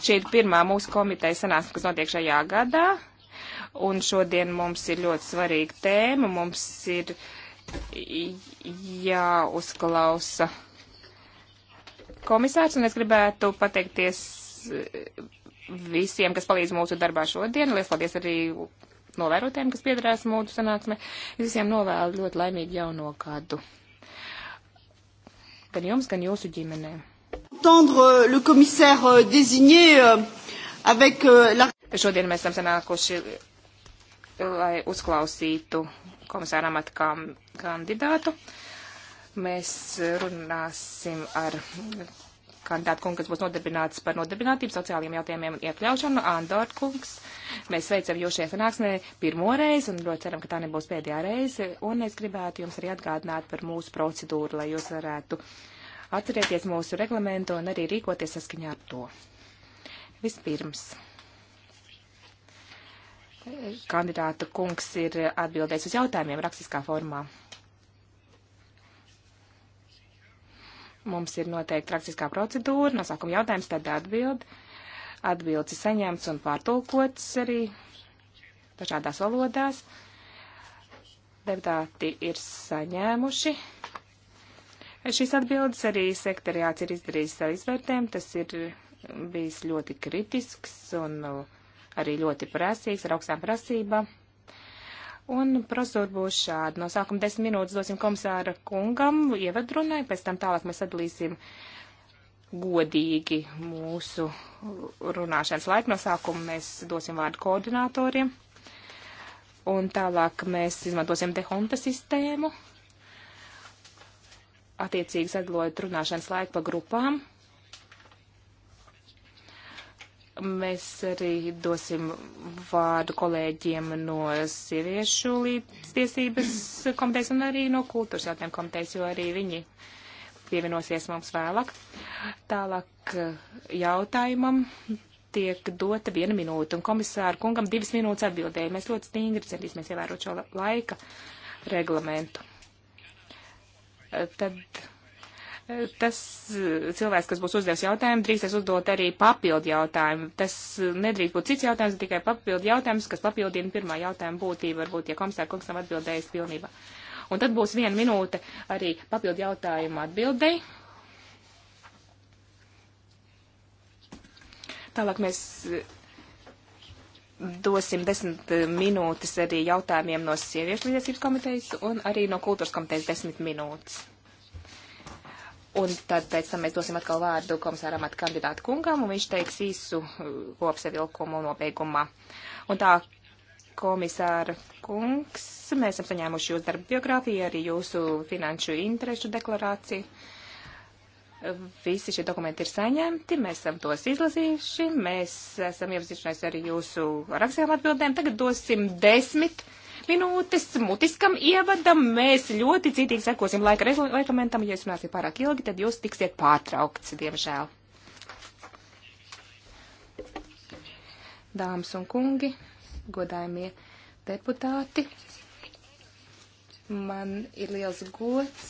Šī ir pirmā mūsu komiteja sanāksme, kas notiek šajā gadā. Un šodien mums ir ļoti svarīga tēma. Mums ir jāuzklausa komisārs, un es gribētu pateikties visiem, kas palīdz mūsu darbā šodien. Lielas paldies arī novērotēm, kas piedarās mūsu sanāksmē. Es visiem novēlu ļoti laimīgu jauno gadu. Gan jums, gan jūsu ģimenēm d'entendre euh, le commissaire euh, désigné euh, avec la. Šodien mēs esam sanākuši, lai uzklausītu komisāram atkām kandidātu. Mēs runāsim ar kandidātu kungu, kas būs nodarbināts par nodarbinātību, sociālajiem jautājumiem un iekļaušanu, Andor kungs. Mēs sveicam jūs šajā sanāksmē pirmo reizi un ļoti ceram, ka tā nebūs pēdējā reize. Un es gribētu jums arī atgādināt par mūsu procedūru, lai jūs varētu uh, atcerēties mūsu reglamentu un arī rīkoties saskaņā ar to. Vispirms. Kandidāta kungs ir atbildējis uz jautājumiem rakstiskā formā. Mums ir noteikti rakstiskā procedūra, nosākuma jautājums, tad atbild. Atbildes ir saņemts un pārtulkots arī dažādās valodās. Deputāti ir saņēmuši šīs atbildes arī sektoriāts ir izdarījis savu izvērtējumu. Tas ir bijis ļoti kritisks un arī ļoti prasīgs, ar augstām prasībām. Un prozūra būs šāda. No sākuma desmit minūtes dosim komisāra kungam ievadrunai, pēc tam tālāk mēs sadalīsim godīgi mūsu runāšanas laiku. No sākuma mēs dosim vārdu koordinātoriem. Un tālāk mēs izmantosim dehonta sistēmu, attiecīgi sadalojot runāšanas laiku pa grupām. Mēs arī dosim vārdu kolēģiem no sieviešu līdztiesības komitejas un arī no kultūras jautājumu komitejas, jo arī viņi pievienosies mums vēlāk. Tālāk eh, jautājumam tiek dota viena minūte, un komisāru kungam divas minūtes atbildēja. Mēs ļoti stingri centīsimies ievērot šo laika reglamentu tad eh, tas eh, cilvēks, kas būs uzdevis jautājumu, drīkstēs uzdot arī papildu jautājumu. Tas eh, nedrīkst būt cits jautājums, tikai papildu jautājums, kas papildina pirmā jautājuma būtību, varbūt, ja komisāra kungs nav atbildējis pilnībā. Un tad būs viena minūte arī papildu jautājumu atbildēji. Tālāk mēs dosim desmit eh, minūtes arī jautājumiem no sieviešu līdzjūtības komitejas un arī no kultūras komitejas desmit minūtes. Un tad pēc tam mēs dosim atkal vārdu komisāram at kandidātu kungam, un viņš teiks īsu eh, kopsavilkumu nobeigumā. Un tā, komisāra kungs, mēs esam saņēmuši jūsu darba biogrāfiju, arī jūsu finanšu interešu deklarāciju. Visi šie dokumenti ir saņemti, mēs esam tos izlasījuši, mēs esam iepazinušies ar jūsu rakstījām atbildēm. Tagad dosim desmit minūtes mutiskam ievadam. Mēs ļoti citīgi sekosim laika reglamentam. Ja jūs runāsiet pārāk ilgi, tad jūs tiksiet pārtraukts, diemžēl. Dāmas un kungi, godājumie deputāti, man ir liels gods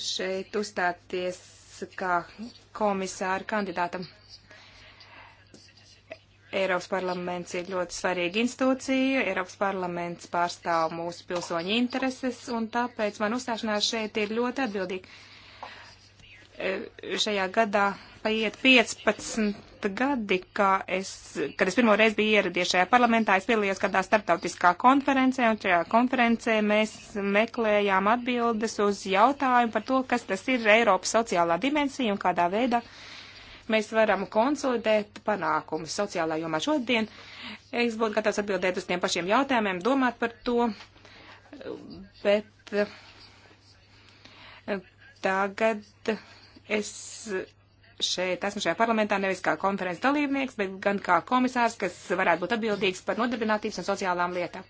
šeit uzstāties kā komisāra kandidātam. Eiropas parlaments ir ļoti svarīga institūcija, Eiropas parlaments pārstāv mūsu pilsoņu intereses, un tāpēc man uzstāšanās šeit ir ļoti atbildīga. E, šajā gadā paiet 15 gadi, kā es, kad es pirmo reizi biju ieradies šajā parlamentā, es piedalījos kādā starptautiskā konferencē, un šajā konferencē mēs meklējām atbildes uz jautājumu par to, kas tas ir Eiropas sociālā dimensija un kādā veidā mēs varam konsolidēt panākumus sociālā jomā šodien. Es būtu gatavs atbildēt uz tiem pašiem jautājumiem, domāt par to, bet tagad es šeit esmu šajā parlamentā nevis kā konferences dalībnieks, bet gan kā komisārs, kas varētu būt atbildīgs par nodarbinātības un sociālām lietām.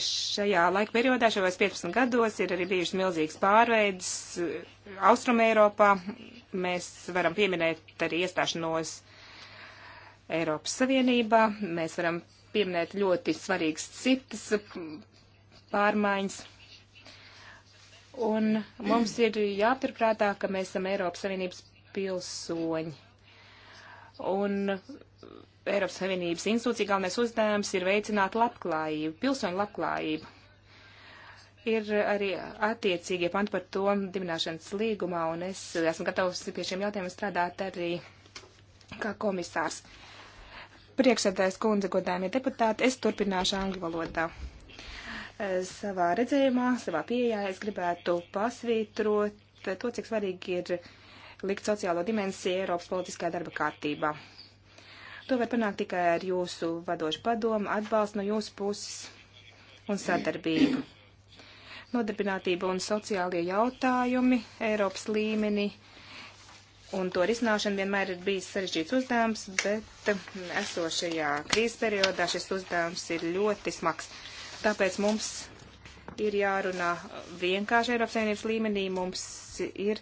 Šajā laika periodā, šajos 15 gados, ir arī bijušas milzīgas pārveidas eh, Austrum Eiropā. Mēs varam pieminēt arī iestāšanos Eiropas Savienībā. Mēs varam pieminēt ļoti svarīgas citas pārmaiņas Un mums ir jāturprātā, ka mēs esam Eiropas Savienības pilsoņi. Un Eiropas Savienības institūcija galvenais uzdevums ir veicināt labklājību, pilsoņu labklājību. Ir arī attiecīgie panti par to dibināšanas līgumā, un es esmu gatavs pie šiem jautājumiem strādāt arī kā komisārs. Priekšsēdājas kundze, godājumie deputāti, es turpināšu angļu valodā. Savā redzējumā, savā pieejā es gribētu pasvītrot to, cik svarīgi ir likt sociālo dimensiju Eiropas politiskajā darba kārtībā. To var panākt tikai ar jūsu vadošu padomu, atbalstu no jūsu puses un sadarbību. Nodarbinātība un sociālie jautājumi Eiropas līmenī un to risināšana vienmēr ir bijis sarežģīts uzdevums, bet esošajā krīzes periodā šis uzdevums ir ļoti smags. Tāpēc mums ir jārunā vienkārši Eiropas Savienības līmenī, mums ir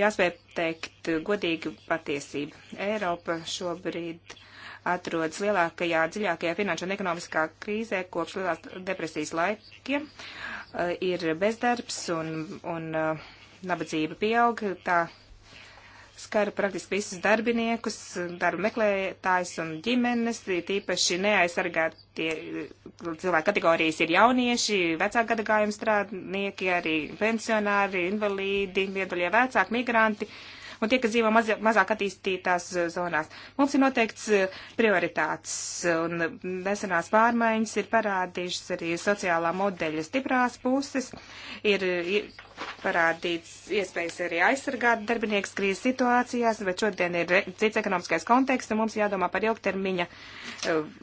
jāspēj teikt godīgi patiesību. Eiropa šobrīd atrodas lielākajā, dziļākajā finanšu un ekonomiskā krīzē kopš lielās depresijas laikiem. Eh, ir bezdarbs un, un eh, nabadzība pieaug. Tā skara praktiski visus darbiniekus, darba meklētājs un ģimenes, tīpaši neaizsargātie cilvēku kategorijas ir jaunieši, vecāka gadagājuma strādnieki, arī pensionāri, invalīdi, vieduļie vecāki, migranti. Uh, un tie, kas dzīvo maz, mazāk attīstītās eh, zonās. Mums ir noteikts eh, prioritātes, un nesenās pārmaiņas ir parādījušas arī sociālā modeļa stiprās puses. Ir, ir parādīts iespējas arī aizsargāt darbinieks krīzes situācijās, bet šodien ir cits ekonomiskais konteksts, un mums jādomā par ilgtermiņa eh,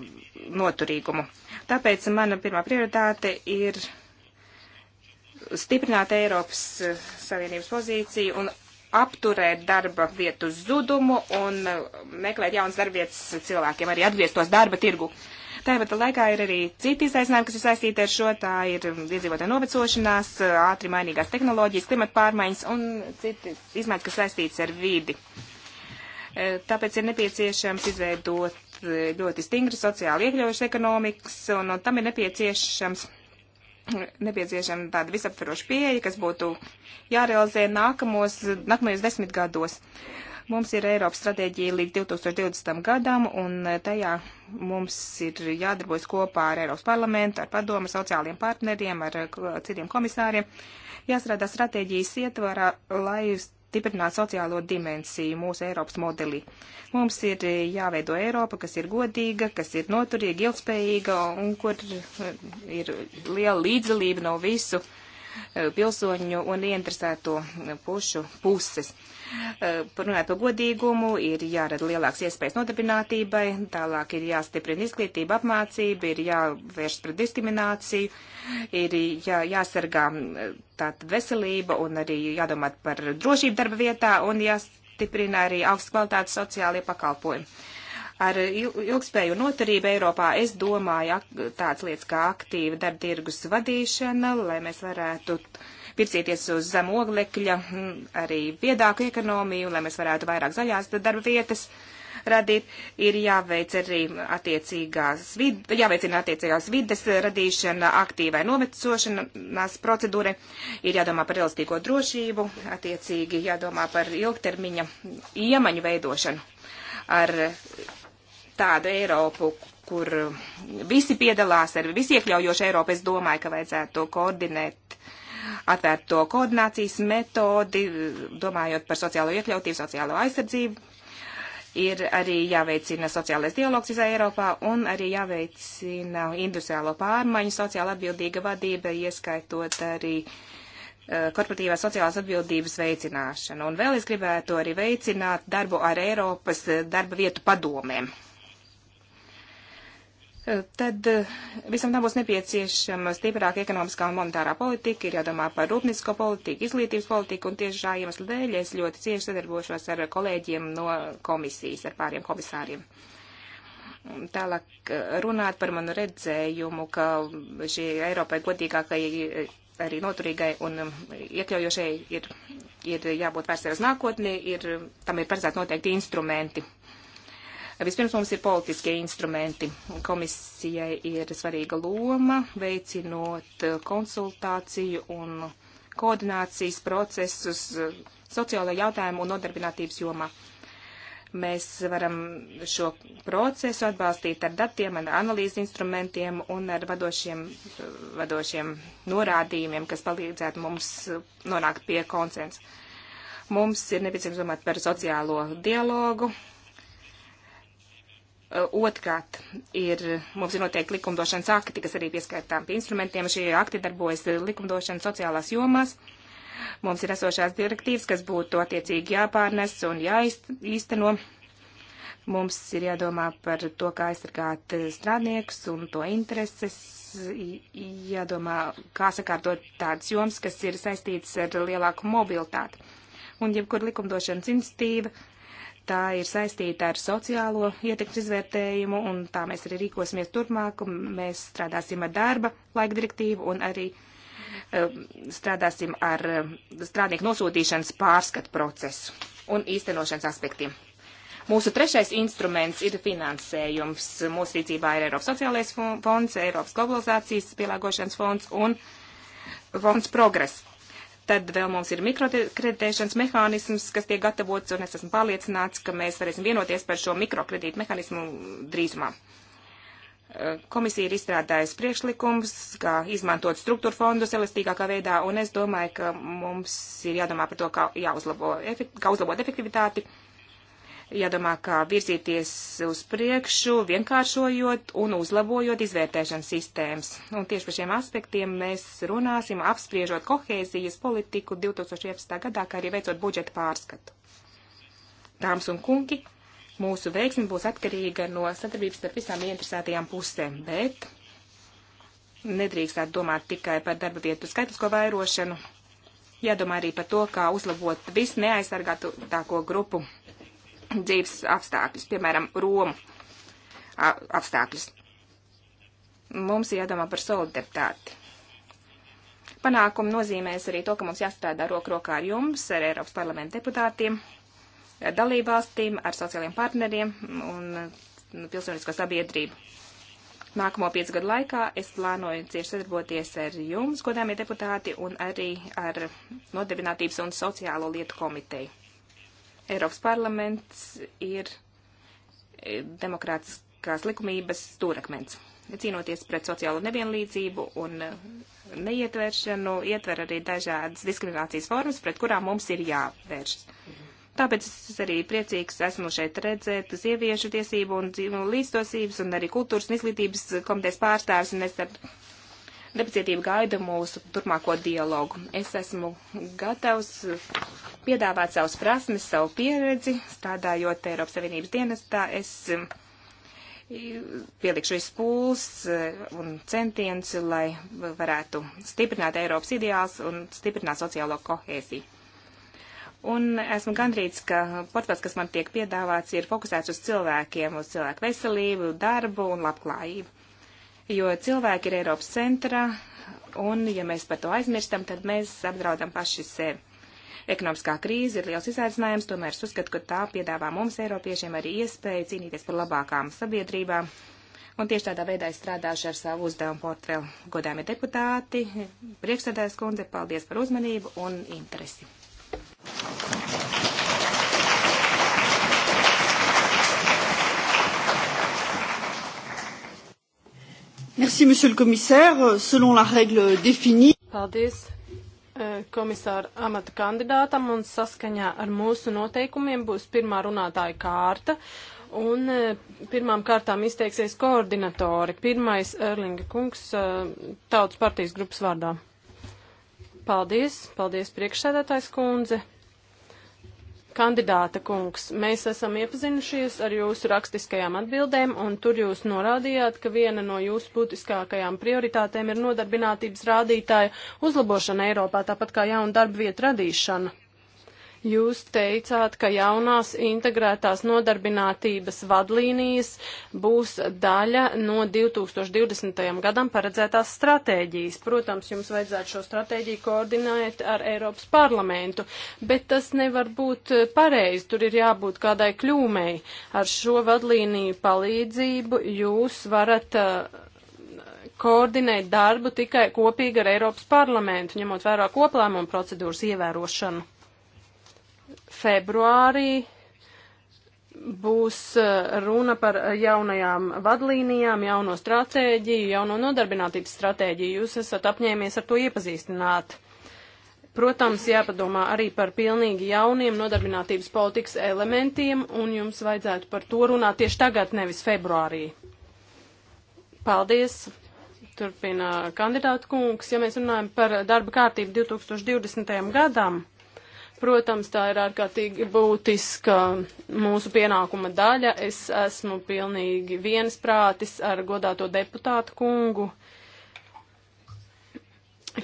noturīgumu. Tāpēc mana pirmā prioritāte ir stiprināt Eiropas Savienības pozīciju un apturēt darba vietu zudumu un uh, meklēt jaunas darbvietas cilvēkiem, arī atgrieztos darba tirgu. Tāpat laikā ir arī citi izaicinājumi, kas ir saistīti ar šo. Tā ir um, iedzīvotāja novecošanās, uh, ātri mainīgās tehnoloģijas, klimata pārmaiņas un citi izmaiņas, kas saistīts ar vidi. Uh, tāpēc ir nepieciešams izveidot ļoti stingru sociāli iekļaujušu ekonomikas, un, un tam ir nepieciešams nepieciešama tāda visaptveroša pieeja, kas būtu jārealizē nākamos, nākamajos desmit gados. Mums ir Eiropas stratēģija līdz 2020. gadam, un tajā mums ir jādarbojas kopā ar Eiropas parlamentu, ar padomu, sociāliem partneriem, ar citiem komisāriem. Jāstrādā stratēģijas ietvarā, lai stiprināt sociālo dimensiju mūsu Eiropas modelī. Mums ir eh, jāveido Eiropa, kas ir godīga, kas ir noturīga, ilgspējīga un kur eh, ir liela līdzdalība no visu eh, pilsoņu un ieinteresēto pušu puses. Uh, Eh, runājot par godīgumu, ir jārada lielāks iespējas nodarbinātībai, tālāk ir jāstiprina izglītība, apmācība, ir jāvērš pret diskrimināciju, ir jā, jāsargā eh, tātad veselība un arī jādomā par drošību darba vietā un jāstiprina arī augsts kvalitātes sociālie pakalpojumi. Ar ilgspēju noturību Eiropā es domāju tādas lietas kā aktīva darba tirgus vadīšana, lai mēs varētu uh, virzīties uz zem oglekļa, mm, arī viedāku ekonomiju, lai mēs varētu vairāk zaļās darba vietas radīt, ir jāveic arī attiecīgās vid, jāveicina attiecīgās vides radīšana, aktīvai novecošanās procedūra, ir jādomā par realistīgo drošību, attiecīgi jādomā par ilgtermiņa iemaņu veidošanu ar tādu Eiropu, kur visi piedalās ar visiekļaujošu Eiropu, es domāju, ka vajadzētu koordinēt uh, atvērto koordinācijas metodi, domājot par sociālo iekļautību, sociālo aizsardzību. Ir arī jāveicina sociālais dialogs visā Eiropā un arī jāveicina industriālo pārmaiņu, sociāla atbildīga vadība, ieskaitot arī eh, korporatīvās sociālās atbildības veicināšanu. Un vēl es gribētu arī veicināt darbu ar Eiropas eh, darba vietu padomēm tad eh, visam tam būs nepieciešama stiprāka ekonomiskā un monetārā politika, ir jādomā par rūpnisko politiku, izglītības politiku, un tieši šā iemesla dēļ es ļoti cieši sadarbošos ar kolēģiem no komisijas, ar pāriem komisāriem. Tālāk eh, runāt par manu redzējumu, ka šī Eiropai godīgākai, eh, arī noturīgai un um, iekļaujošai ir, ir jābūt vērstē uz nākotni, ir, tam ir paredzēti noteikti instrumenti Vispirms mums ir politiskie instrumenti. Komisijai ir svarīga loma veicinot eh, konsultāciju un koordinācijas procesus eh, sociālo jautājumu un nodarbinātības jomā mēs varam šo procesu atbalstīt ar datiem, ar analīzes instrumentiem un ar vadošiem, eh, vadošiem norādījumiem, kas palīdzētu mums nonākt pie konsensa. Mums ir nepieciešams domāt par sociālo dialogu, Eh, otrkārt, ir, mums ir noteikti likumdošanas akti, kas arī pieskaitām pie instrumentiem. Šie akti darbojas eh, likumdošanas sociālās jomās. Mums ir esošās direktīvas, kas būtu attiecīgi jāpārnes un jāīsteno. Mums ir jādomā par to, kā aizsargāt eh, strādniekus un to intereses, jādomā, kā sakārtot tādas jomas, kas ir saistītas ar lielāku mobilitāti. Un jebkur likumdošanas institīva Tā ir saistīta ar sociālo ietekmes izvērtējumu, un tā mēs arī rīkosimies turpmāk. Mēs strādāsim ar darba laika direktīvu un arī um, strādāsim ar um, strādnieku nosūtīšanas pārskatu procesu un īstenošanas aspektiem. Mūsu trešais instruments ir finansējums. Mūsu rīcībā ir Eiropas sociālais fonds, Eiropas globalizācijas pielāgošanas fonds un fonds progress Tad vēl mums ir mikrokreditēšanas mehānisms, kas tiek gatavots, un es esmu pārliecināts, ka mēs varēsim vienoties par šo mikrokredītu mehānismu drīzumā. Eh, komisija ir izstrādājusi priekšlikums, kā izmantot struktūra fondus elastīgākā veidā, un es domāju, ka mums ir jādomā par to, kā, jāuzlabo, kā uzlabot efektivitāti. Uh, jādomā, kā virzīties uz priekšu, vienkāršojot un uzlabojot izvērtēšanas sistēmas. Un tieši par šiem aspektiem mēs runāsim, apspriežot kohēzijas politiku 2011. gadā, kā arī veicot budžeta pārskatu. Dāmas un kungi, mūsu veiksmi būs atkarīga no sadarbības starp visām ieinteresētajām pusēm, bet nedrīkstētu domāt tikai par darba vietu skaitlisko vairošanu, jādomā arī par to, kā uzlabot visneaizsargātāko grupu dzīves apstākļus, piemēram, Romu apstākļus. Mums jādomā par solidaritāti. Panākumu nozīmēs arī to, ka mums jāstrādā roku rokā ar jums, ar Eiropas parlamenta deputātiem, dalībvalstīm, ar sociāliem partneriem un nu, pilsonisko sabiedrību. Nākamo piecu gadu laikā es plānoju cieši sadarboties ar jums, godāmie deputāti, un arī ar Nodarbinātības un sociālo lietu komiteju. Eiropas parlaments ir eh, demokrātiskās likumības stūrakmens. Cīnoties pret sociālo nevienlīdzību un eh, neietveršanu, ietver arī dažādas diskriminācijas formas, pret kurām mums ir jāvēršas. Tāpēc es arī priecīgs esmu šeit redzēt sieviešu tiesību un līdztosības un arī kultūras un izglītības komitejas pārstāvis, un es ar nepacietību gaida mūsu turpmāko dialogu. Es esmu gatavs piedāvāt savus prasmes, savu pieredzi, strādājot Eiropas Savienības dienestā. Es um, pielikšu visu pūles uh, un centienus, lai varētu stiprināt Eiropas ideāls un stiprināt sociālo kohēziju. Un esmu gandrīz, ka portfels, kas man tiek piedāvāts, ir fokusēts uz cilvēkiem, uz cilvēku veselību, darbu un labklājību jo cilvēki ir Eiropas centrā, un ja mēs par to aizmirstam, tad mēs apdraudam paši sevi. Ekonomiskā krīze ir liels izaicinājums, tomēr es uzskatu, ka tā piedāvā mums, Eiropiešiem, arī iespēju cīnīties par labākām sabiedrībām. Un tieši tādā veidā es strādāšu ar savu uzdevumu portfeli. Godājumie deputāti, priekšsēdājas kundze, paldies par uzmanību un interesi. Thank you. Merci, monsieur le commissaire. Selon la règle définie. Paldies eh, komisāra amata kandidātam un saskaņā ar mūsu noteikumiem būs pirmā runātāja kārta. Un eh, pirmām kārtām izteiksies koordinatori. Pirmais Erlinga kungs eh, Tautas partijas grupas vārdā. Paldies, paldies priekšsēdētājs kundze. Kandidāta kungs, mēs esam iepazinušies ar jūsu rakstiskajām atbildēm, un tur jūs norādījāt, ka viena no jūsu būtiskākajām prioritātēm ir nodarbinātības rādītāja uzlabošana Eiropā, tāpat kā jauna darba vieta radīšana. Jūs teicāt, ka jaunās integrētās nodarbinātības vadlīnijas būs daļa no 2020. gadam paredzētās stratēģijas. Protams, jums vajadzētu šo stratēģiju koordinēt ar Eiropas parlamentu, bet tas nevar būt pareizi. Tur ir jābūt kādai kļūmei. Ar šo vadlīniju palīdzību jūs varat uh, koordinēt darbu tikai kopīgi ar Eiropas parlamentu, ņemot vērā koplēmumu procedūras ievērošanu februārī būs eh, runa par jaunajām vadlīnijām, jauno stratēģiju, jauno nodarbinātības stratēģiju. Jūs esat apņēmies ar to iepazīstināt. Protams, jāpadomā arī par pilnīgi jauniem nodarbinātības politikas elementiem, un jums vajadzētu par to runāt tieši tagad, nevis februārī. Paldies! Turpina kandidātu kungs. Ja mēs runājam par darba kārtību 2020. gadam, Protams, tā ir ārkārtīgi būtiska mūsu pienākuma daļa. Es esmu pilnīgi viensprātis ar godāto deputātu kungu,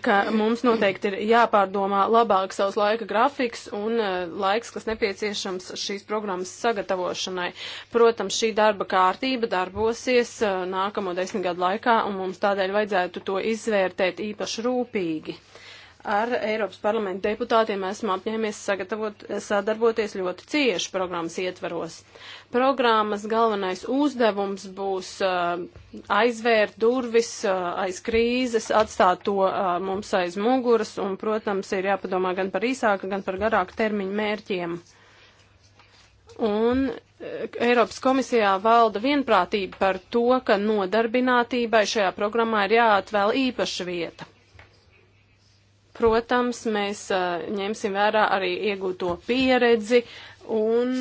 ka mums noteikti ir jāpārdomā labāk savs laika grafiks un eh, laiks, kas nepieciešams šīs programmas sagatavošanai. Protams, šī darba kārtība darbosies eh, nākamo desmit gadu laikā, un mums tādēļ vajadzētu to izvērtēt īpaši rūpīgi. Ar Eiropas parlamenta deputātiem esmu apņēmies sadarboties ļoti cieši programmas ietvaros. Programmas galvenais uzdevums būs uh, aizvērt durvis uh, aiz krīzes, atstāt to uh, mums aiz muguras un, protams, ir jāpadomā gan par īsāku, gan par garāku termiņu mērķiem. Un uh, Eiropas komisijā valda vienprātība par to, ka nodarbinātībai šajā programmā ir jāatvēl īpaša vieta. Protams, mēs ņemsim vērā arī iegūto pieredzi un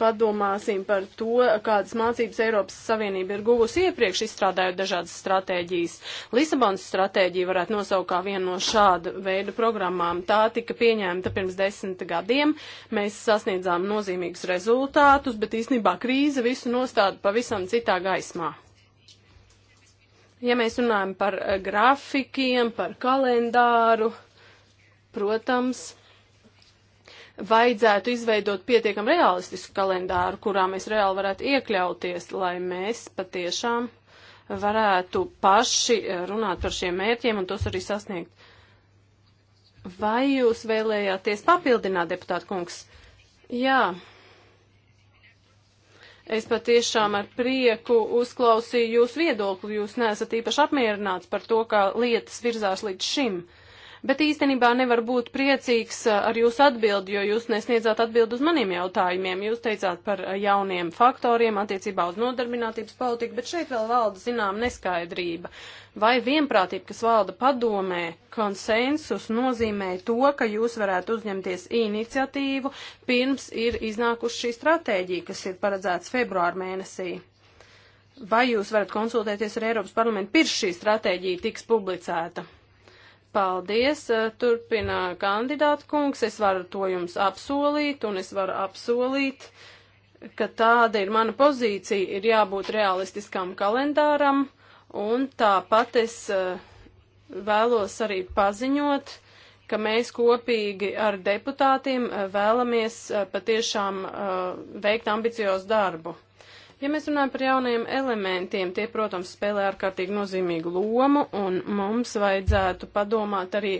padomāsim par to, kādas mācības Eiropas Savienība ir guvusi iepriekš izstrādājot dažādas stratēģijas. Lisabonas stratēģija varētu nosaukt kā vienu no šāda veida programmām. Tā tika pieņemta pirms desmit gadiem. Mēs sasniedzām nozīmīgus rezultātus, bet īstenībā krīze visu nostāda pavisam citā gaismā. Ja mēs runājam par grafikiem, par kalendāru, protams, vajadzētu izveidot pietiekam realistisku kalendāru, kurā mēs reāli varētu iekļauties, lai mēs patiešām varētu paši eh, runāt par šiem mērķiem un tos arī sasniegt. Vai jūs vēlējāties papildināt, deputāta kungs? Jā. Es patiešām ar prieku uzklausīju jūsu viedokli. Jūs neesat īpaši apmierināts par to, kā lietas virzās līdz šim. Uh, bet īstenībā nevar būt priecīgs uh, ar jūsu atbildi, jo jūs nesniedzāt atbildi uz maniem jautājumiem. Jūs teicāt par uh, jauniem faktoriem attiecībā uz nodarbinātības politiku, bet šeit vēl valda zinām neskaidrība. Vai vienprātība, kas valda padomē, konsensus nozīmē to, ka jūs varētu uzņemties iniciatīvu pirms ir iznākuši šī stratēģija, kas ir paredzēts februāra mēnesī? Vai jūs varat konsultēties ar Eiropas parlamentu pirms šī stratēģija tiks publicēta? Paldies, eh, turpina kandidāta kungs, es varu to jums apsolīt, un es varu apsolīt, ka tāda ir mana pozīcija, ir jābūt realistiskam kalendāram, un tāpat es eh, vēlos arī paziņot, ka mēs kopīgi ar deputātiem eh, vēlamies patiešām veikt ambiciozu darbu. Ja mēs runājam par jaunajiem elementiem, tie, protams, spēlē ārkārtīgi nozīmīgu lomu, un mums vajadzētu padomāt arī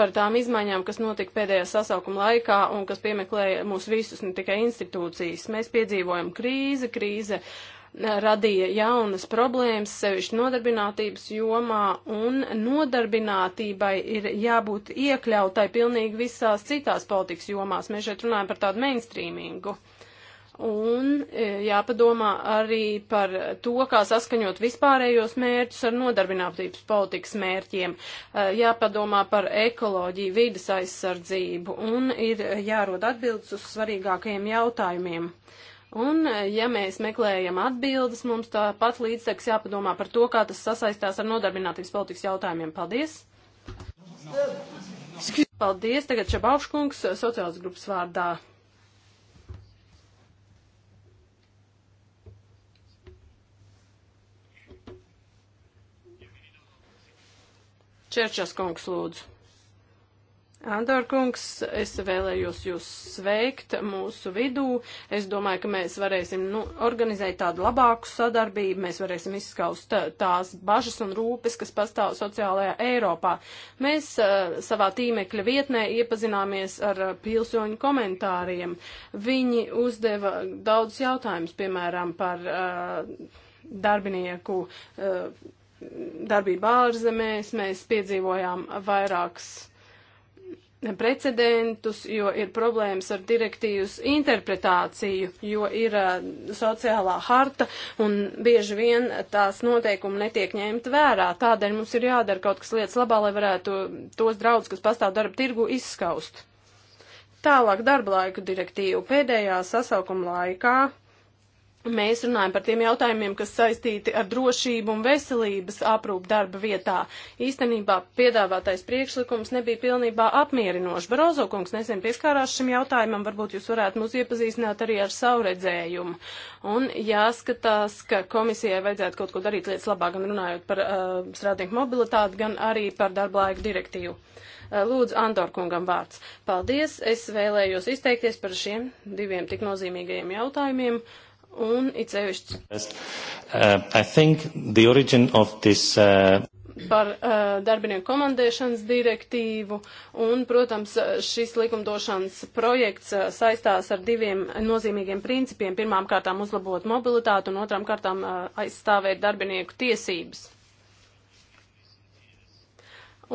par tām izmaiņām, kas notika pēdējā sasaukuma laikā un kas piemeklēja mūs visus, ne tikai institūcijas. Mēs piedzīvojam krīzi, krīze eh, radīja jaunas problēmas, sevišķi nodarbinātības jomā, un nodarbinātībai ir jābūt iekļautai pilnīgi visās citās politikas jomās. Mēs šeit runājam par tādu mainstreamingu un e, jāpadomā arī par to, kā saskaņot vispārējos mērķus ar nodarbinātības politikas mērķiem, e, jāpadomā par ekoloģiju, vidas aizsardzību un ir jārod atbildes uz svarīgākajiem jautājumiem. Un, e, ja mēs meklējam atbildes, mums tāpat līdzteks jāpadomā par to, kā tas sasaistās ar nodarbinātības politikas jautājumiem. Paldies! Paldies, tagad Čabauškungs, sociālas grupas vārdā. Čerčas kungs lūdzu. Andor kungs, es vēlējos jūs sveikt mūsu vidū. Es domāju, ka mēs varēsim nu, organizēt tādu labāku sadarbību, mēs varēsim izskaust uh, tās bažas un rūpes, kas pastāv sociālajā Eiropā. Mēs uh, savā tīmekļa vietnē iepazināmies ar uh, pilsoņu komentāriem. Viņi uzdeva daudz jautājumus, piemēram, par uh, darbinieku. Uh, darbību ārzemēs, mēs piedzīvojām vairākas precedentus, jo ir problēmas ar direktīvas interpretāciju, jo ir uh, sociālā harta un bieži vien tās noteikumi netiek ņemti vērā. Tādēļ mums ir jādara kaut kas lietas labā, lai varētu tos draudus, kas pastāv darba tirgu, izskaust. Tālāk darba laika direktīva pēdējā sasaukuma laikā Mēs runājam par tiem jautājumiem, kas saistīti ar drošību un veselības aprūpu darba vietā. Īstenībā piedāvātais priekšlikums nebija pilnībā apmierinošs. Barozo kungs nesen pieskārās šim jautājumam, varbūt jūs varētu mūs iepazīstināt arī ar savu redzējumu. Un jāskatās, ka komisijai vajadzētu kaut ko darīt lietas labā, gan runājot par uh, strādnieku mobilitāti, gan arī par darba laika direktīvu. Uh, lūdzu, Andor kungam vārds. Paldies, es vēlējos izteikties par šiem diviem tik nozīmīgajiem jautājumiem. Uh, un it sevišķi. Uh, this, uh... Par uh, darbinieku komandēšanas direktīvu, un, protams, uh, šis likumdošanas projekts uh, saistās ar diviem nozīmīgiem principiem. Pirmām kārtām uzlabot mobilitāti, un otrām kārtām uh, aizstāvēt darbinieku tiesības.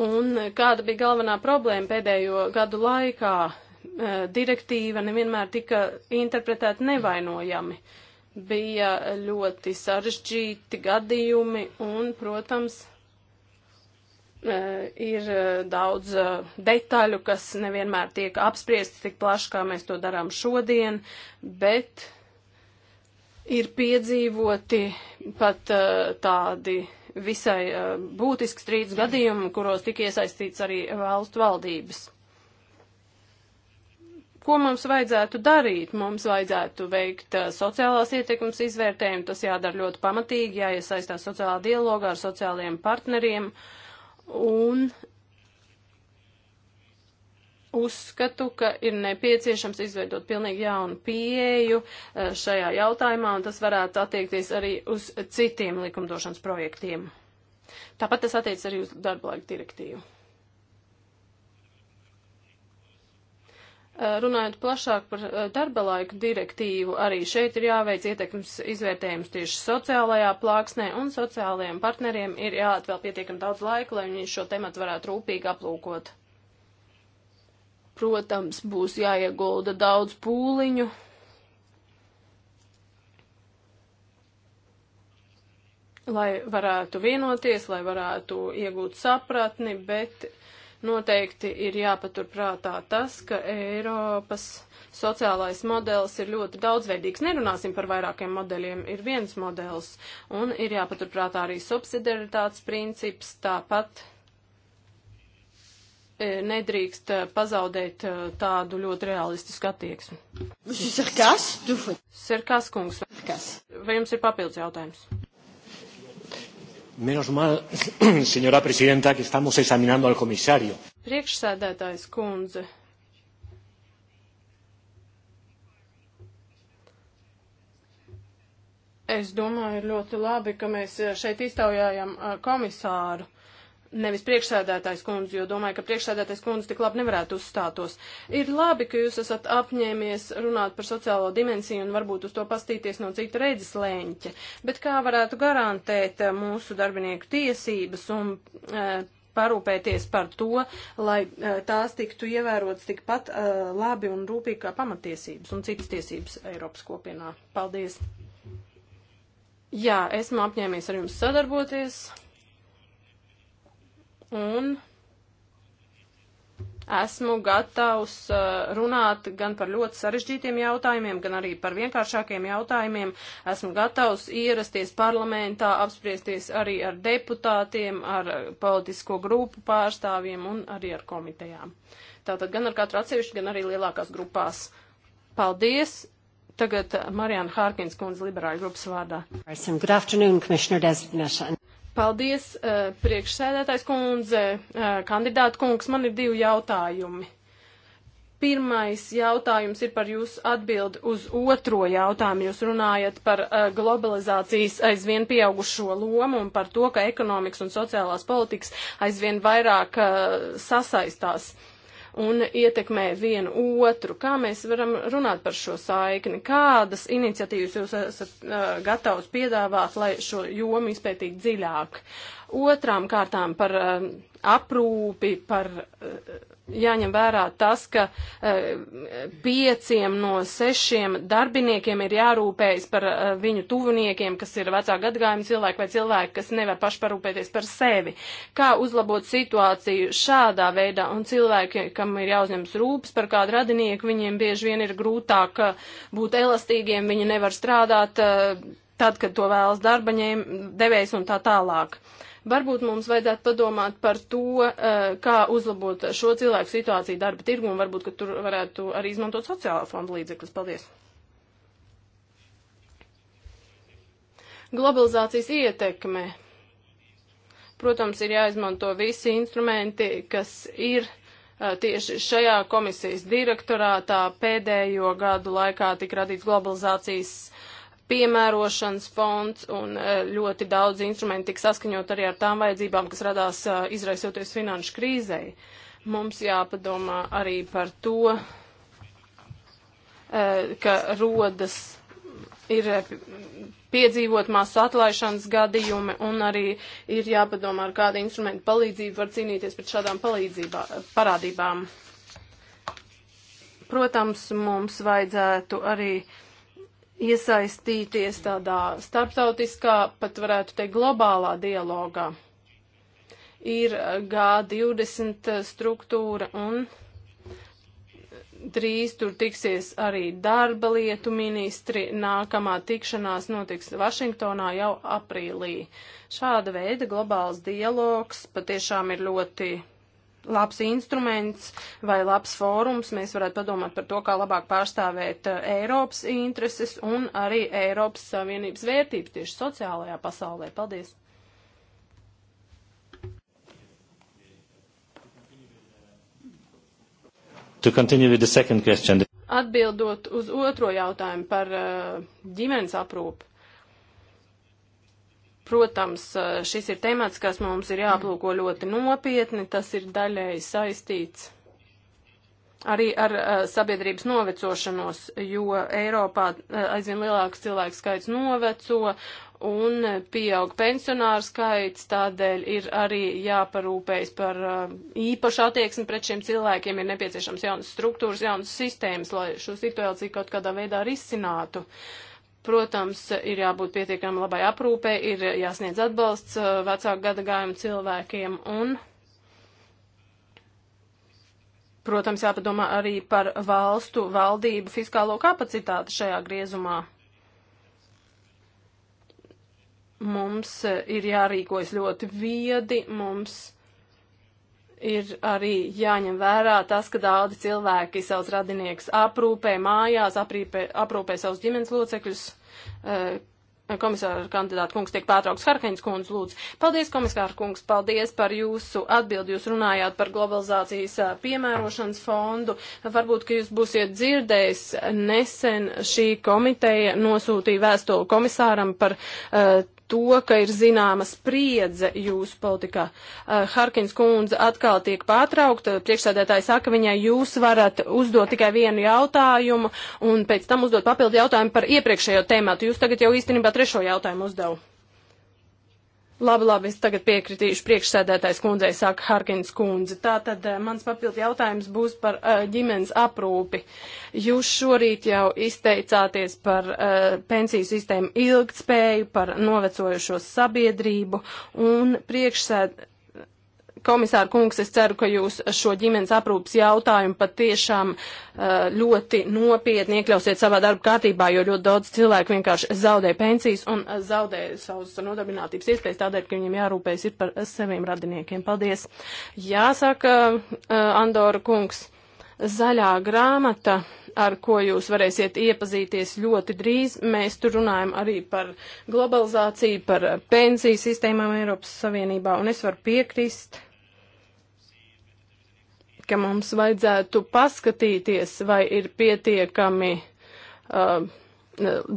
Un kāda bija galvenā problēma pēdējo gadu laikā? Uh, direktīva nevienmēr tika interpretēta nevainojami. Uh, bija ļoti sarežģīti gadījumi un, protams, e, ir e, daudz e, detaļu, kas nevienmēr tiek apspriesti tik plaši, kā mēs to darām šodien, bet ir piedzīvoti pat tādi visai būtiski strīdus gadījumi, kuros tika iesaistīts arī valstu valdības ko mums vajadzētu darīt? Mums vajadzētu veikt uh, sociālās ietekmes izvērtējumu, tas jādara ļoti pamatīgi, jāiesaistās sociālā dialogā ar sociālajiem partneriem un uzskatu, ka ir nepieciešams izveidot pilnīgi jaunu pieeju uh, šajā jautājumā, un tas varētu attiekties arī uz citiem likumdošanas projektiem. Tāpat tas attiec arī uz darba laika direktīvu. Eh, runājot plašāk par eh, darba laika direktīvu, arī šeit ir jāveic ietekmes izvērtējums tieši sociālajā plāksnē, un sociālajiem partneriem ir jāatvēl pietiekami daudz laika, lai viņi šo tematu varētu rūpīgi aplūkot. Protams, būs jāiegulda daudz pūliņu, lai varētu vienoties, lai varētu iegūt sapratni, bet Noteikti ir jāpaturprātā tas, ka Eiropas sociālais modelis ir ļoti daudzveidīgs. Nerunāsim par vairākiem modeļiem, ir viens modelis. Un ir jāpaturprātā arī subsidiaritātes princips, tāpat e, nedrīkst e, pazaudēt e, tādu ļoti realistisku attieksmi. Sirkās kungs, vai jums ir papildus jautājums? Menos mal, señora presidenta, que estamos examinando al komisāriju. Priekšsēdētājs kundze. Es domāju, ir ļoti labi, ka mēs šeit iztaujājam komisāru nevis priekšsēdētājs kundze, jo domāju, ka priekšsēdētājs kundze tik labi nevarētu uzstātos. Ir labi, ka jūs esat apņēmies runāt par sociālo dimensiju un varbūt uz to pastīties no cita redzes lēņķa, bet kā varētu garantēt eh, mūsu darbinieku tiesības un e, parūpēties par to, lai e, tās tiktu ievērotas tikpat e, labi un rūpīgi kā pamatiesības un citas tiesības Eiropas kopienā. Paldies! Jā, esmu apņēmies ar jums sadarboties un esmu gatavs uh, runāt gan par ļoti sarežģītiem jautājumiem, gan arī par vienkāršākiem jautājumiem. Esmu gatavs ierasties parlamentā, apspriesties arī ar deputātiem, ar politisko grupu pārstāvjiem un arī ar komitejām. Tātad gan ar katru atsevišķu, gan arī lielākās grupās. Paldies! Tagad Marijana Hārkins kundze liberāļu grupas vārdā. Good afternoon, Commissioner Designation. Paldies, eh, priekšsēdētājs kundze, eh, kandidāta kungs, man ir divi jautājumi. Pirmais jautājums ir par jūsu atbildi uz otro jautājumu. Jūs runājat par eh, globalizācijas aizvien pieaugušo lomu un par to, ka ekonomikas un sociālās politikas aizvien vairāk sasaistās. Uh, un ietekmē vienu otru. Kā mēs varam runāt par šo saikni? Kādas iniciatīvas jūs esat uh, gatavs piedāvāt, lai šo jomu izpētītu dziļāk? Otrām kārtām par uh, aprūpi, par. Uh, jāņem vērā tas, ka uh, pieciem no sešiem darbiniekiem ir jārūpējas par uh, viņu tuviniekiem, kas ir vecā gadgājuma cilvēki vai cilvēki, kas nevar pašparūpēties par sevi. Kā uzlabot situāciju šādā veidā un cilvēki, kam ir jāuzņems rūpes par kādu radinieku, viņiem bieži vien ir grūtāk uh, būt elastīgiem, viņi nevar strādāt tad, kad to vēlas darba ņēm, devējs un tā tālāk. Uh, Varbūt mums vajadzētu padomāt par to, eh, kā uzlabot šo cilvēku situāciju darba tirgu un varbūt, ka tur varētu arī izmantot sociālā fonda līdzekļus. Paldies! Globalizācijas ietekme. Protams, ir jāizmanto visi instrumenti, kas ir eh, tieši šajā komisijas direktorātā pēdējo gadu laikā tika radīts globalizācijas piemērošanas fonds un e, ļoti daudz instrumenti tika saskaņot arī ar tām vajadzībām, kas radās e, izraisoties finanšu krīzei. Mums jāpadomā arī par to, e, ka rodas ir piedzīvot masu atlaišanas gadījumi un arī ir jāpadomā, ar kādu instrumentu palīdzību var cīnīties pret šādām parādībām. Protams, mums vajadzētu arī uh, iesaistīties tādā starptautiskā, pat varētu teikt, globālā dialogā. Ir G20 struktūra un drīz tur tiksies arī darba lietu ministri. Nākamā tikšanās notiks Vašingtonā jau aprīlī. Šāda veida globāls dialogs patiešām ir ļoti labs instruments vai labs fórums. Mēs varētu padomāt par to, kā labāk pārstāvēt eh, Eiropas intereses un arī Eiropas Savienības vērtības tieši sociālajā pasaulē. Paldies! To continue with the second question. Atbildot uz otro jautājumu par eh, ģimenes aprūpu. Protams, šis ir temats, kas mums ir jāplūko ļoti nopietni, tas ir daļēji saistīts arī ar uh, sabiedrības novecošanos, jo Eiropā uh, aizvien lielāks cilvēku skaits noveco un pieaug pensionāru skaits, tādēļ ir arī jāparūpējas par uh, īpašu attieksmi pret šiem cilvēkiem, ir nepieciešams jaunas struktūras, jaunas sistēmas, lai šo situāciju kaut kādā veidā risinātu. Uh, Protams, ir jābūt pietiekami labai aprūpē, ir jāsniedz atbalsts uh, vecāku gadagājumu cilvēkiem un, protams, jāpadomā arī par valstu valdību fiskālo kapacitāti šajā griezumā. Mums uh, ir jārīkojas ļoti viedi, mums ir arī jāņem vērā tas, ka daudzi cilvēki savus radinieks aprūpē mājās, aprīpē, aprūpē savus ģimenes locekļus. Eh, komisāra kandidāta kungs tiek pārtraukts Harkeņas kundz lūdzu. Paldies, komisāra kungs, paldies par jūsu atbildi. Jūs runājāt par globalizācijas eh, piemērošanas fondu. Varbūt, ka jūs būsiet dzirdējis, nesen šī komiteja nosūtīja vēstuli komisāram par uh, to, ka ir zināma spriedze jūsu politikā. Uh, Harkins kundze atkal tiek pārtraukta. Priekšsēdētāji saka viņai, jūs varat uzdot tikai vienu jautājumu un pēc tam uzdot papildu jautājumu par iepriekšējo tēmātu. Jūs tagad jau īstenībā trešo jautājumu uzdevu. Labi, labi, es tagad piekritīšu priekšsēdētājs kundzei, saka Harkins kundze. Tātad eh, mans papildu jautājums būs par uh, ģimenes aprūpi. Jūs šorīt jau izteicāties par uh, pensiju sistēmu ilgtspēju, par novecojušo sabiedrību un priekšsēdētājs Komisāra kungs, es ceru, ka jūs šo ģimenes aprūpas jautājumu patiešām uh, ļoti nopietni iekļausiet savā darba kārtībā, jo ļoti daudz cilvēku vienkārši zaudē pensijas un uh, zaudē savus nodarbinātības iespējas tādēļ, ka viņiem jārūpējas ir par saviem radiniekiem. Paldies! Jāsaka, uh, Andora kungs, zaļā grāmata ar ko jūs varēsiet iepazīties ļoti drīz. Mēs tur runājam arī par globalizāciju, par pensiju sistēmām Eiropas Savienībā, un es varu piekrist ka mums vajadzētu paskatīties, vai ir pietiekami uh,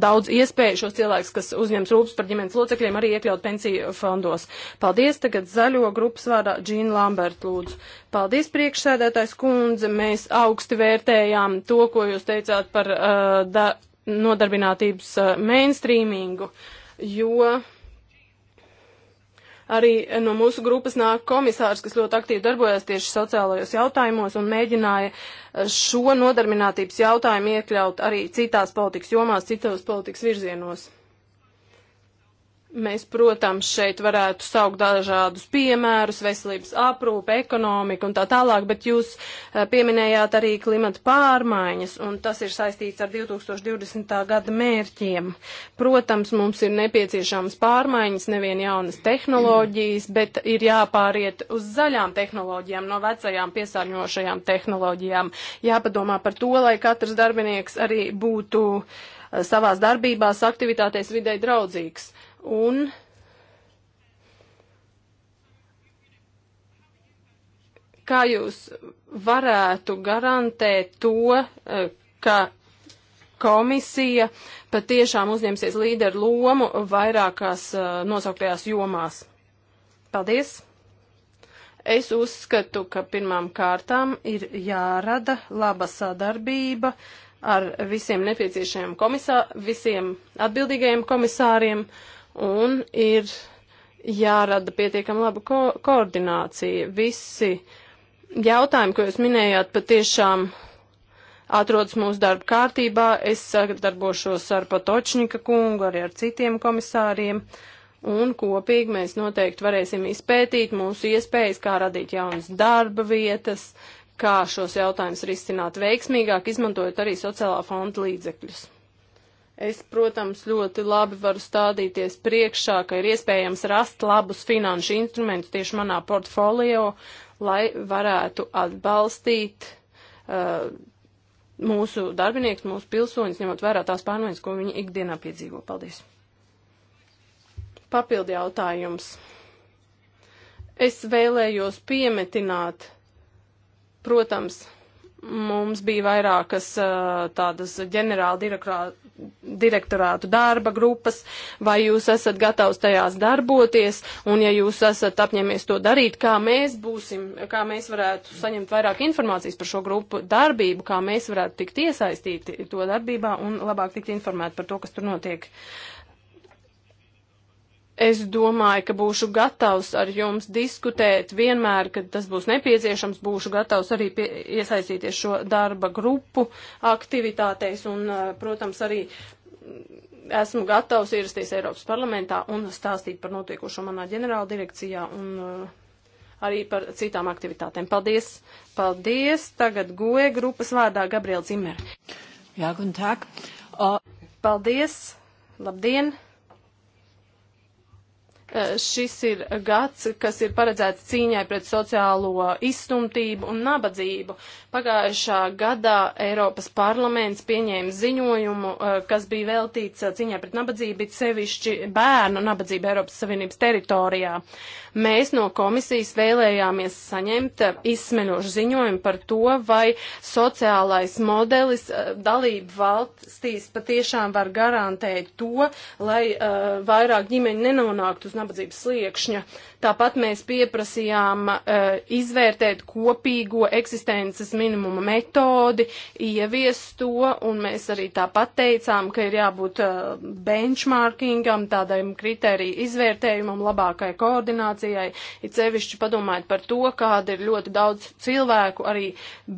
daudz iespēju šos cilvēkus, kas uzņems rūpes par ģimenes locekļiem, arī iekļaut pensiju fondos. Paldies, tagad zaļo grupas vārdā Džīna Lambert lūdzu. Paldies, priekšsēdētājs kundze, mēs augsti vērtējām to, ko jūs teicāt par uh, da, nodarbinātības uh, mainstreamingu, jo. Uh, Arī no mūsu grupas nāk komisārs, kas ļoti aktīvi darbojas tieši sociālajos jautājumos un mēģināja eh, šo nodarbinātības jautājumu iekļaut arī citās politikas jomās, citos politikas virzienos. Mēs, protams, šeit varētu saukt dažādus piemērus, veselības aprūpe, ekonomika un tā tālāk, bet jūs eh, pieminējāt arī klimata pārmaiņas, un tas ir saistīts ar 2020. gada mērķiem. Protams, mums ir nepieciešams pārmaiņas, nevien jaunas tehnoloģijas, bet ir jāpāriet uz zaļām tehnoloģijām, no vecajām piesārņošajām tehnoloģijām. Jāpadomā par to, lai katrs darbinieks arī būtu eh, savās darbībās, aktivitātēs videi draudzīgs un kā jūs varētu garantēt to, eh, ka komisija patiešām uzņemsies līderu lomu vairākās eh, nosauktajās jomās? Paldies! Es uzskatu, ka pirmām kārtām ir jārada laba sadarbība ar visiem nepieciešajiem komisā, visiem atbildīgajiem komisāriem. Uh, un ir jārada pietiekam laba ko koordinācija. Visi jautājumi, ko jūs minējāt, patiešām atrodas mūsu darba kārtībā. Es sadarbošos ar Patočņika kungu, arī ar citiem komisāriem, un kopīgi mēs noteikti varēsim izpētīt mūsu iespējas, kā radīt jaunas darba vietas, kā šos jautājumus risināt veiksmīgāk, izmantojot arī sociālā fonda līdzekļus. Es, protams, ļoti labi varu stādīties priekšā, ka ir iespējams rast labus finanšu instrumentus tieši manā portfolio, lai varētu atbalstīt uh, mūsu darbinieks, mūsu pilsoņus, ņemot vērā tās pārmaiņas, ko viņi ikdienā piedzīvo. Paldies! Papildi jautājums. Es vēlējos piemetināt, protams, Mums bija vairākas tādas ģenerāla direktorātu darba grupas, vai jūs esat gatavs tajās darboties, un ja jūs esat apņēmies to darīt, kā mēs būsim, kā mēs varētu saņemt vairāk informācijas par šo grupu darbību, kā mēs varētu tikt iesaistīti to darbībā un labāk tikt informēti par to, kas tur notiek. Uh, Es domāju, ka būšu gatavs ar jums diskutēt vienmēr, kad tas būs nepieciešams, būšu gatavs arī pie, iesaistīties šo darba grupu aktivitātēs un, eh, protams, arī esmu gatavs ierasties Eiropas parlamentā un stāstīt par notiekošo manā ģenerāla direkcijā un eh, arī par citām aktivitātēm. Paldies! Paldies! Tagad goja e grupas vārdā Gabriela Zimmer. Jā, guten tag! O... Paldies! Labdien! Eh, šis ir gads, kas ir paredzēts cīņai pret sociālo izstumtību un nabadzību. Pagājušā gadā Eiropas parlaments pieņēma ziņojumu, eh, kas bija veltīts eh, cīņai pret nabadzību, bet sevišķi bērnu nabadzību Eiropas Savienības teritorijā. Mēs no komisijas vēlējāmies saņemt izsmeļošu ziņojumu par to, vai sociālais modelis dalību valstīs patiešām var garantēt to, lai uh, vairāk ģimeņi nenonāktu uz nabadzību nabadzības sliekšņa. Tāpat mēs pieprasījām uh, izvērtēt kopīgo eksistences minimuma metodi, ieviest to, un mēs arī tāpat teicām, ka ir jābūt uh, benchmarkingam, tādam kritēriju izvērtējumam, labākai koordinācijai, it sevišķi padomājot par to, kāda ir ļoti daudz cilvēku, arī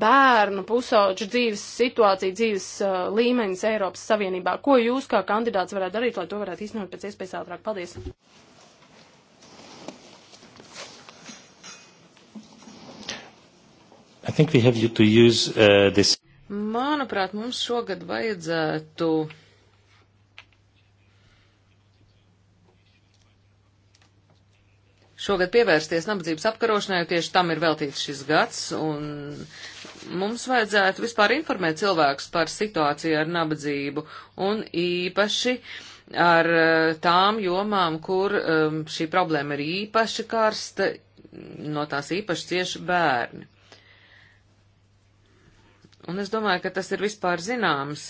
bērnu pusauģu dzīves situācija, dzīves uh, līmenis Eiropas Savienībā. Ko jūs kā kandidāts varētu darīt, lai to varētu īstenot pēc iespējas ātrāk? Paldies! Use, uh, this... Manuprāt, mums šogad vajadzētu šogad pievērsties nabadzības apkarošanai, jo tieši tam ir veltīts šis gads, un mums vajadzētu vispār informēt cilvēkus par situāciju ar nabadzību, un īpaši ar uh, tām jomām, kur um, šī problēma ir īpaši karsta, no tās īpaši cieši bērni. Un es domāju, ka tas ir vispār zināms.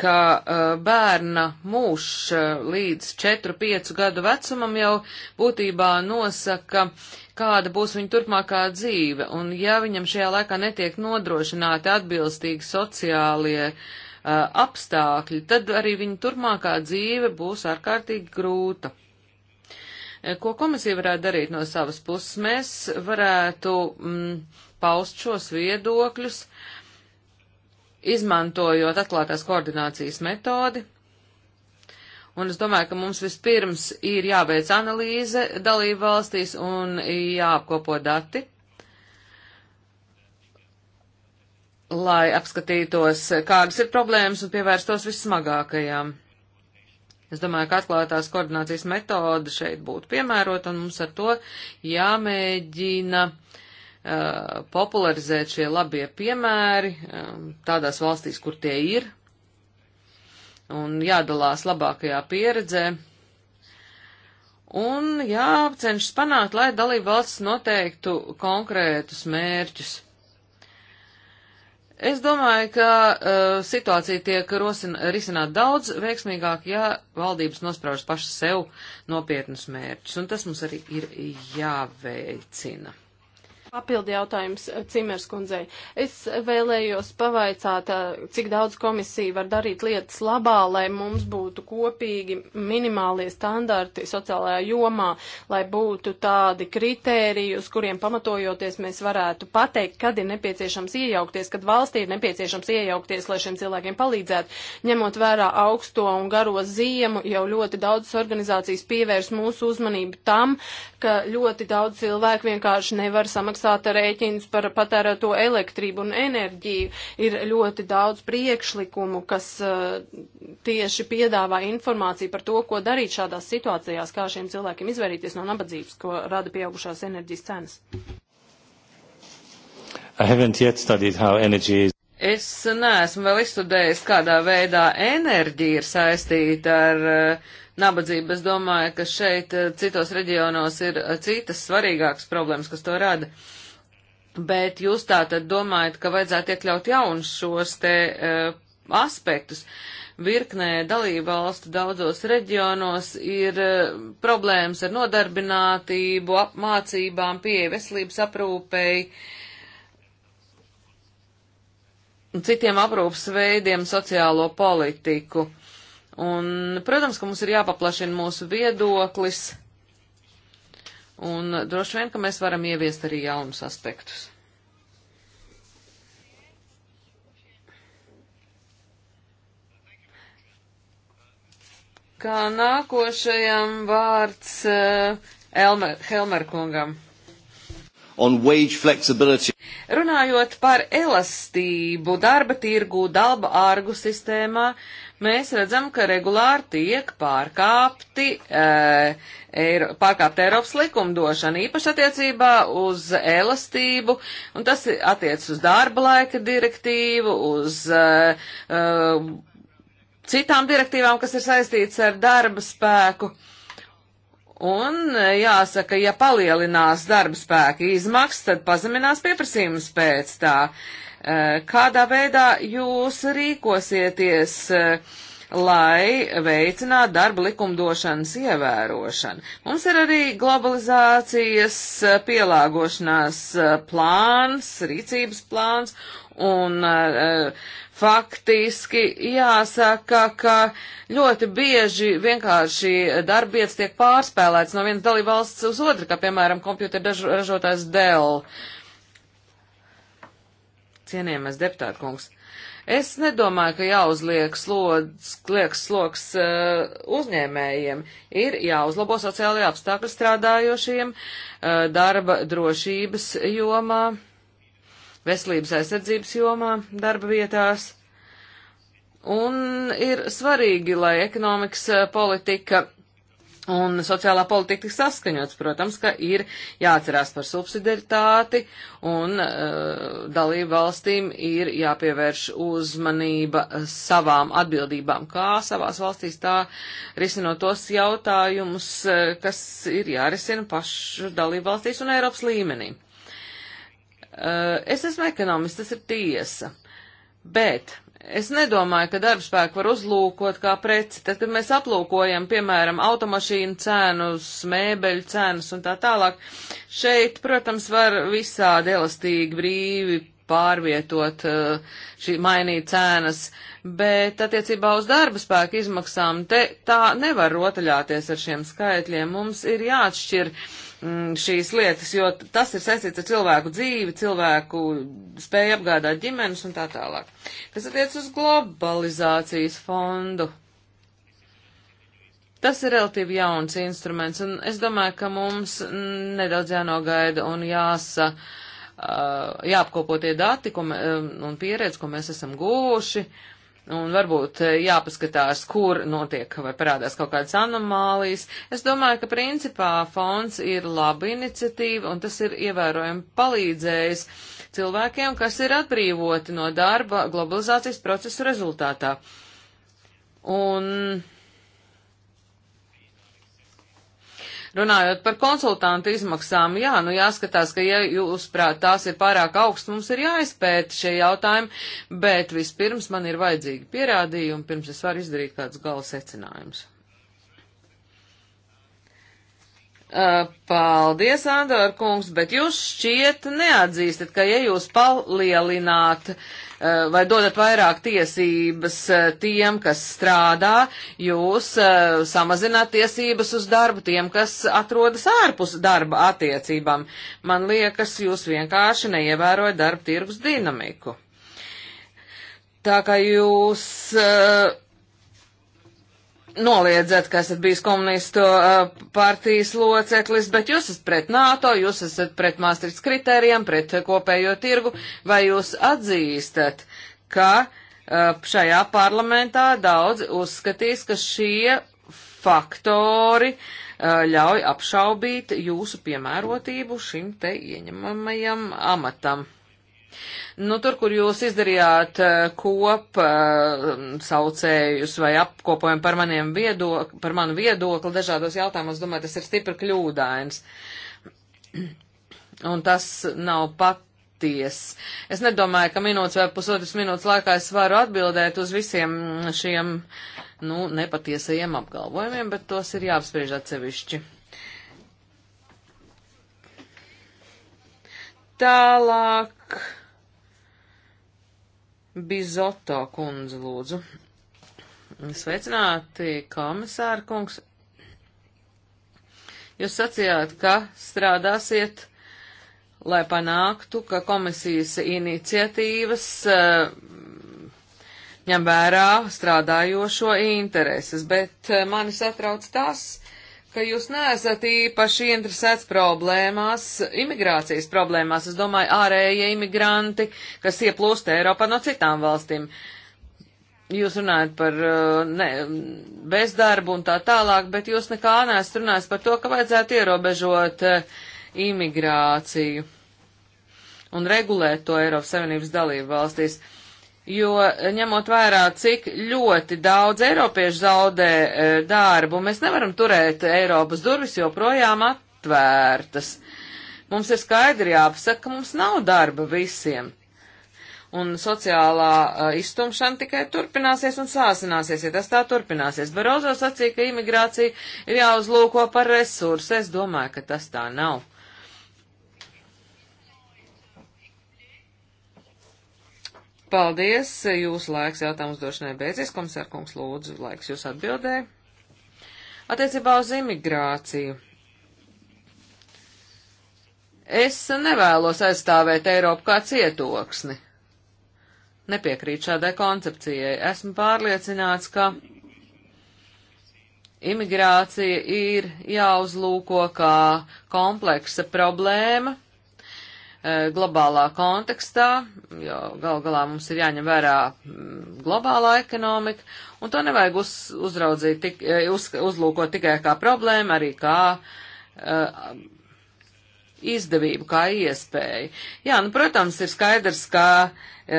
ka uh, bērna mūž uh, līdz 4-5 gadu vecumam jau būtībā nosaka, kāda būs viņa turpmākā dzīve, un ja viņam šajā laikā netiek nodrošināti atbilstīgi sociālie uh, apstākļi, tad arī viņa turpmākā dzīve būs ārkārtīgi grūta. Eh, ko komisija varētu darīt no savas puses? Mēs varētu mm, paust šos viedokļus, izmantojot atklātās koordinācijas metodi. Un es domāju, ka mums vispirms ir jāveic analīze dalību valstīs un jāapkopo dati, lai apskatītos, kādas ir problēmas un pievērstos vissmagākajām. Es domāju, ka atklātās koordinācijas metoda šeit būtu piemērota, un mums ar to jāmēģina uh, popularizēt šie labie piemēri um, tādās valstīs, kur tie ir, un jādalās labākajā pieredzē. Un jācenšas panākt, lai dalība valsts noteiktu konkrētus mērķus. Es domāju, ka uh, situācija tiek rosina, risināt daudz veiksmīgāk, ja valdības nospraužas pašas sev nopietnus mērķus, un tas mums arī ir jāveicina. Papildi jautājums eh, Cimers kundzei. Es vēlējos pavaicāt, eh, cik daudz komisija var darīt lietas labā, lai mums būtu kopīgi minimālie standarti sociālajā jomā, lai būtu tādi kritēriji, uz kuriem pamatojoties mēs varētu pateikt, kad ir nepieciešams iejaukties, kad valstī ir nepieciešams iejaukties, lai šiem cilvēkiem palīdzētu. Ņemot vērā augsto un garo ziemu, jau ļoti daudzas organizācijas pievērs mūsu uzmanību tam, ka ļoti daudz cilvēku vienkārši nevar samaksāt samaksāt rēķins par patērēto elektrību un enerģiju. Ir ļoti daudz priekšlikumu, kas uh, tieši piedāvā informāciju par to, ko darīt šādās situācijās, kā šiem cilvēkiem izvairīties no nabadzības, ko rada pieaugušās enerģijas cenas. I haven't yet studied how energy is. Es neesmu vēl izstudējis, kādā veidā enerģija ir saistīta ar uh, nabadzību. Es domāju, ka šeit uh, citos reģionos ir uh, citas svarīgākas problēmas, kas to rada. Uh, Bet jūs tā tad domājat, ka vajadzētu iekļaut jaunus šos te uh, aspektus. Virknē dalībvalstu daudzos reģionos ir uh, problēmas ar nodarbinātību, apmācībām, pieeja veselības aprūpei, citiem aprūpas veidiem, sociālo politiku. Un, protams, ka mums ir jāpaplašina mūsu viedoklis Un droši vien, ka mēs varam ieviest arī jaunus aspektus. Kā nākošajam vārds uh, Elmer, Helmer kungam. On wage flexibility. Runājot par elastību darba tirgu, darba ārgu sistēmā, uh, mēs redzam, ka regulāri tiek pārkāpti, e, eiro, pārkāpta Eiropas likumdošana, īpaši attiecībā uz elastību, un tas attiec uz darba laika direktīvu, uz e, e, citām direktīvām, kas ir saistīts ar darba spēku. Un jāsaka, ja palielinās darba spēka izmaksas, tad pazeminās pieprasījums pēc tā. Uh, Eh, kādā veidā jūs rīkosieties? Eh, lai veicinātu darba likumdošanas ievērošanu. Mums ir arī globalizācijas eh, pielāgošanās plāns, rīcības plāns, un uh, faktiski jāsaka, ka ļoti bieži vienkārši darbietas tiek pārspēlēts no vienas dalībvalsts uz otru, kā piemēram kompjuterražotājs Dell. Uh, Cienījamais deputāta kungs, es nedomāju, ka jāuzliek slodz, liekas sloks uh, uzņēmējiem. Ir jāuzlabo sociālajā apstākļa strādājošiem uh, darba drošības jomā, veselības aizsardzības jomā, darba vietās. Un ir svarīgi, lai ekonomikas uh, politika Un sociālā politika tiks saskaņots, protams, ka ir jāatcerās par subsidiaritāti un uh, dalību valstīm ir jāpievērš uzmanība savām atbildībām, kā savās valstīs tā risinot tos jautājumus, uh, kas ir jārisina pašu dalību valstīs un Eiropas līmenī. Uh, es esmu ekonomists, tas ir tiesa, bet Es nedomāju, ka darbspēku var uzlūkot kā preci. Tad, kad mēs aplūkojam, piemēram, automašīnu cenas, mēbeļu cenas un tā tālāk, šeit, protams, var visādi elastīgi brīvi pārvietot, eh, šī mainīt cenas, bet attiecībā uz darba spēku izmaksām te tā nevar rotaļāties ar šiem skaitļiem. Mums ir jāatšķir uh, Mm, šīs lietas, jo tas ir saistīts ar cilvēku dzīvi, cilvēku spēju apgādāt ģimenes un tā tālāk. Kas attiec uz globalizācijas fondu? Tas ir relatīvi jauns instruments, un es domāju, ka mums nedaudz jānogaida un jāsa, uh, jāapkopo tie dati ko, mē, um, un pieredze, ko mēs esam guvuši, uh, un varbūt eh, jāpaskatās, kur notiek vai parādās kaut kādas anomālijas. Es domāju, ka principā fonds ir laba iniciatīva, un tas ir ievērojami palīdzējis cilvēkiem, kas ir atbrīvoti no darba globalizācijas procesu rezultātā. Un Runājot par konsultantu izmaksām, jā, nu jāskatās, ka, ja jūs prāt tās ir pārāk augsts, mums ir jāizpēta šie jautājumi, bet vispirms man ir vajadzīgi pierādījumi, pirms es varu izdarīt kādus gala secinājumus. Paldies, Andor kungs, bet jūs šķiet neatzīstat, ka ja jūs palielināt uh, Eh, vai dodat vairāk tiesības eh, tiem, kas strādā, jūs eh, samazināt tiesības uz darbu tiem, kas atrodas ārpus darba attiecībām. Man liekas, jūs vienkārši neievērojat darba tirgus dinamiku. Tā kā jūs uh, noliedzat, ka esat bijis komunistu uh, partijas loceklis, bet jūs esat pret NATO, jūs esat pret Maastrichts kritērijiem, pret kopējo tirgu, vai jūs atzīstat, ka uh, šajā parlamentā daudz uzskatīs, ka šie faktori uh, ļauj apšaubīt jūsu piemērotību šim te ieņemamajam amatam. Nu, tur, kur jūs izdarījāt eh, kop eh, saucējus vai apkopojumu par, viedok, par manu viedokli dažādos jautājumos, domāju, tas ir stipri kļūdains. Un tas nav paties. Es nedomāju, ka minūtes vai pusotras minūtes laikā es varu atbildēt uz visiem šiem, nu, nepatiesajiem apgalvojumiem, bet tos ir jāapspriež atsevišķi. Tālāk Bizoto kundze, lūdzu. Sveicināti, komisāra kungs. Jūs sacījāt, ka strādāsiet, lai panāktu, ka komisijas iniciatīvas eh, ņem vērā strādājošo intereses, bet eh, mani satrauc tas, ka jūs neesat īpaši interesēts problēmās, imigrācijas problēmās. Es domāju, ārējie imigranti, kas ieplūst Eiropā no citām valstīm. Jūs runājat par uh, ne, bezdarbu un tā tālāk, bet jūs nekā neesat runājis par to, ka vajadzētu ierobežot uh, imigrāciju un regulēt to Eiropas Savienības dalību valstīs. Uh, jo ņemot vērā, cik ļoti daudz eiropiešu zaudē e, darbu, mēs nevaram turēt Eiropas durvis joprojām atvērtas. Mums ir skaidri jāpasaka, ka mums nav darba visiem. Un sociālā e, iztumšana tikai turpināsies un sāsināsies, ja tas tā turpināsies. Barozo sacīja, ka imigrācija ir jāuzlūko par resursu. Es domāju, ka tas tā nav. Paldies, jūsu laiks jautājums došanai beidzies, komisārkungs lūdzu, laiks jūs atbildē. Attiecībā uz imigrāciju. Es nevēlos aizstāvēt Eiropu kā cietoksni. Nepiekrīt šādai koncepcijai. Esmu pārliecināts, ka imigrācija ir jāuzlūko kā kompleksa problēma E, globālā kontekstā, jo gal galā mums ir jāņem vērā mm, globālā ekonomika, un to nevajag uz, uzraudzīt, tik, e, uz, uzlūkot tikai kā problēmu, arī kā uh, izdevību kā iespēju. Jā, nu, protams, ir skaidrs, ka e,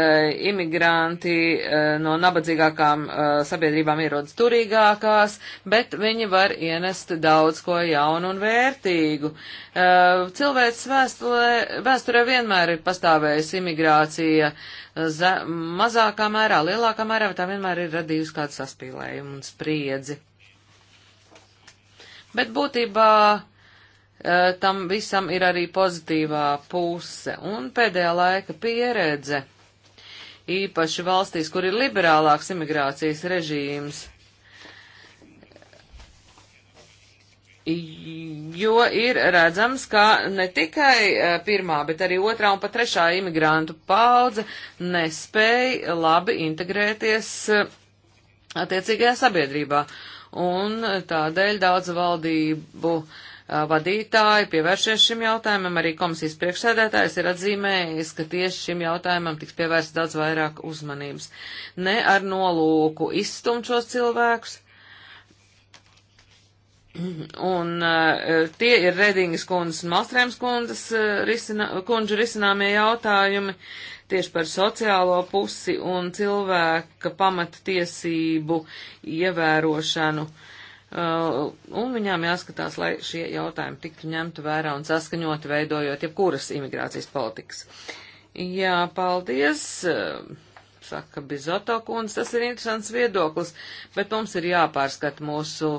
imigranti e, no nabadzīgākām e, sabiedrībām ierodas turīgākās, bet viņi var ienest daudz ko jaunu un vērtīgu. E, cilvēks vēstulē, vēsturē vienmēr ir pastāvējusi imigrācija e, ze, mazākā mērā, lielākā mērā, bet tā vienmēr ir radījusi kādu saspīlējumu un spriedzi. Bet būtībā uh, Eh, tam visam ir arī pozitīvā puse, un pēdējā laika pieredze, īpaši valstīs, kur ir liberālāks imigrācijas režīms, jo ir redzams, ka ne tikai eh, pirmā, bet arī otrā un pat trešā imigrantu paudze nespēja labi integrēties eh, attiecīgajā sabiedrībā. Un tādēļ daudz valdību uh, vadītāji pievēršies šim jautājumam, arī komisijas priekšsēdētājs ir atzīmējis, ka tieši šim jautājumam tiks pievērsts daudz vairāk uzmanības. Ne ar nolūku izstumt šos cilvēkus. Un uh, tie ir Redingas kundzes un Malstrēms kundzes uh, risina, kundžu risināmie jautājumi tieši par sociālo pusi un cilvēka pamata tiesību ievērošanu. Uh, Uh, un viņām jāskatās, lai šie jautājumi tiktu ņemti vērā un saskaņoti, veidojot jebkuras imigrācijas politikas. Jā, paldies, uh, saka Bizoto kundze, tas ir interesants viedoklis, bet mums ir jāpārskata mūsu,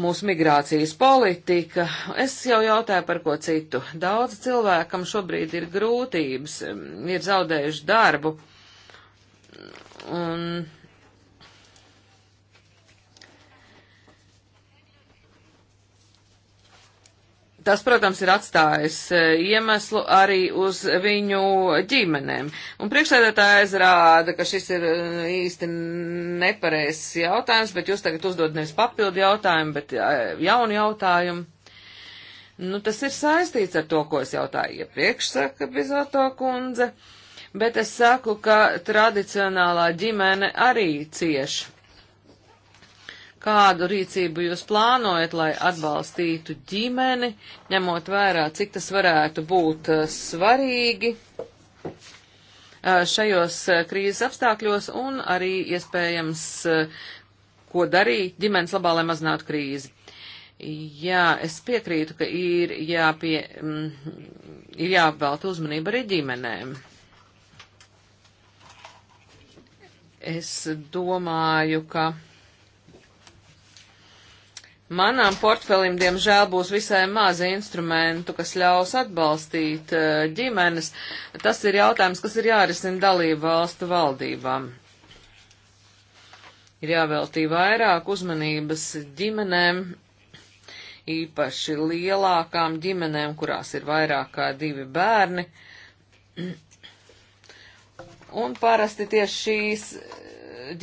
mūsu migrācijas politika. Es jau jautāju par ko citu. Daudz cilvēkam šobrīd ir grūtības, ir zaudējuši darbu. Un Tas, protams, ir atstājis e, iemeslu arī uz viņu ģimenēm. Un priekšsēdētājs rāda, ka šis ir e, īsti nepareizs jautājums, bet jūs tagad uzdod nevis papildu jautājumu, bet e, jaunu jautājumu. Nu, tas ir saistīts ar to, ko es jautāju iepriekš, ja saka Bizoto kundze, bet es saku, ka tradicionālā ģimene arī cieši kādu rīcību jūs plānojat, lai atbalstītu ģimeni, ņemot vērā, cik tas varētu būt eh, svarīgi eh, šajos eh, krīzes apstākļos un arī iespējams, ko darīt ģimenes labā, lai mazinātu krīzi. Jā, es piekrītu, ka ir, jāpie, mm, ir jāapvelta uzmanība arī ģimenēm. Es domāju, ka Manām portfelim, diemžēl, būs visai maz instrumentu, kas ļaus atbalstīt eh, ģimenes. Tas ir jautājums, kas ir jārisina dalību valstu valdībām. Ir jāveltī vairāk uzmanības ģimenēm, īpaši lielākām ģimenēm, kurās ir vairāk kā divi bērni. Un parasti tieši šīs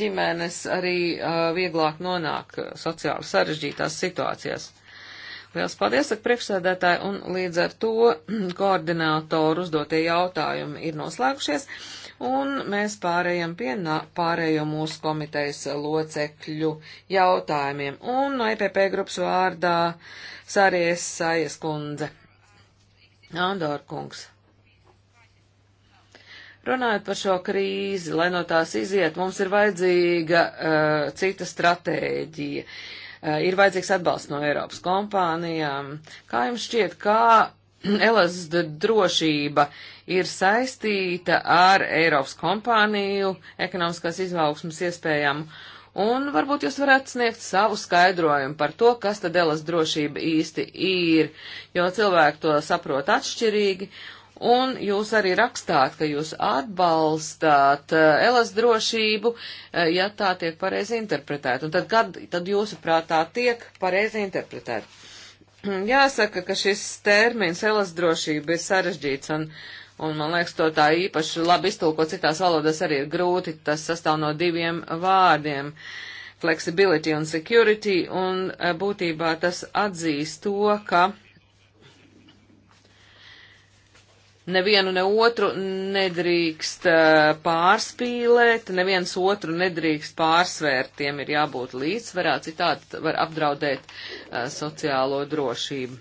ģimenes arī uh, vieglāk nonāk sociāli sarežģītās situācijās. Liels paldies, saka priekšsēdētāji, un līdz ar to koordinātoru uzdotie jautājumi ir noslēgušies, un mēs pārējām pie pārējo mūsu komitejas locekļu jautājumiem. Un no EPP grupas vārdā Sāries Sājas kundze. Andor kungs. Runājot par šo krīzi, lai no tās iziet, mums ir vajadzīga uh, cita stratēģija. Uh, ir vajadzīgs atbalsts no Eiropas kompānijām. Kā jums šķiet, kā Elasda drošība ir saistīta ar Eiropas kompāniju ekonomiskās izaugsmas iespējām? Un varbūt jūs varētu sniegt savu skaidrojumu par to, kas tad Elasda drošība īsti ir, jo cilvēki to saprot atšķirīgi un jūs arī rakstāt, ka jūs atbalstāt eh, elas drošību, eh, ja tā tiek pareizi interpretēta. Un tad, kad tad jūsuprāt tā tiek pareizi interpretēta? Jāsaka, ka šis termins elas drošība ir sarežģīts un, un man liekas, to tā īpaši labi iztulko citās valodās arī ir grūti. Tas sastāv no diviem vārdiem - flexibility un security, un eh, būtībā tas atzīst to, ka nevienu ne otru nedrīkst eh, pārspīlēt, neviens otru nedrīkst pārsvērt, tiem ir jābūt līdzsvarā, citādi var apdraudēt uh, sociālo drošību.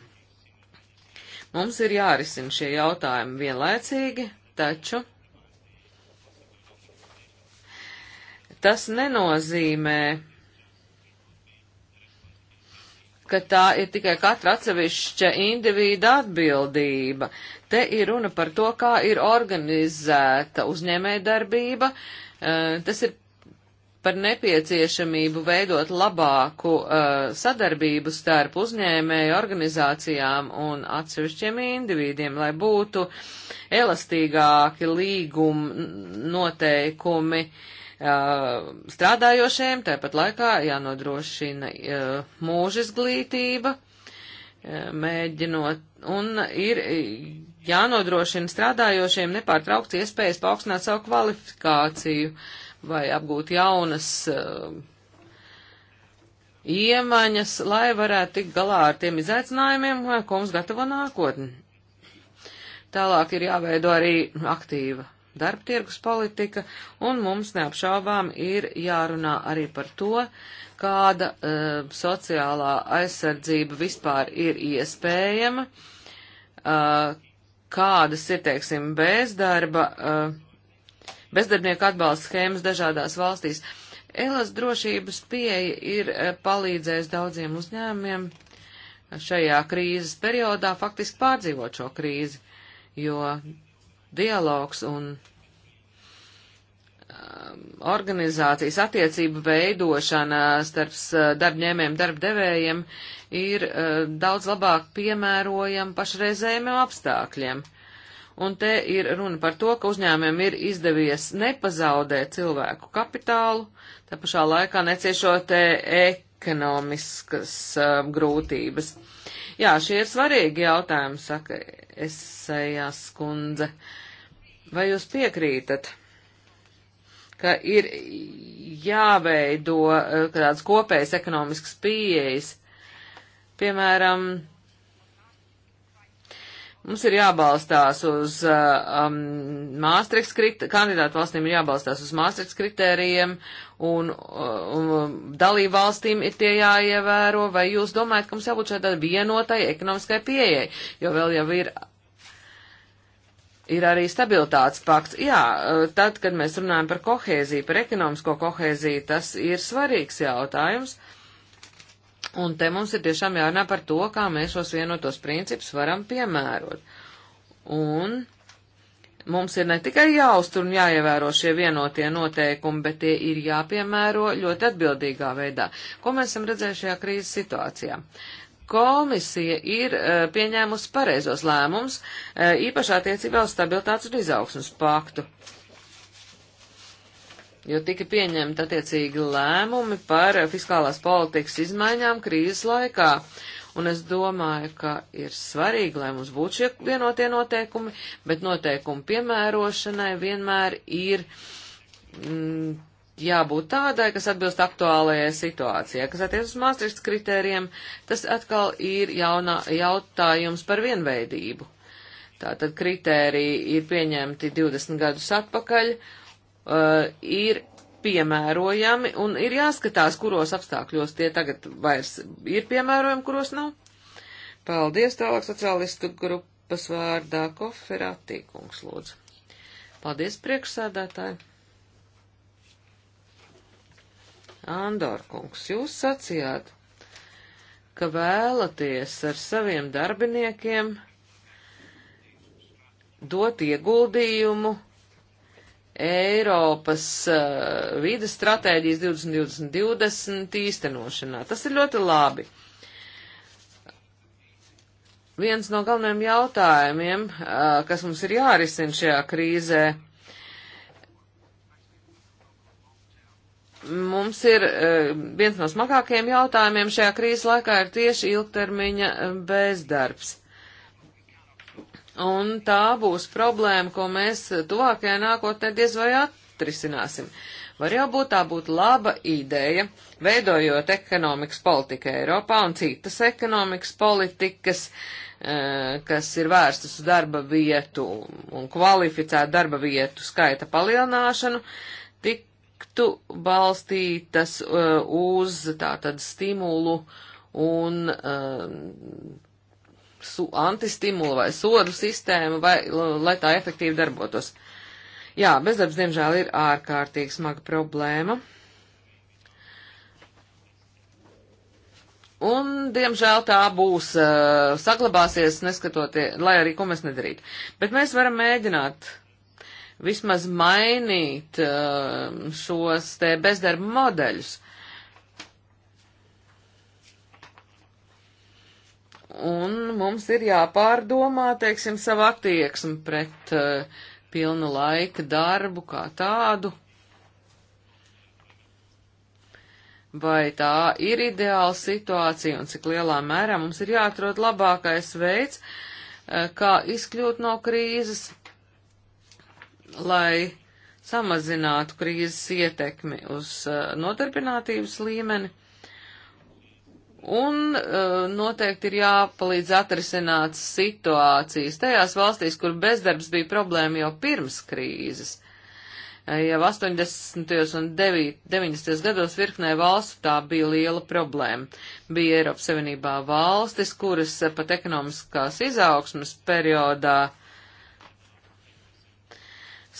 Mums ir jārisina šie jautājumi vienlaicīgi, taču tas nenozīmē, ka tā ir tikai katra atsevišķa individa atbildība. Te ir runa par to, kā ir organizēta uzņēmējdarbība. Eh, tas ir par nepieciešamību veidot labāku eh, sadarbību starp uzņēmēju organizācijām un atsevišķiem individiem, lai būtu elastīgāki līguma noteikumi. Uh, strādājošiem, tāpat laikā jānodrošina mūža izglītība, mēģinot, un ir jānodrošina strādājošiem nepārtraukts iespējas paaugstināt savu kvalifikāciju vai apgūt jaunas iemaņas, lai varētu tikt galā ar tiem izaicinājumiem, ko mums gatavo nākotni. Tālāk ir jāveido arī aktīva darba tirgus politika, un mums neapšaubām ir jārunā arī par to, kāda e, sociālā aizsardzība vispār ir iespējama, e, kādas ir, teiksim, bezdarba, e, bezdarbnieku atbalsta schēmas dažādās valstīs. Elas drošības pieeja ir palīdzējusi daudziem uzņēmumiem šajā krīzes periodā faktiski pārdzīvot šo krīzi, jo dialogs un um, organizācijas attiecību veidošana starp darbņēmiem, darbdevējiem ir uh, daudz labāk piemērojama pašreizējiem apstākļiem. Un te ir runa par to, ka uzņēmiem ir izdevies nepazaudēt cilvēku kapitālu, te pašā laikā neciešot e, ekonomiskas uh, grūtības. Jā, šie ir svarīgi jautājumi, saka Esējās e, kundze. Uh, Vai jūs piekrītat, ka ir jāveido tāds eh, kopējs ekonomisks pieejas? Piemēram, mums ir jābalstās uz eh, um, Māstriks kandidātu valstīm ir jābalstās uz Māstriks kritērijiem un, eh, un um, dalību valstīm ir tie jāievēro, vai jūs domājat, ka mums jābūt šādai vienotai ekonomiskai pieejai, jo vēl jau ir ir arī stabilitātes pakts. Jā, eh, tad, kad mēs runājam par kohēziju, par ekonomisko kohēziju, tas ir svarīgs jautājums. Un te mums ir tiešām jārunā par to, kā mēs šos vienotos principus varam piemērot. Un mums ir ne tikai jāuztur un jāievēro šie vienotie noteikumi, bet tie ir jāpiemēro ļoti atbildīgā veidā, ko mēs esam redzējuši šajā krīzes situācijā komisija ir e, pieņēmusi pareizos lēmumus, e, īpaši attiecībā uz stabilitātes un izaugsmas paktu. Jo tika pieņemta attiecīgi lēmumi par fiskālās politikas izmaiņām krīzes laikā. Un es domāju, ka ir svarīgi, lai mums būtu šie vienotie noteikumi, bet noteikumu piemērošanai vienmēr ir mm, jābūt tādai, kas atbilst aktuālajai situācijai, kas attiec uz māstrīstas kritērijiem, tas atkal ir jaunā, jautājums par vienveidību. Tātad kritēriji ir pieņemti 20 gadus atpakaļ, uh, ir piemērojami un ir jāskatās, kuros apstākļos tie tagad vairs ir piemērojami, kuros nav. Paldies tālāk sociālistu grupas vārdā Koferatī kungs lūdzu. Paldies priekšsādātāji. Andorkungs, jūs sacījāt, ka vēlaties ar saviem darbiniekiem dot ieguldījumu Eiropas uh, eh, vīdas stratēģijas 2020 īstenošanā. Tas ir ļoti labi. Viens no galvenajiem jautājumiem, uh, kas mums ir jārisina šajā krīzē, uh, Mums ir e, viens no smagākajiem jautājumiem šajā krīzes laikā ir tieši ilgtermiņa e, bezdarbs. Un tā būs problēma, ko mēs tuvākajā nākotnē diez vai atrisināsim. Var jau būt tā būtu laba ideja, veidojot ekonomikas politiku Eiropā un citas ekonomikas politikas, e, kas ir vērstas uz darba vietu un kvalificētu darba vietu skaita palielināšanu, tik tiktu balstītas uh, uz tātad stimulu un uh, su, antistimulu vai sodu sistēmu, vai, lai tā efektīvi darbotos. Jā, bezdarbs, diemžēl, ir ārkārtīgi smaga problēma. Un, diemžēl, tā būs, uh, saglabāsies, neskatoties, lai arī ko mēs nedarītu. Bet mēs varam mēģināt vismaz mainīt um, šos te bezdarba modeļus. Un mums ir jāpārdomā, teiksim, savu attieksmi pret uh, pilnu laika darbu kā tādu. Vai tā ir ideāla situācija un cik lielā mērā mums ir jāatrod labākais veids, uh, kā izkļūt no krīzes, lai samazinātu krīzes ietekmi uz uh, nodarbinātības līmeni. Un uh, noteikti ir jāpalīdz atrisināt situācijas tajās valstīs, kur bezdarbs bija problēma jau pirms krīzes. Uh, jau 80. un 90. gados virknē valstu tā bija liela problēma. Bija Eiropas Savienībā valstis, kuras pat ekonomiskās izaugsmas periodā uh,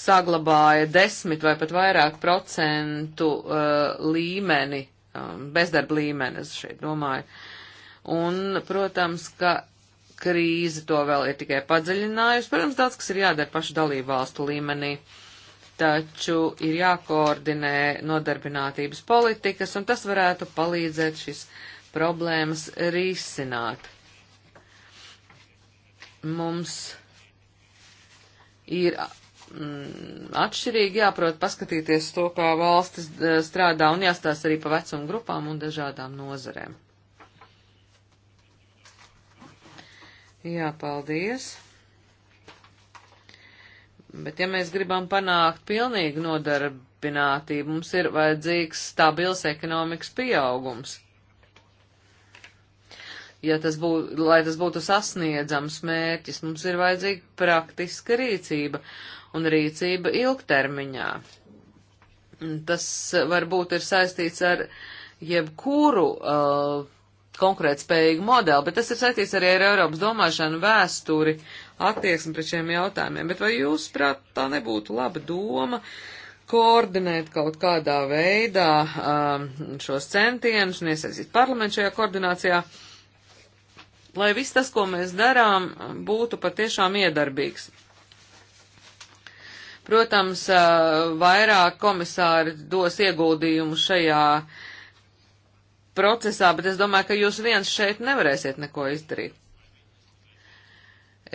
saglabāja desmit vai pat vairāk procentu uh, līmeni, um, bezdarba līmeni, es šeit domāju. Un, protams, ka krīze to vēl ir tikai padziļinājusi. Protams, daudz kas ir jādara pašu dalību valstu līmenī, taču ir jākoordinē nodarbinātības politikas, un tas varētu palīdzēt šis problēmas risināt. Mums ir mm, atšķirīgi jāprot paskatīties to, kā valstis strādā un jāstās arī pa vecumu grupām un dažādām nozarēm. Jā, paldies. Bet ja mēs gribam panākt pilnīgu nodarbinātību, mums ir vajadzīgs stabils ekonomikas pieaugums. Ja tas būtu, lai tas būtu sasniedzams mērķis, mums ir vajadzīga praktiska rīcība un rīcība ilgtermiņā. Tas eh, varbūt ir saistīts ar jebkuru uh, eh, konkurētspējīgu modeli, bet tas ir saistīts arī ar Eiropas domāšanu, vēsturi, attieksmi pret šiem jautājumiem. Bet vai jūs, prāt, tā nebūtu laba doma koordinēt kaut kādā veidā um, šos centienus un iesaistīt parlamentu šajā koordinācijā, lai viss tas, ko mēs darām, būtu patiešām iedarbīgs? Protams, vairāk komisāri dos ieguldījumu šajā procesā, bet es domāju, ka jūs viens šeit nevarēsiet neko izdarīt.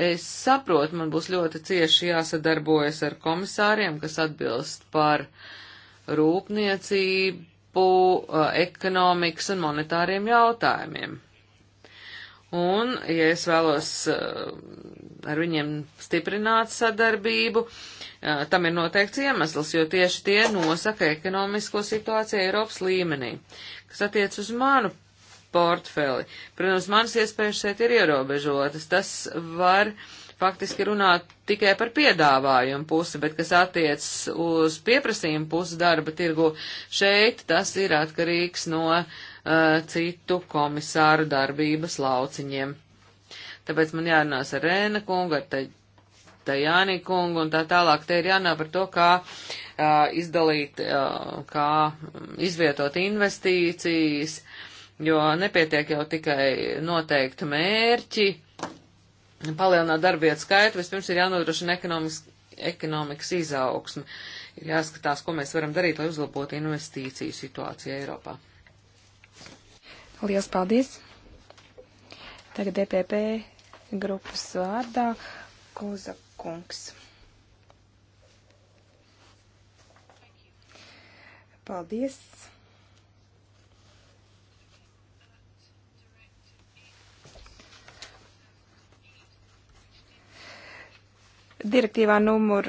Es saprotu, man būs ļoti cieši jāsadarbojas ar komisāriem, kas atbilst par rūpniecību, ekonomikas un monetāriem jautājumiem. Un, ja es vēlos ar viņiem stiprināt sadarbību, uh, Tam ir noteikts iemesls, jo tieši tie nosaka ekonomisko situāciju Eiropas līmenī. Kas attiec uz manu portfeli, protams, manas iespējas šeit ir ierobežotas. Tas var faktiski runāt tikai par piedāvājumu pusi, bet kas attiec uz pieprasījumu pusi darba tirgu, šeit tas ir atkarīgs no uh, citu komisāru darbības lauciņiem. Tāpēc man jārunās ar Rēna kungu, ar Tajāni kungu un tā tālāk. Te ir jānāk par to, kā uh, izdalīt, uh, kā izvietot investīcijas, jo nepietiek jau tikai noteikti mērķi, palielināt darbietu skaitu, vispirms ir jānodrošina ekonomiski ekonomikas izaugsmi. Ir jāskatās, ko mēs varam darīt, lai uzlabotu investīciju situāciju Eiropā. Lielas paldies! Tagad DPP e grupas vārdā Kūza kungs. Paldies. direktīvā numur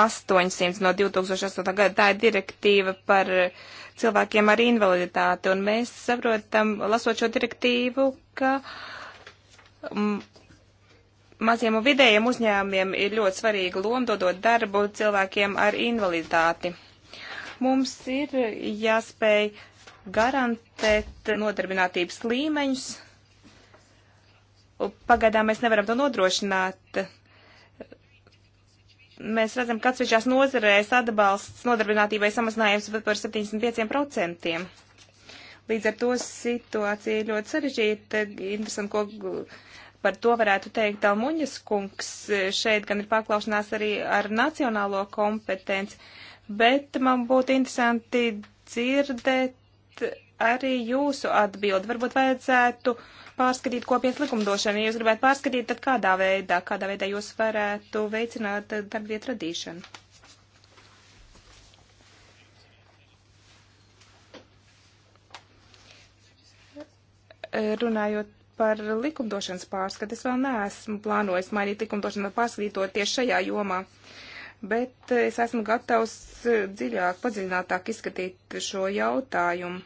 800 no 2008. gada. Tā ir direktīva par cilvēkiem ar invaliditāti, un mēs saprotam, lasot šo direktīvu, ka mm, Maziem un vidējiem uzņēmumiem ir ļoti svarīga loma dodot darbu cilvēkiem ar invaliditāti. Mums ir jāspēj garantēt nodarbinātības līmeņus. Pagaidām mēs nevaram to nodrošināt. Mēs redzam, ka atsevišķās nozarēs atbalsts nodarbinātībai samazinājums par 75%. Līdz ar to situācija ir ļoti sarežģīta. Interesanti, ko Par to varētu teikt Almuņas kungs. Šeit gan ir paklaušanās arī ar nacionālo kompetenci, bet man būtu interesanti dzirdēt arī jūsu atbildi. Varbūt vajadzētu pārskatīt kopienas likumdošanu. Ja jūs gribētu pārskatīt, tad kādā veidā, kādā veidā jūs varētu veicināt darbvietu radīšanu? Runājot par likumdošanas pārskatu. Es vēl neesmu plānojis mainīt likumdošanu pārskatīto tieši šajā jomā, bet eh, es esmu gatavs eh, dziļāk, padziļinātāk izskatīt šo jautājumu.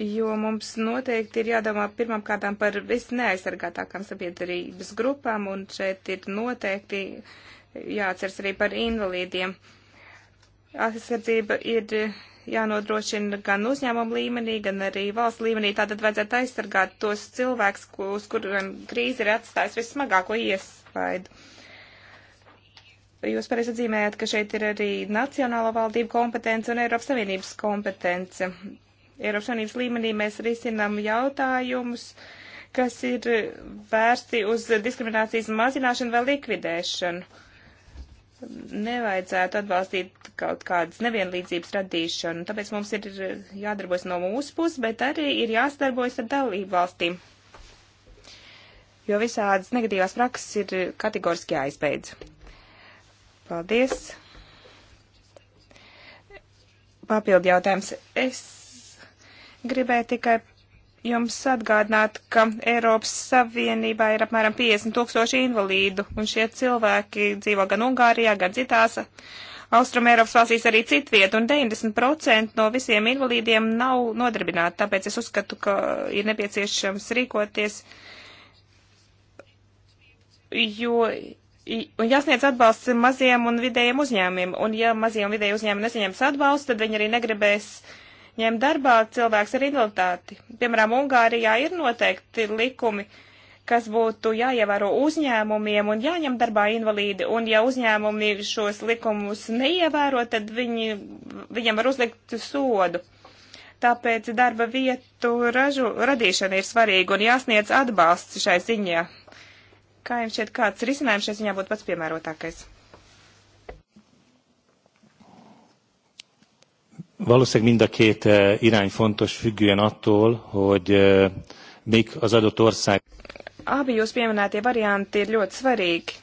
Jo mums noteikti ir jādomā pirmām kādām par visneaizsargātākām sabiedrības grupām, un šeit ir noteikti jāatceras arī par invalīdiem. Aizsardzība ir jānodrošina gan uzņēmumu līmenī, gan arī valsts līmenī. Tātad vajadzētu aizsargāt tos cilvēkus, uz kuriem krīze ir atstājusi vissmagāko iespaidu. Jūs pareizi atzīmējat, ka šeit ir arī Nacionālo valdību kompetence un Eiropas Savienības kompetence. Eiropas Savienības līmenī mēs risinām jautājumus, kas ir vērsti uz diskriminācijas mazināšanu vai likvidēšanu nevajadzētu atbalstīt kaut kādas nevienlīdzības radīšanu. Tāpēc mums ir jādarbojas no mūsu puses, bet arī ir jāsadarbojas ar dalību valstīm. Jo visādas negatīvās prakses ir kategoriski jāizbeidz. Paldies. Papildu jautājums. Es gribēju tikai jums atgādināt, ka Eiropas Savienībā ir apmēram 50 tūkstoši invalīdu, un šie cilvēki dzīvo gan Ungārijā, gan citās Austrum Eiropas valstīs arī citviet, un 90% no visiem invalīdiem nav nodarbināti, tāpēc es uzskatu, ka ir nepieciešams rīkoties, jo un jāsniedz atbalsts maziem un vidējiem uzņēmumiem, un ja maziem un vidēji uzņēmumi nesaņems atbalstu, tad viņi arī negribēs uh, ņem darbā cilvēks ar invaliditāti. Piemēram, Ungārijā ir noteikti likumi, kas būtu jāievēro uzņēmumiem un jāņem darbā invalīdi, un ja uzņēmumi šos likumus neievēro, tad viņi, viņam var uzlikt sodu. Tāpēc darba vietu ražu, radīšana ir svarīga un jāsniedz atbalsts šai ziņā. Kā jums šķiet, kāds risinājums šai ziņā būtu pats piemērotākais? Valószínűleg mind a két eh, irány fontos függően attól, hogy eh, mik az adott ország. Abi jūs pieminētie varianti ir ļoti svarīgi.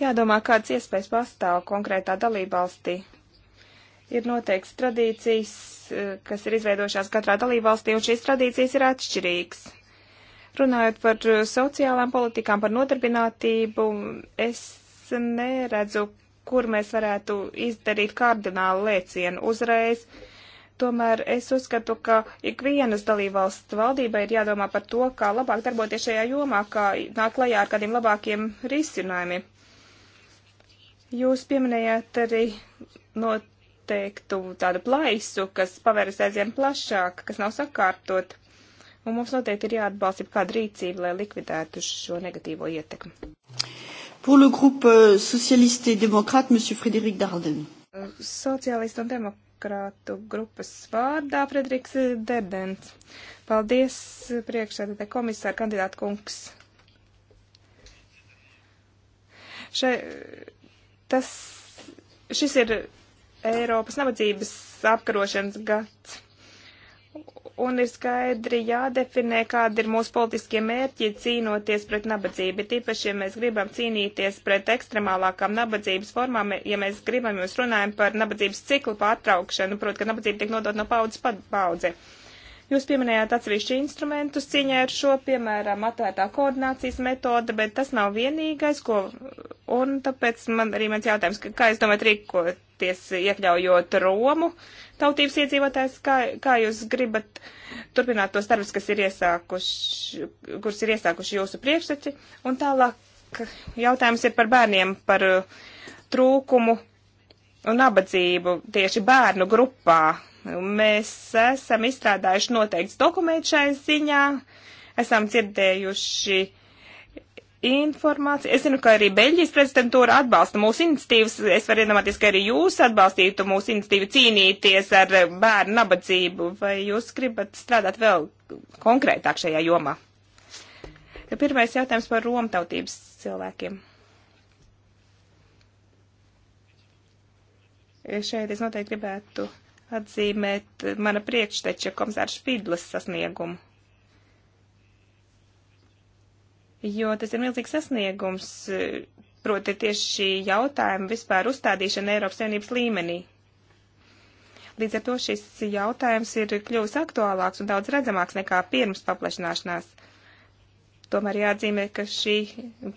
Jādomā, kādas iespējas pastāv konkrētā dalībvalstī. Ir noteikts tradīcijas, kas ir izveidojušās katrā dalībvalstī, un šīs tradīcijas ir atšķirīgas. Runājot par eh, sociālām politikām, par nodarbinātību, es neredzu, kur mēs varētu izdarīt kardinālu lēcienu uzreiz. Tomēr es uzskatu, ka ikvienas dalībvalsts valdībai ir jādomā par to, kā labāk darboties šajā jomā, kā nāk klajā ar kādiem labākiem risinājumiem. Jūs pieminējāt arī noteiktu tādu plaisu, kas paveras aizvien plašāk, kas nav sakārtot. Un mums noteikti ir jāatbalsta kāda rīcība, lai likvidētu šo negatīvo ietekmi. Pour le groupe euh, socialiste et démocrate, M. Frédéric Darden. Euh, Sociālistu un demokrātu grupas vārdā Frederiks Derdens. Paldies, priekšsēdētāji komisāri, kandidātu kungs. Še, tas, šis ir Eiropas nabadzības apkarošanas gads un ir skaidri jādefinē, kādi ir mūsu politiskie mērķi cīnoties pret nabadzību. Tīpaši, ja mēs gribam cīnīties pret ekstremālākām nabadzības formām, ja mēs gribam, jūs runājam par nabadzības ciklu pārtraukšanu, proti, ka nabadzība tiek nodot no paudzes paudzē. Jūs pieminējāt atsevišķi instrumentus cīņā ar šo, piemēram, atvērtā koordinācijas metode, bet tas nav vienīgais, ko, un tāpēc man arī mans jautājums, kā jūs domājat rīkoties, iekļaujot Romu tautības iedzīvotājs, kā, kā jūs gribat turpināt tos darbus, kas ir iesākuši, kurus ir iesākuši jūsu priekšsači, un tālāk jautājums ir par bērniem, par uh, trūkumu un nabadzību tieši bērnu grupā Mēs esam izstrādājuši noteikts dokumentu šai ziņā, esam dzirdējuši informāciju. Es zinu, ka arī Beļģijas prezidentūra atbalsta mūsu iniciatīvas. Es varu iedomāties, ka arī jūs atbalstītu mūsu iniciatīvu cīnīties ar bērnu nabadzību. Vai jūs gribat strādāt vēl konkrētāk šajā jomā? Pirmais jautājums par romtautības cilvēkiem. Šeit es noteikti gribētu atzīmēt mana priekšteča komisāra Špidlas sasniegumu. Jo tas ir milzīgs sasniegums, proti tieši šī jautājuma vispār uzstādīšana Eiropas Savienības līmenī. Līdz ar to šis jautājums ir kļuvis aktuālāks un daudz redzamāks nekā pirms paplašināšanās. Tomēr jāatzīmē, ka šī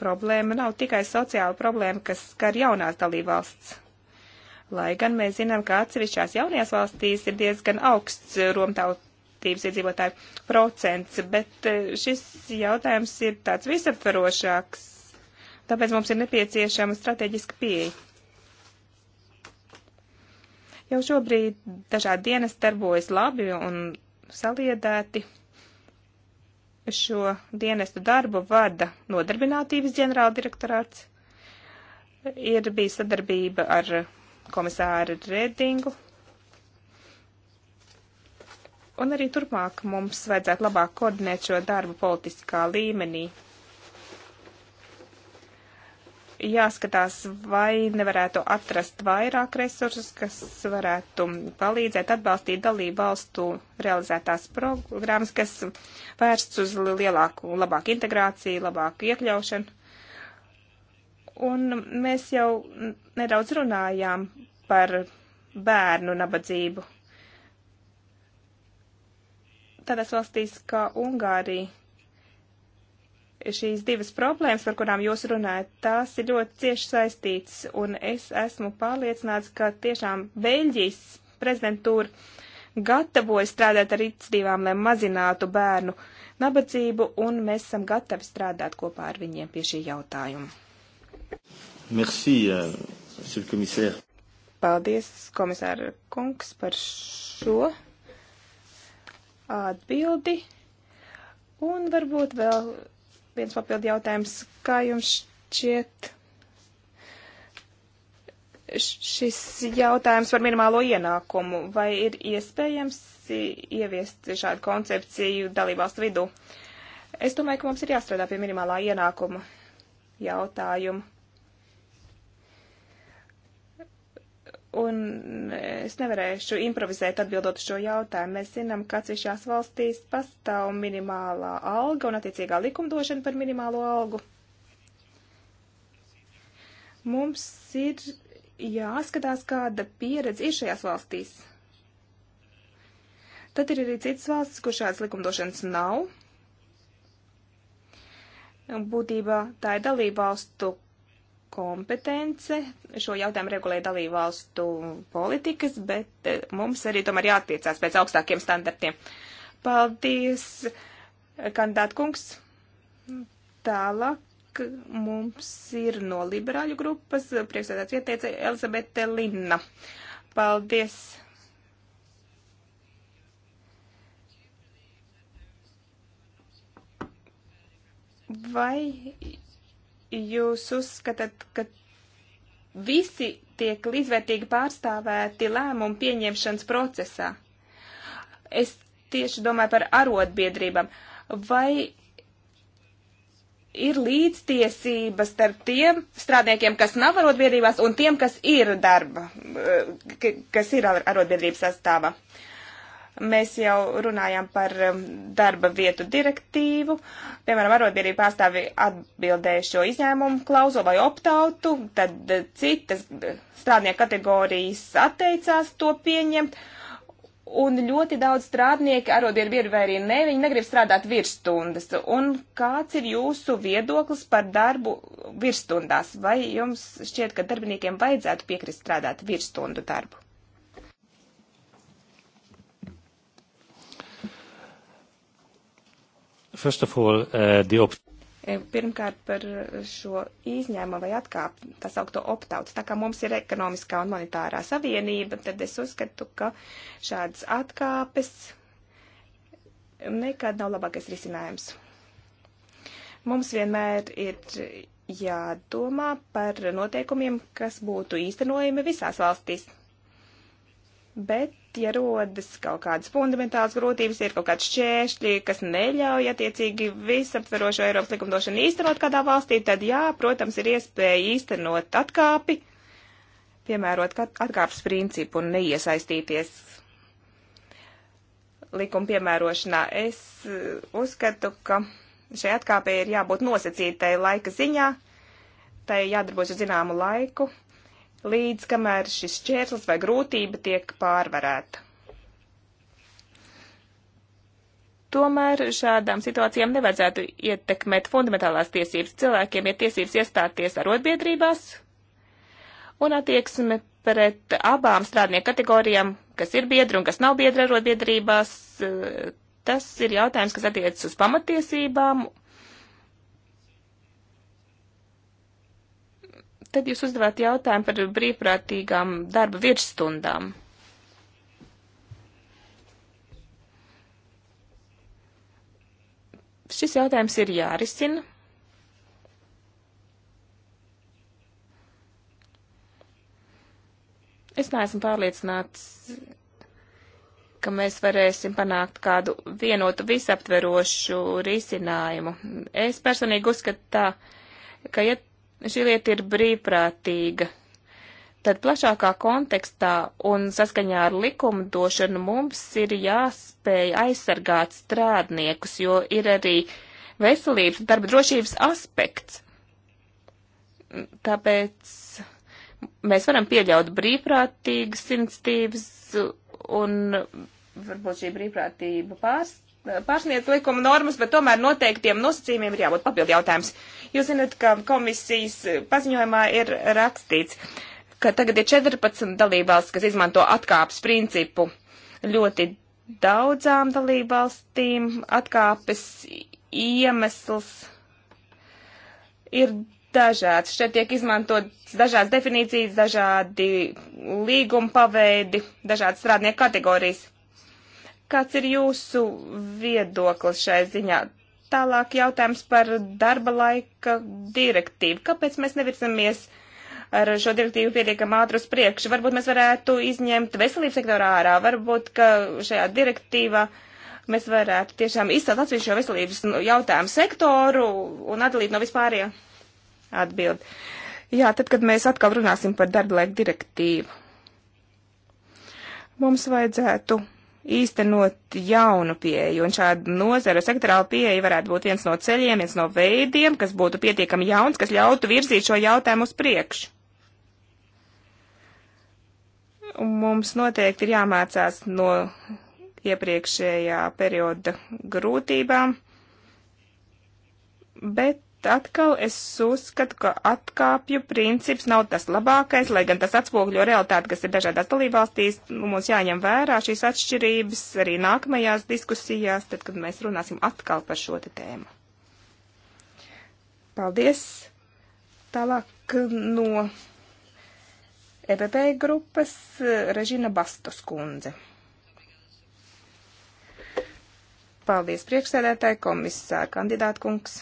problēma nav tikai sociāla problēma, kas skar jaunās dalībvalsts Lai gan mēs zinām, ka atsevišķās jaunajās valstīs ir diezgan augsts eh, romtautības iedzīvotāju procents, bet eh, šis jautājums ir tāds visaptvarošāks, tāpēc mums ir nepieciešama strateģiska pieeja. Jau šobrīd dažādi dienas darbojas labi un saliedēti. Šo dienestu darbu vada nodarbinātības ģenerāldirektorāts ir bijusi sadarbība ar komisāru Redingu. Un arī turpmāk mums vajadzētu labāk koordinēt šo darbu politiskā līmenī. Jāskatās, vai nevarētu atrast vairāk resursus, kas varētu palīdzēt atbalstīt dalību valstu realizētās programmas, kas vērsts uz lielāku, labāku integrāciju, labāku iekļaušanu Un mēs jau nedaudz runājām par bērnu nabadzību. Tādās valstīs kā Ungārija šīs divas problēmas, par kurām jūs runājat, tās ir ļoti cieši saistītas, un es esmu pārliecināts, ka tiešām Beļģijas prezidentūra gatavoja strādāt ar iniciatīvām, lai mazinātu bērnu nabadzību, un mēs esam gatavi strādāt kopā ar viņiem pie šī jautājuma. Merci, euh, monsieur le commissaire. Paldies, komisāra kungs, par šo atbildi. Un varbūt vēl viens papildu jautājums. Kā jums šķiet šis jautājums par minimālo ienākumu? Vai ir iespējams ieviest šādu koncepciju dalībvalstu vidū? Es domāju, ka mums ir jāstrādā pie minimālā ienākuma jautājumu. Un es nevarēšu improvizēt atbildot šo jautājumu. Mēs zinām, ka atsevišķās valstīs pastāv minimālā alga un attiecīgā likumdošana par minimālo algu. Mums ir jāskatās, kāda pieredze ir šajās valstīs. Tad ir arī citas valstis, kur šādas likumdošanas nav. Būtībā tā ir dalībvalstu kompetence. Šo jautājumu regulē dalībvalstu politikas, bet eh, mums arī tomēr jātiecās pēc augstākiem standartiem. Paldies, kandidāt kungs. Tālāk mums ir no liberāļu grupas priekšsēdētājs vietniece Elizabete Linna. Paldies! Vai jūs uzskatāt, ka visi tiek līdzvērtīgi pārstāvēti lēmumu pieņemšanas procesā? Es tieši domāju par arotbiedrībām. Vai ir līdztiesība starp tiem strādniekiem, kas nav arotbiedrībās, un tiem, kas ir darba, eh, kas ir arotbiedrības sastāvā? Uh, Mēs jau runājām par um, darba vietu direktīvu. Piemēram, arotbiedrība pārstāvi atbildēja šo izņēmumu klauzulu vai optautu, tad uh, citas uh, strādnieku kategorijas atteicās to pieņemt. Un ļoti daudz strādnieki, arotbiedrība vai arī ne, viņi negrib strādāt virsstundas. Un kāds ir jūsu viedoklis par darbu virsstundās? Vai jums šķiet, ka darbiniekiem vajadzētu piekrist strādāt virsstundu darbu? First of all, uh, the opt e, Pirmkārt par uh, šo izņēmumu vai atkāpu, tā saukto optautu. Tā kā mums ir ekonomiskā un monetārā savienība, tad es uzskatu, ka šādas atkāpes nekad nav labākais risinājums. Mums vienmēr ir jādomā par noteikumiem, kas būtu īstenojami visās valstīs Bet, ja rodas kaut kādas fundamentālas grūtības, ir kaut kāds šķēršļi, kas neļauj attiecīgi visaptverošo Eiropas likumdošanu īstenot kādā valstī, tad jā, protams, ir iespēja īstenot atkāpi, piemērot atkāpes principu un neiesaistīties likuma piemērošanā. Es eh, uzskatu, ka šai atkāpē ir jābūt nosacītai laika ziņā, tai jādarbojas uz zināmu laiku līdz kamēr šis šķērslis vai grūtība tiek pārvarēta. Tomēr šādām situācijām nevajadzētu ietekmēt fundamentālās tiesības. Cilvēkiem ir tiesības iestāties arotbiedrībās, un attieksme pret abām strādnieku kategorijām, kas ir biedri un kas nav biedri arotbiedrībās, tas ir jautājums, kas attiecas uz pamatiesībām Tad jūs uzdevāt jautājumu par brīvprātīgām darba virsstundām. Šis jautājums ir jārisina. Es neesmu pārliecināts, ka mēs varēsim panākt kādu vienotu visaptverošu risinājumu. Es personīgi uzskatu tā, ka ja šī lieta ir brīvprātīga, tad plašākā kontekstā un saskaņā ar likumdošanu mums ir jāspēj aizsargāt strādniekus, jo ir arī veselības un darba drošības aspekts. Tāpēc mēs varam pieļaut brīvprātīgas institīvas un varbūt šī brīvprātība pārs, pārsniedz likuma normas, bet tomēr noteiktiem nosacījumiem ir jābūt papildu jautājums. Uh, Jūs zināt, ka komisijas paziņojumā ir rakstīts, ka tagad ir 14 dalībvalsts, kas izmanto atkāpes principu. Ļoti daudzām dalībvalstīm atkāpes iemesls ir dažāds. Šeit tiek izmantotas dažādas definīcijas, dažādi līguma paveidi, dažādas strādnieku kategorijas. Kāds ir jūsu viedoklis šai ziņā? Tālāk jautājums par darba laika direktīvu. Kāpēc mēs nevirzamies ar šo direktīvu pietiekam ātri uz priekšu? Varbūt mēs varētu izņemt veselības sektoru ārā, varbūt, ka šajā direktīvā mēs varētu tiešām izcelt atsevišķo veselības jautājumu sektoru un atdalīt no vispārējā atbild. Jā, tad, kad mēs atkal runāsim par darba laika direktīvu, mums vajadzētu īstenot jaunu pieeju, un šāda nozara sektorāla pieeja varētu būt viens no ceļiem, viens no veidiem, kas būtu pietiekami jauns, kas ļautu virzīt šo jautājumu uz priekšu. Un mums noteikti ir jāmācās no iepriekšējā perioda grūtībām, bet atkal es uzskatu, ka atkāpju princips nav tas labākais, lai gan tas atspoguļo realitāti, kas ir dažādās dalībvalstīs. Mums jāņem vērā šīs atšķirības arī nākamajās diskusijās, tad, kad mēs runāsim atkal par šo tēmu. Paldies! Tālāk no EBB grupas Režina Bastos kundze. Paldies priekšsēdētāji, komisāra kandidātkungs.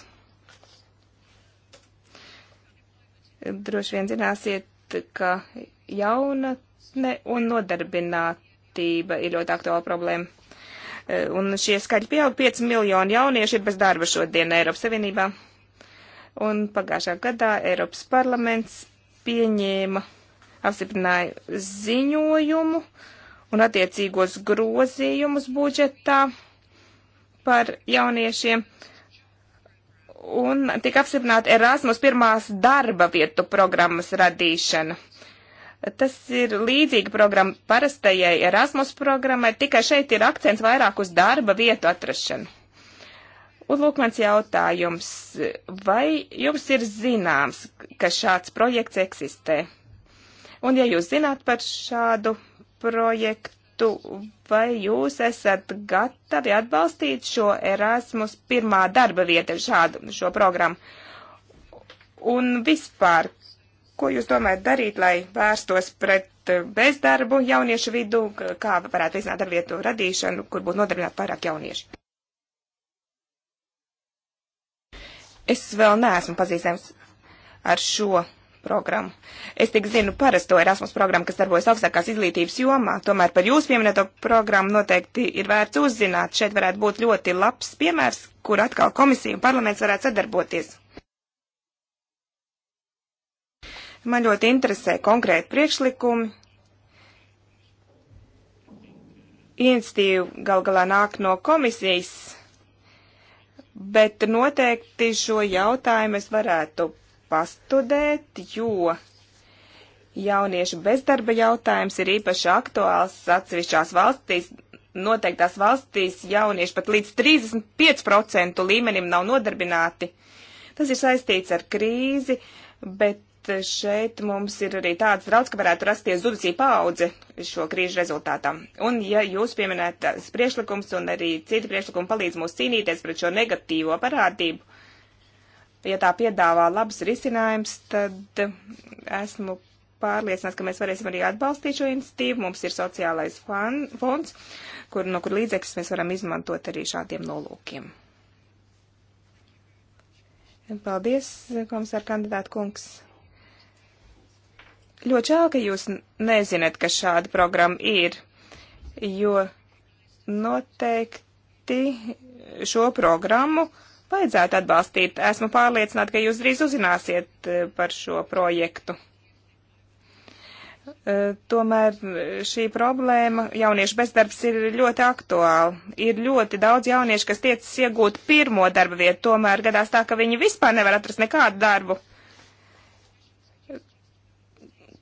Droši vien zināsiet, ka jaunatne un nodarbinātība ir ļoti aktuāla problēma. E, un šie skaļi pieaug 5 miljoni jaunieši ir bez darba šodien Eiropas Savienībā. Un pagājušā gadā Eiropas parlaments pieņēma, apstiprināja ziņojumu un attiecīgos grozījumus budžetā par jauniešiem. Uh, un tika apstiprināta Erasmus pirmās darba vietu programmas radīšana. Tas ir līdzīga programma parastajai Erasmus programmai, tikai šeit ir akcents vairāk uz darba vietu atrašanu. Un lūk mans jautājums, vai jums ir zināms, ka šāds projekts eksistē? Un ja jūs zināt par šādu projektu, jautātu, vai jūs esat gatavi atbalstīt šo Erasmus pirmā darba vieta šādu šo programmu? Un vispār, ko jūs domājat darīt, lai vērstos pret bezdarbu jauniešu vidu, kā varētu iznākt ar vietu radīšanu, kur būtu nodarbināti vairāk jaunieši? Es vēl neesmu pazīstams ar šo programmu. Es tik zinu parasto Erasmus programmu, kas darbojas augstākās izglītības jomā, tomēr par jūsu pieminēto programmu noteikti ir vērts uzzināt. Šeit varētu būt ļoti labs piemērs, kur atkal komisija un parlaments varētu sadarboties. Man ļoti interesē konkrēti priekšlikumi. Inicitīva gal galā nāk no komisijas, bet noteikti šo jautājumu es varētu pastudēt, jo jauniešu bezdarba jautājums ir īpaši aktuāls atsevišķās valstīs. Noteiktās valstīs jaunieši pat līdz 35% līmenim nav nodarbināti. Tas ir saistīts ar krīzi, bet šeit mums ir arī tāds draudz, ka varētu rasties zudusī paudze šo krīžu rezultātā. Un ja jūs pieminētas priešlikums un arī citi priešlikumi palīdz mums cīnīties pret šo negatīvo parādību, ja tā piedāvā labs risinājums, tad esmu pārliecināts, ka mēs varēsim arī atbalstīt šo iniciatīvu. Mums ir sociālais fan, fonds, kur, no kur līdzekļus mēs varam izmantot arī šādiem nolūkiem. Paldies, komisāra kandidāta kungs. Ļoti žēl, ka jūs nezināt, ka šāda programma ir, jo noteikti šo programmu uh, vajadzētu atbalstīt. Esmu pārliecināta, ka jūs drīz uzzināsiet e, par šo projektu. E, tomēr šī problēma jauniešu bezdarbs ir ļoti aktuāla. Ir ļoti daudz jauniešu, kas tiecas iegūt pirmo darba vietu, tomēr gadās tā, ka viņi vispār nevar atrast nekādu darbu.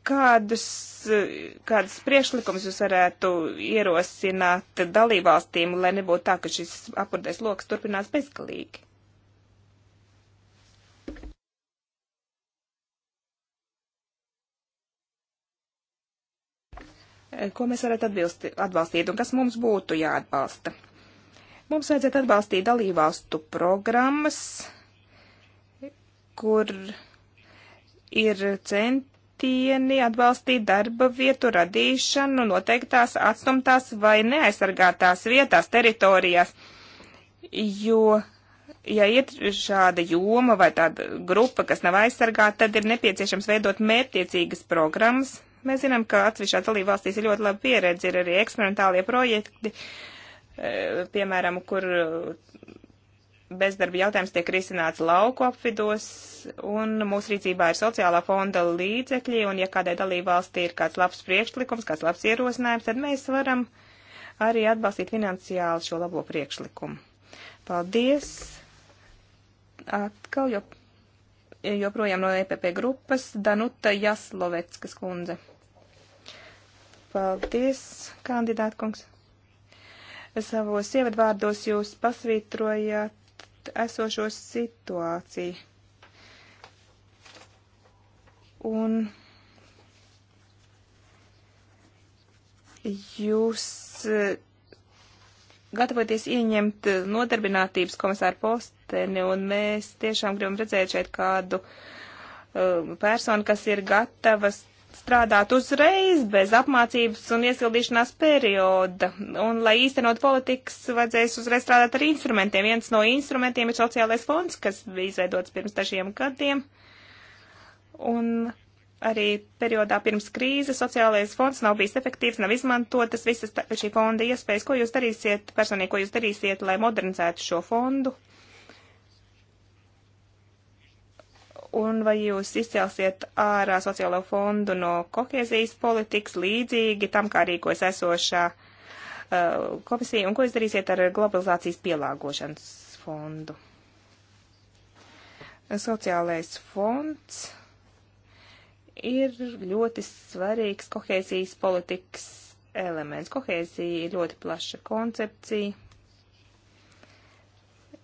Kādus, e, kādus priekšlikumus jūs varētu ierosināt dalībvalstīm, lai nebūtu tā, ka šis apurdais lokus turpinās bezgalīgi? ko mēs varētu atbilst, atbalstīt un kas mums būtu jāatbalsta. Mums vajadzētu atbalstīt dalībvalstu programmas, kur ir centieni atbalstīt darba vietu radīšanu noteiktās atstumtās vai neaizsargātās vietās, teritorijās, jo, ja ir šāda joma vai tāda grupa, kas nav aizsargāta, tad ir nepieciešams veidot mērķtiecīgas programmas, Mēs zinām, ka atsevišķā dalībvalstīs ir ļoti laba pieredze, ir arī eksperimentālie projekti, e, piemēram, kur e, bezdarba jautājums tiek risināts lauku apvidos, un mūsu rīcībā ir sociālā fonda līdzekļi, un ja kādai dalībvalstī ir kāds labs priekšlikums, kāds labs ierosinājums, tad mēs varam arī atbalstīt finansiāli šo labo priekšlikumu. Paldies! Atkal jau joprojām no EPP grupas Danuta Jasloveckas kundze. Paldies, kandidātkungs. Savos ievadvārdos jūs pasvītrojāt esošo situāciju. Un jūs gatavoties ieņemt nodarbinātības komisāru posteni, un mēs tiešām gribam redzēt šeit kādu uh, personu, kas ir gatava strādāt uzreiz bez apmācības un iesildīšanās perioda. Un, lai īstenot politikas, vajadzēs uzreiz strādāt ar instrumentiem. Viens no instrumentiem ir sociālais fonds, kas bija izveidots pirms dažiem gadiem. Un arī periodā pirms krīzes sociālais fonds nav bijis efektīvs, nav izmantotas visas tā, šī fonda iespējas. Ko jūs darīsiet, personīgi, ko jūs darīsiet, lai modernizētu šo fondu? Un vai jūs izcelsiet ārā sociālo fondu no kohēzijas politikas līdzīgi tam, kā rīkojas esošā uh, komisija? Un ko jūs darīsiet ar globalizācijas pielāgošanas fondu? Sociālais fonds ir ļoti svarīgs kohēzijas politikas elements. Kohēzija ir ļoti plaša koncepcija.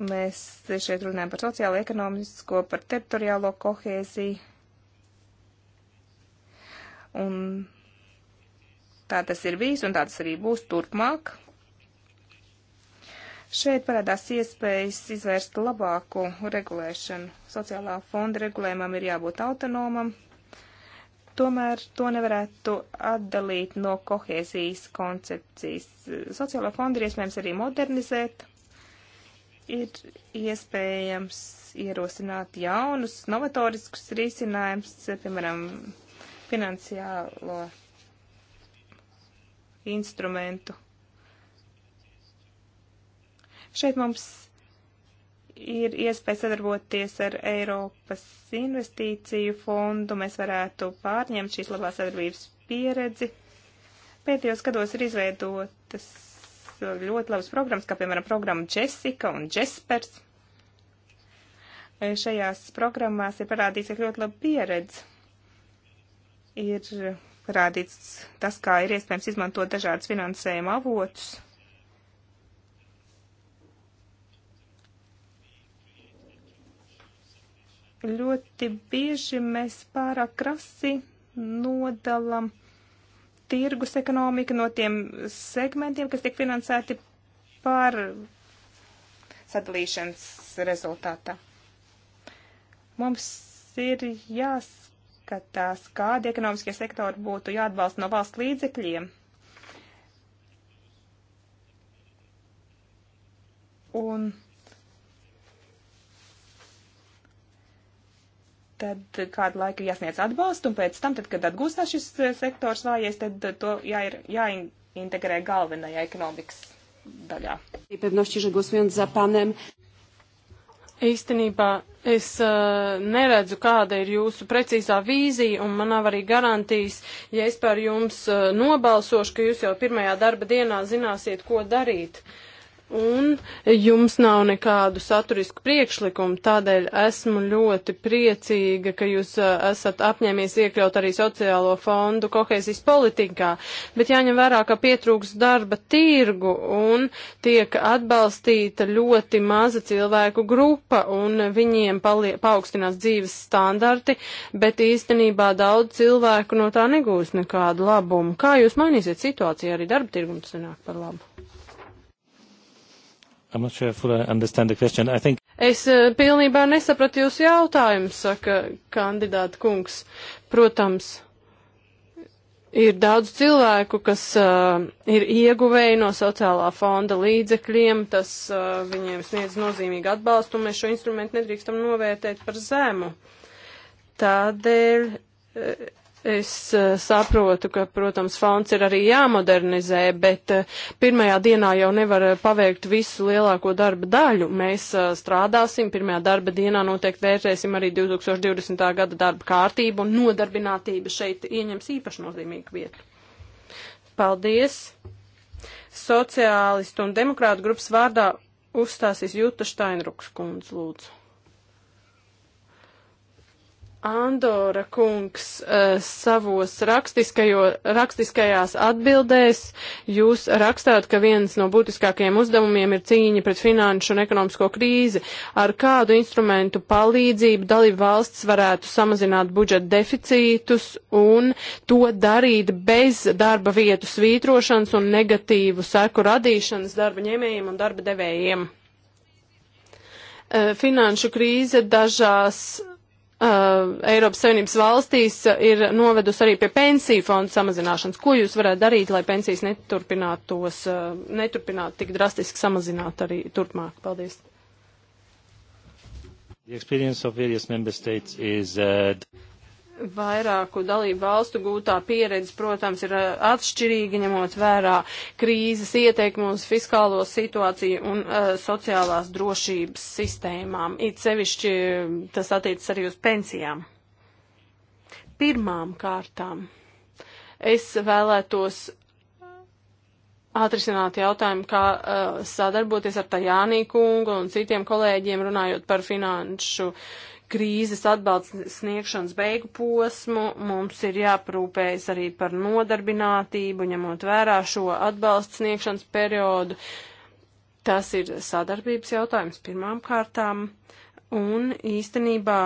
Mēs šeit runājam par sociālo, ekonomisko, par teritoriālo kohēziju. Un tā tas ir bijis, un tā tas arī būs turpmāk. Šeit parādās iespējas izvērst labāku regulēšanu. Sociālā fonda regulējumam ir jābūt autonomam, tomēr to nevarētu atdalīt no kohēzijas koncepcijas. Sociālo fondu ir iespējams arī modernizēt, ir iespējams ierosināt jaunus, novatoriskus risinājumus, piemēram, finansiālo instrumentu. Šeit mums ir iespēja sadarboties ar Eiropas investīciju fondu. Mēs varētu pārņemt šīs labās sadarbības pieredzi. Pēdējos gados ir izveidotas ļoti labas programmas, kā piemēram programma Jessica un Jespers. Šajās programmās ir parādīts ļoti laba pieredze. Ir parādīts tas, kā ir iespējams izmantot dažādus finansējuma avotus Ļoti bieži mēs pārāk krasi nodalam tirgus ekonomiku no tiem segmentiem, kas tiek finansēti par sadalīšanas rezultātā. Mums ir jāskatās, kādi ekonomiskie sektori būtu jāatbalsta no valsts līdzekļiem. Un tad kādu laiku jāsniedz atbalstu, un pēc tam, tad, kad atgūstās šis eh, sektors vājais, tad to jāir, jāintegrē galvenajā ekonomikas daļā. Īstenībā es uh, neredzu, kāda ir jūsu precīzā vīzija, un man nav arī garantijas, ja es par jums uh, nobalsošu, ka jūs jau pirmajā darba dienā zināsiet, ko darīt. Uh, un jums nav nekādu saturisku priekšlikumu. Tādēļ esmu ļoti priecīga, ka jūs esat apņēmies iekļaut arī sociālo fondu kohēzijas politikā, bet jāņem vērā, ka pietrūks darba tirgu un tiek atbalstīta ļoti maza cilvēku grupa un viņiem paaugstinās dzīves standarti, bet īstenībā daudz cilvēku no tā negūs nekādu labumu. Kā jūs mainīsiet situāciju arī darba tirgumu sanāk par labu? I'm not sure if I understand the question. I think. Es eh, pilnībā nesapratu jūsu jautājumu, saka kandidāta kungs. Protams, ir daudz cilvēku, kas uh, ir ieguvēji no sociālā fonda līdzekļiem, tas uh, viņiem sniedz nozīmīgu atbalstu, un mēs šo instrumentu nedrīkstam novērtēt par zemu. Tādēļ. Uh, Es uh, saprotu, ka, protams, fonds ir arī jāmodernizē, bet uh, pirmajā dienā jau nevar uh, paveikt visu lielāko darba daļu. Mēs strādāsim, pirmajā darba dienā noteikti vērtēsim arī 2020. gada darba kārtību un nodarbinātība šeit ieņems īpaši nozīmīgu vietu. Paldies! Sociālistu un demokrātu grupas vārdā uzstāsies Jūta Štainruks kundze, lūdzu. Andora kungs eh, savos rakstiskajās atbildēs jūs rakstāt, ka viens no būtiskākajiem uzdevumiem ir cīņa pret finanšu un ekonomisko krīzi. Ar kādu instrumentu palīdzību dalību valsts varētu samazināt budžeta deficītus un to darīt bez darba vietu svītrošanas un negatīvu seku radīšanas darba ņēmējiem un darba devējiem? Eh, finanšu krīze dažās uh, Eiropas Savienības valstīs ir novedusi arī pie pensiju fondu samazināšanas. Ko jūs varētu darīt, lai pensijas neturpinātos, uh, neturpinātu tik drastiski samazināt arī turpmāk? Paldies. The experience of various member states is uh vairāku dalību valstu gūtā pieredze, protams, ir eh, atšķirīga, ņemot vērā krīzes ieteikumu uz fiskālo situāciju un uh, sociālās drošības sistēmām. It sevišķi eh, tas attiecas arī uz pensijām. Pirmām kārtām es vēlētos atrisināt jautājumu, kā uh, sadarboties ar Tajānī kungu un citiem kolēģiem runājot par finanšu uh, krīzes atbalsts sniegšanas beigu posmu, mums ir jāprūpējas arī par nodarbinātību, ņemot vērā šo atbalsts sniegšanas periodu. Tas ir sadarbības jautājums pirmām kārtām, un īstenībā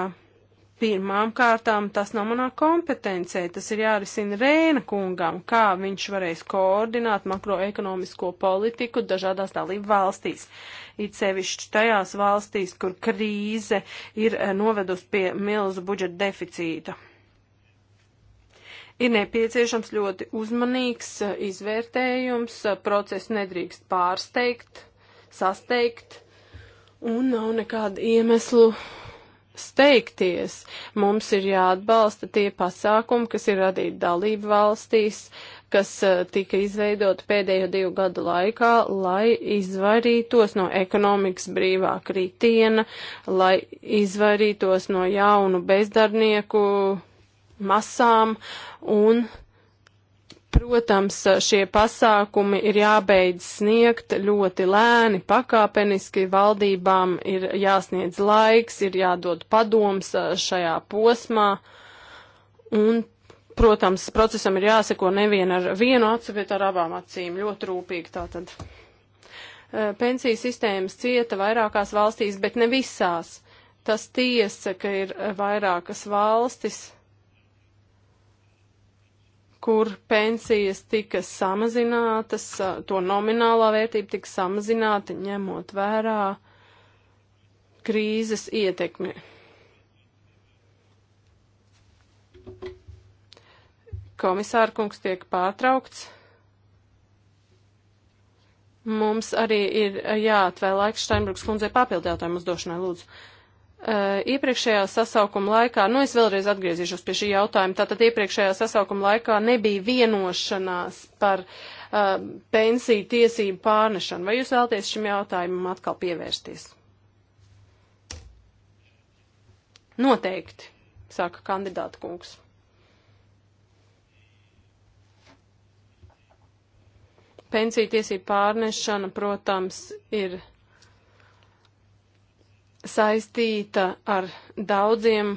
pirmām kārtām tas nav manā kompetencē, tas ir jārisina Rēna kungam, kā viņš varēs koordinēt makroekonomisko politiku dažādās dalību valstīs. Uh, it sevišķi tajās valstīs, kur krīze ir eh, novedus pie milzu budžeta deficīta. Ir nepieciešams ļoti uzmanīgs eh, izvērtējums, eh, procesu nedrīkst pārsteigt, sasteigt, un nav nekāda iemeslu steigties. Mums ir jāatbalsta tie pasākumi, kas ir radīti dalību valstīs, uh, kas eh, tika izveidota pēdējo divu gadu laikā, lai izvairītos no ekonomikas brīvā kritiena, lai izvairītos no jaunu bezdarbnieku masām un protams, šie pasākumi ir jābeidz sniegt ļoti lēni, pakāpeniski, valdībām ir jāsniedz laiks, ir jādod padoms eh, šajā posmā, un protams, procesam ir jāseko nevien ar vienu acu, bet ar abām acīm ļoti rūpīgi tātad. Pensiju sistēmas cieta vairākās valstīs, bet ne visās. Tas tiesa, ka ir vairākas valstis, kur pensijas tika samazinātas, to nominālā vērtība tika samazināta, ņemot vērā krīzes ietekmi. Komisāra kungs tiek pārtraukts. Mums arī ir jāatvēl laiks Steinbruks kundzei papildu jautājumu uzdošanai, lūdzu. Uh, iepriekšējā sasaukuma laikā, nu es vēlreiz atgriezīšos pie šī jautājuma, tātad iepriekšējā sasaukuma laikā nebija vienošanās par uh, pensiju tiesību pārnešanu. Vai jūs vēlties šim jautājumam atkal pievērsties? Noteikti, saka kandidāta kungs. Pensiju tiesību pārnešana, protams, ir saistīta ar daudziem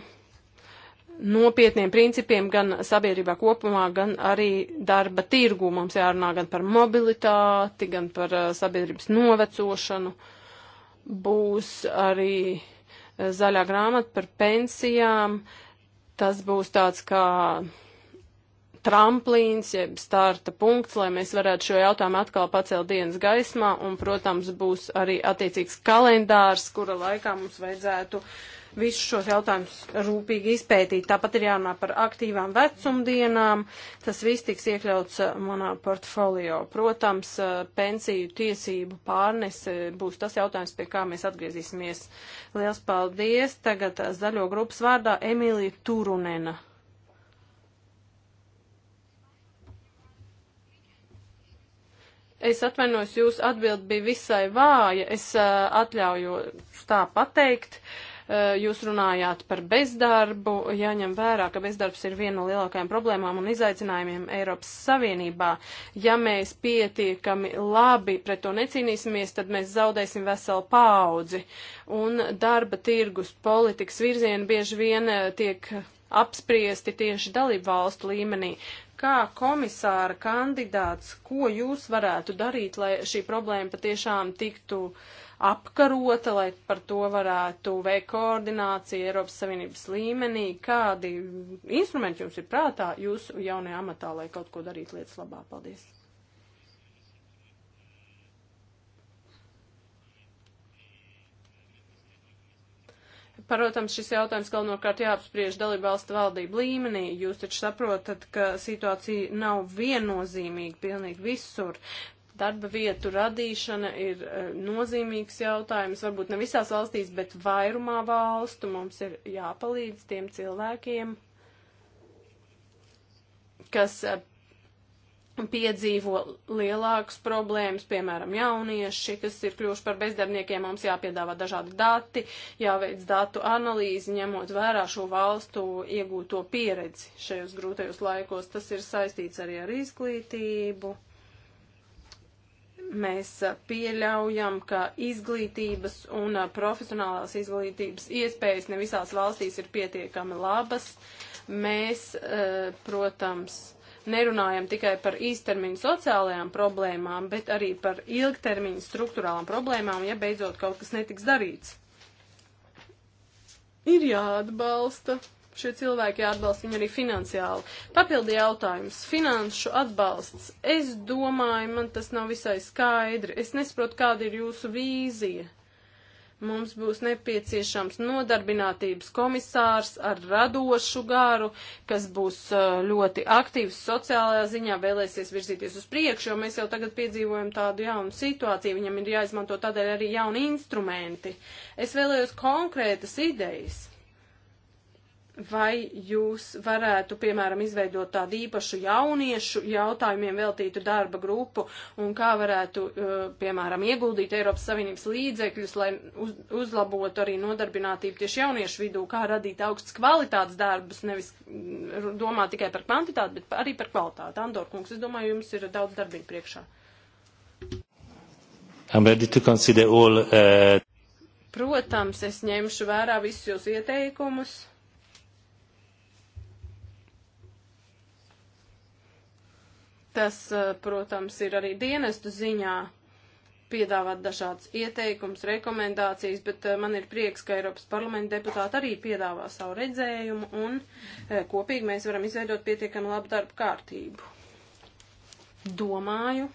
nopietniem principiem gan sabiedrībā kopumā, gan arī darba tirgu. Mums jārunā gan par mobilitāti, gan par uh, sabiedrības novecošanu. Būs arī uh, zaļā grāmata par pensijām. Tas būs tāds kā tramplīns, jeb starta punkts, lai mēs varētu šo jautājumu atkal pacelt dienas gaismā, un, protams, būs arī attiecīgs kalendārs, kura laikā mums vajadzētu visus šos jautājumus rūpīgi izpētīt. Tāpat ir jārunā par aktīvām vecumdienām, tas viss tiks iekļauts eh, manā portfolio. Protams, eh, pensiju tiesību pārnese būs tas jautājums, pie kā mēs atgriezīsimies. Liels paldies! Tagad eh, zaļo grupas vārdā Emīlija Turunena. Es atvainojos, jūsu atbild bija visai vāja. Es uh, atļaujos tā pateikt. Uh, jūs runājāt par bezdarbu, jāņem vērā, ka bezdarbs ir viena no lielākajām problēmām un izaicinājumiem Eiropas Savienībā. Ja mēs pietiekami labi pret to necīnīsimies, tad mēs zaudēsim veselu paudzi. Un darba tirgus politikas virzieni bieži vien tiek apspriesti tieši dalību valstu līmenī kā komisāra kandidāts, ko jūs varētu darīt, lai šī problēma patiešām tiktu apkarota, lai par to varētu veikt koordināciju Eiropas Savienības līmenī, kādi instrumenti jums ir prātā jūsu jaunajā amatā, lai kaut ko darītu lietas labā? Paldies! Protams, šis jautājums galvenokārt jāapspriež dalībvalstu valdību līmenī. Jūs taču saprotat, ka situācija nav viennozīmīga pilnīgi visur. Darba vietu radīšana ir eh, nozīmīgs jautājums, varbūt ne visās valstīs, bet vairumā valstu mums ir jāpalīdz tiem cilvēkiem, kas eh, piedzīvo lielākas problēmas, piemēram, jaunieši, kas ir kļuvuši par bezdarbniekiem, mums jāpiedāvā dažādi dati, jāveic datu analīzi, ņemot vērā šo valstu iegūto pieredzi šajos grūtajos laikos. Tas ir saistīts arī ar izglītību. Mēs pieļaujam, ka izglītības un profesionālās izglītības iespējas ne visās valstīs ir pietiekami labas. Mēs, protams, nerunājam tikai par īstermiņu sociālajām problēmām, bet arī par ilgtermiņu struktūrālām problēmām, ja beidzot kaut kas netiks darīts. Ir jāatbalsta. Šie cilvēki jāatbalsta viņu arī finansiāli. Papildi jautājums. Finanšu atbalsts. Es domāju, man tas nav visai skaidri. Es nesaprotu, kāda ir jūsu vīzija Mums būs nepieciešams nodarbinātības komisārs ar radošu garu, kas būs uh, ļoti aktīvs sociālajā ziņā, vēlēsies virzīties uz priekšu, jo mēs jau tagad piedzīvojam tādu jaunu situāciju, viņam ir jāizmanto tādēļ arī jauni instrumenti. Es vēlējos konkrētas idejas. Vai jūs varētu, piemēram, izveidot tādu īpašu jauniešu jautājumiem veltītu darba grupu un kā varētu, eh, piemēram, ieguldīt Eiropas Savienības līdzekļus, lai uz, uzlabotu arī nodarbinātību tieši jauniešu vidū, kā radīt augstas kvalitātes darbus, nevis mm, domāt tikai par kvantitāti, bet arī par kvalitāti. Andor kungs, es domāju, jums ir daudz darbiņu priekšā. I'm ready to consider all. Uh... Protams, es ņemšu vērā visus jūs ieteikumus Tas, eh, protams, ir arī dienestu ziņā piedāvāt dažādas ieteikums, rekomendācijas, bet eh, man ir prieks, ka Eiropas parlamenta deputāti arī piedāvā savu redzējumu un eh, kopīgi mēs varam izveidot pietiekami labu darbu kārtību. Domāju,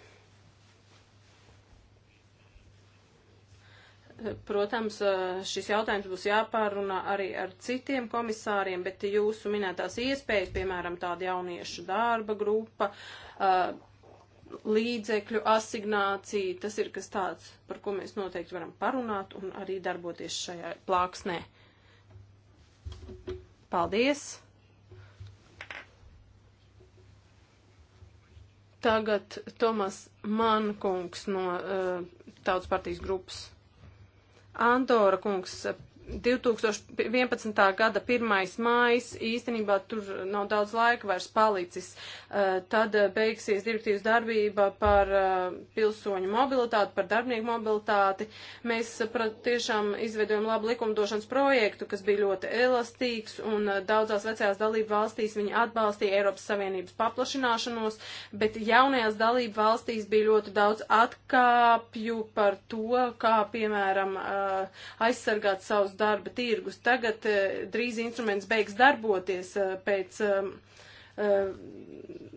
Protams, šis jautājums būs jāpārunā arī ar citiem komisāriem, bet jūsu minētās iespējas, piemēram, tāda jauniešu darba grupa, līdzekļu asignācija, tas ir kas tāds, par ko mēs noteikti varam parunāt un arī darboties šajā plāksnē. Paldies! Tagad Tomas Mankungs no uh, Tautas partijas grupas. Andora kungs 2011. gada 1. mājas, īstenībā tur nav daudz laika vairs palicis, eh, tad beigsies direktīvas darbība par eh, pilsoņu mobilitāti, par darbinieku mobilitāti. Mēs eh, tiešām izveidojam labu likumdošanas projektu, kas bija ļoti elastīgs, un daudzās vecajās dalību valstīs viņi atbalstīja Eiropas Savienības paplašināšanos, bet jaunajās dalību valstīs bija ļoti daudz atkāpju par to, kā, piemēram, aizsargāt savus iejauktos darba tirgus. Tagad eh, drīz instruments beigs darboties eh, pēc eh,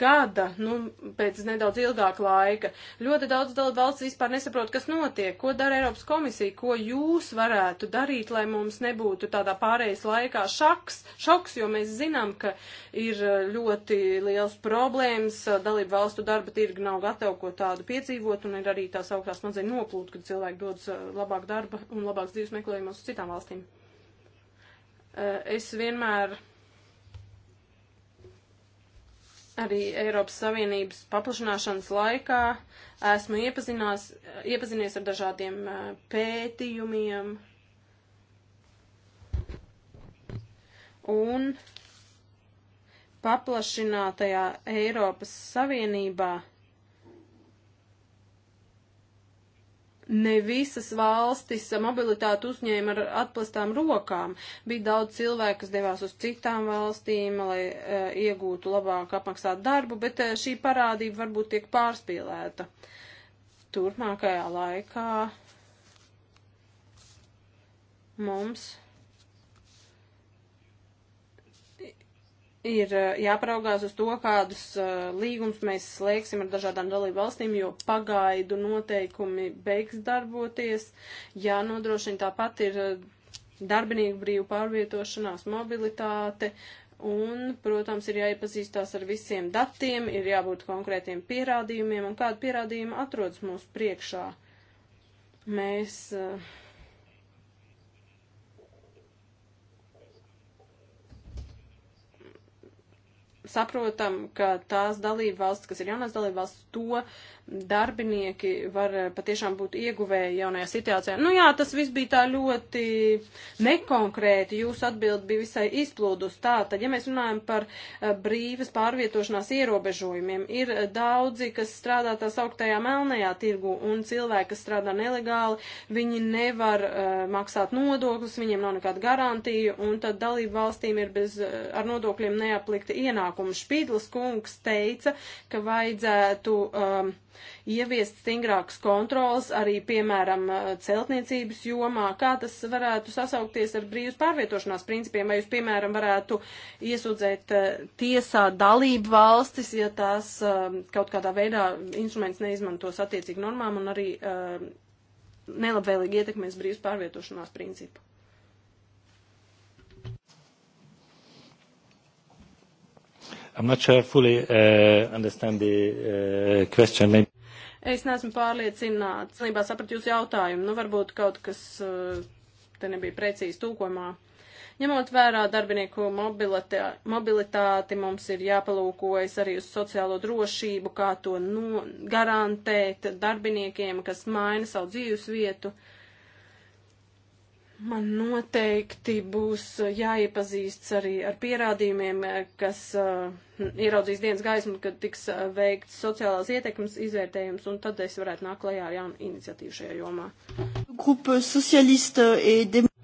gada, nu, pēc nedaudz ilgāka laika. Ļoti daudz dalību valsts vispār nesaprot, kas notiek, ko dara Eiropas komisija, ko jūs varētu darīt, lai mums nebūtu tādā pārējais laikā šaks, šoks, jo mēs zinām, ka ir e, ļoti liels problēmas, e, dalību valstu darba tirgi nav gatavi ko tādu piedzīvot, un ir arī tā sauktā smadzeņa noplūta, kad cilvēki dodas e, labāk darba un labāks dzīves meklējumos uz citām valstīm. Es vienmēr arī Eiropas Savienības paplašanāšanas laikā esmu iepazinies ar dažādiem pētījumiem. Un paplašinātajā Eiropas Savienībā ne visas valstis mobilitāti uzņēma ar atplastām rokām. Bija daudz cilvēku, kas devās uz citām valstīm, lai uh, iegūtu labāk apmaksātu darbu, bet uh, šī parādība varbūt tiek pārspīlēta. Turpmākajā laikā mums ir eh, jāparaugās uz to, kādus eh, līgumus mēs slēgsim ar dažādām dalību valstīm, jo pagaidu noteikumi beigs darboties. Jānodrošina tāpat ir eh, darbinieku brīvu pārvietošanās, mobilitāte. Un, protams, ir jāiepazīstās ar visiem datiem, ir jābūt konkrētiem pierādījumiem, un kādi pierādījumi atrodas mūsu priekšā. Mēs uh, saprotam, ka tās dalība valsts, kas ir jaunās dalība valsts, to darbinieki var eh, patiešām būt ieguvēji jaunajā situācijā. Nu jā, tas viss bija tā ļoti nekonkrēti, jūsu atbild bija visai izplūdus. Tā, tad, ja mēs runājam par eh, brīvas pārvietošanās ierobežojumiem, ir eh, daudzi, kas strādā tā sauktajā melnajā tirgu un cilvēki, kas strādā nelegāli, viņi nevar uh, maksāt nodokļus, viņiem nav nekāda garantija un tad dalību valstīm ir bez, ar nodokļiem neaplikta ienākuma pasākumu. Špīdlis kungs teica, ka vajadzētu um, ieviest stingrākas kontrolas arī, piemēram, uh, celtniecības jomā. Kā tas varētu sasaukties ar brīvas pārvietošanās principiem? Vai jūs, piemēram, varētu iesūdzēt uh, tiesā dalību valstis, ja tās um, kaut kādā veidā instruments neizmantos attiecīgi normām un arī um, nelabvēlīgi ietekmēs brīvas pārvietošanās principu? I'm not sure I fully uh, understand the uh, question. Maybe. Es neesmu pārliecināts. Nībā sapratu jūsu jautājumu. Nu, varbūt kaut kas uh, te nebija precīzi tūkojumā. Ņemot vērā darbinieku mobilitāti, mobilitāti, mums ir jāpalūkojas arī uz sociālo drošību, kā to no, nu, garantēt darbiniekiem, kas maina savu dzīves vietu. Uh, Man noteikti būs uh, jāiepazīsts arī ar pierādījumiem, uh, kas uh, ieraudzīs dienas gaismu, kad tiks uh, veikts sociālās ietekmes izvērtējums, un tad es varētu nākt klajā ar jaunu iniciatīvu šajā jomā.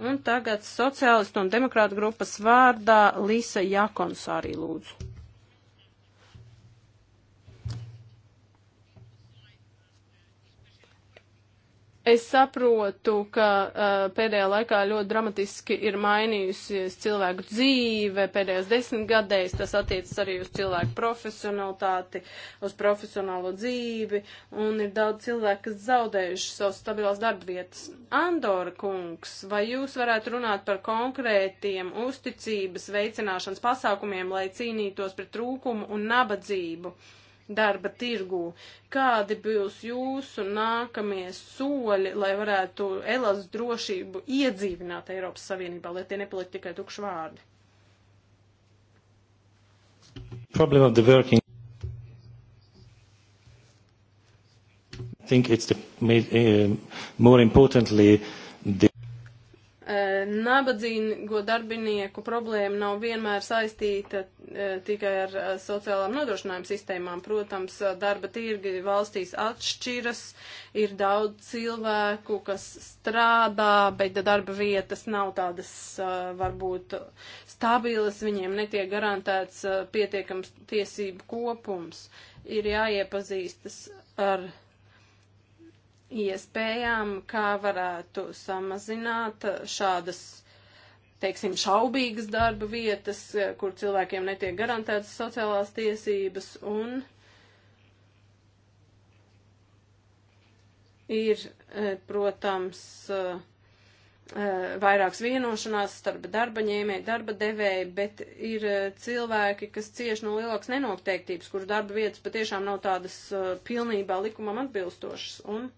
Un tagad sociālistu un demokrātu grupas vārdā Lisa Jakonsārī lūdzu. Es saprotu, ka uh, pēdējā laikā ļoti dramatiski ir mainījusies cilvēku dzīve pēdējos desmitgadēs. Tas attiecas arī uz cilvēku profesionalitāti, uz profesionālo dzīvi, un ir daudz cilvēku, kas zaudējuši savus stabilās darbvietas. Andora kungs, vai jūs varētu runāt par konkrētiem uzticības veicināšanas pasākumiem, lai cīnītos pret trūkumu un nabadzību? Uh, darba tirgū. Kādi būs jūsu nākamie soļi, lai varētu elas drošību iedzīvināt Eiropas Savienībā, lai tie nepaliek tikai tukši vārdi? Problem of the working. I think it's the, uh, more importantly nabadzīgo darbinieku problēma nav vienmēr saistīta e, tikai ar e, sociālām nodrošinājuma sistēmām. Protams, e, darba tirgi valstīs atšķiras, ir daudz cilvēku, kas strādā, bet darba vietas nav tādas varbūt stabilas, viņiem netiek garantēts pietiekams tiesību kopums. Ir jāiepazīstas ar iespējām, kā varētu samazināt šādas, teiksim, šaubīgas darba vietas, kur cilvēkiem netiek garantētas sociālās tiesības un ir, eh, protams, eh, eh, vairākas vienošanās starp darba ņēmēju, darba devēju, bet ir cilvēki, kas cieši no lielākas nenoteiktības, kur darba vietas patiešām nav tādas pilnībā likumam atbilstošas. Un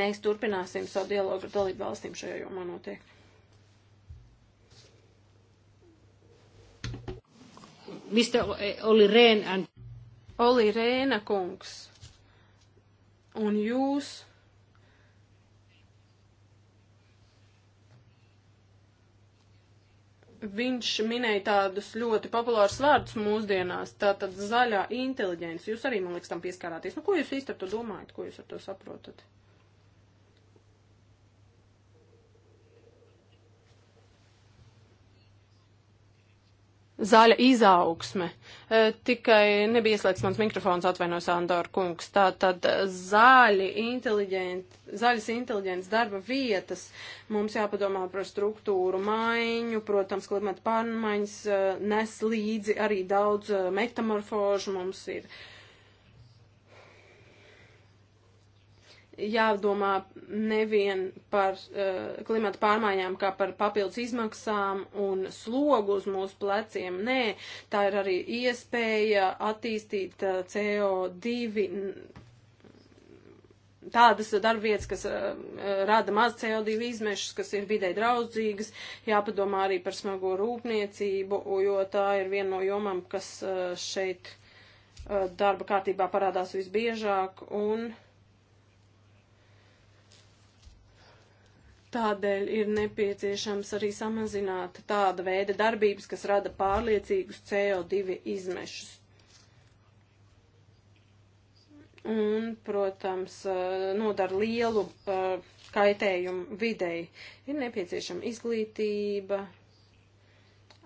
Mēs turpināsim savu dialogu ar dalību valstīm šajā jomā noteikti. Mr. Oli Rēna and... Oli Rēna kungs. Un jūs. viņš minēja tādus ļoti populārus vārdus mūsdienās, tātad zaļā inteliģence. Jūs arī, man liekas, tam pieskārāties. Nu, ko jūs īsti ar to domājat, ko jūs ar to saprotat? zaļa izaugsme. E, tikai nebija ieslēgts mans mikrofons, atvainojos Andor kungs. Tā tad zaļi, inteliģenti, zaļas inteliģents darba vietas. Mums jāpadomā par struktūru maiņu, protams, klimata pārmaiņas e, nes līdzi arī daudz e, metamorfožu. Mums ir uh, jādomā nevien par uh, klimata pārmaiņām, kā par papildus izmaksām un slogu uz mūsu pleciem. Nē, tā ir arī iespēja attīstīt uh, eh, CO2 tādas darbvietas, kas uh, rada maz CO2 izmešas, kas ir vidē draudzīgas, jāpadomā arī par smago rūpniecību, jo tā ir viena no jomām, kas uh, šeit uh, darba kārtībā parādās visbiežāk, un Tādēļ ir nepieciešams arī samazināt tāda veida darbības, kas rada pārliecīgus CO2 izmešus. Un, protams, eh, nodara lielu eh, kaitējumu videi. Ir nepieciešama izglītība,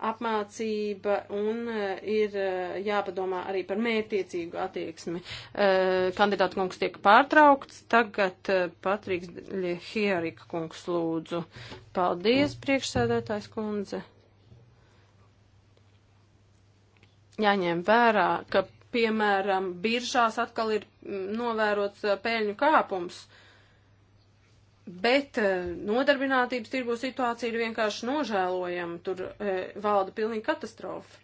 apmācība un e, ir e, jāpadomā arī par mētiecīgu attieksmi. E, kandidāta kungs tiek pārtraukts. Tagad Patriks Hierika kungs lūdzu. Paldies, priekšsēdētājs kundze. Jāņem vērā, ka, piemēram, biržās atkal ir novērots pēļņu kāpums. Uh, Bet e, nodarbinātības tirgu situācija ir vienkārši nožēlojama, tur e, valda pilnīgi katastrofa.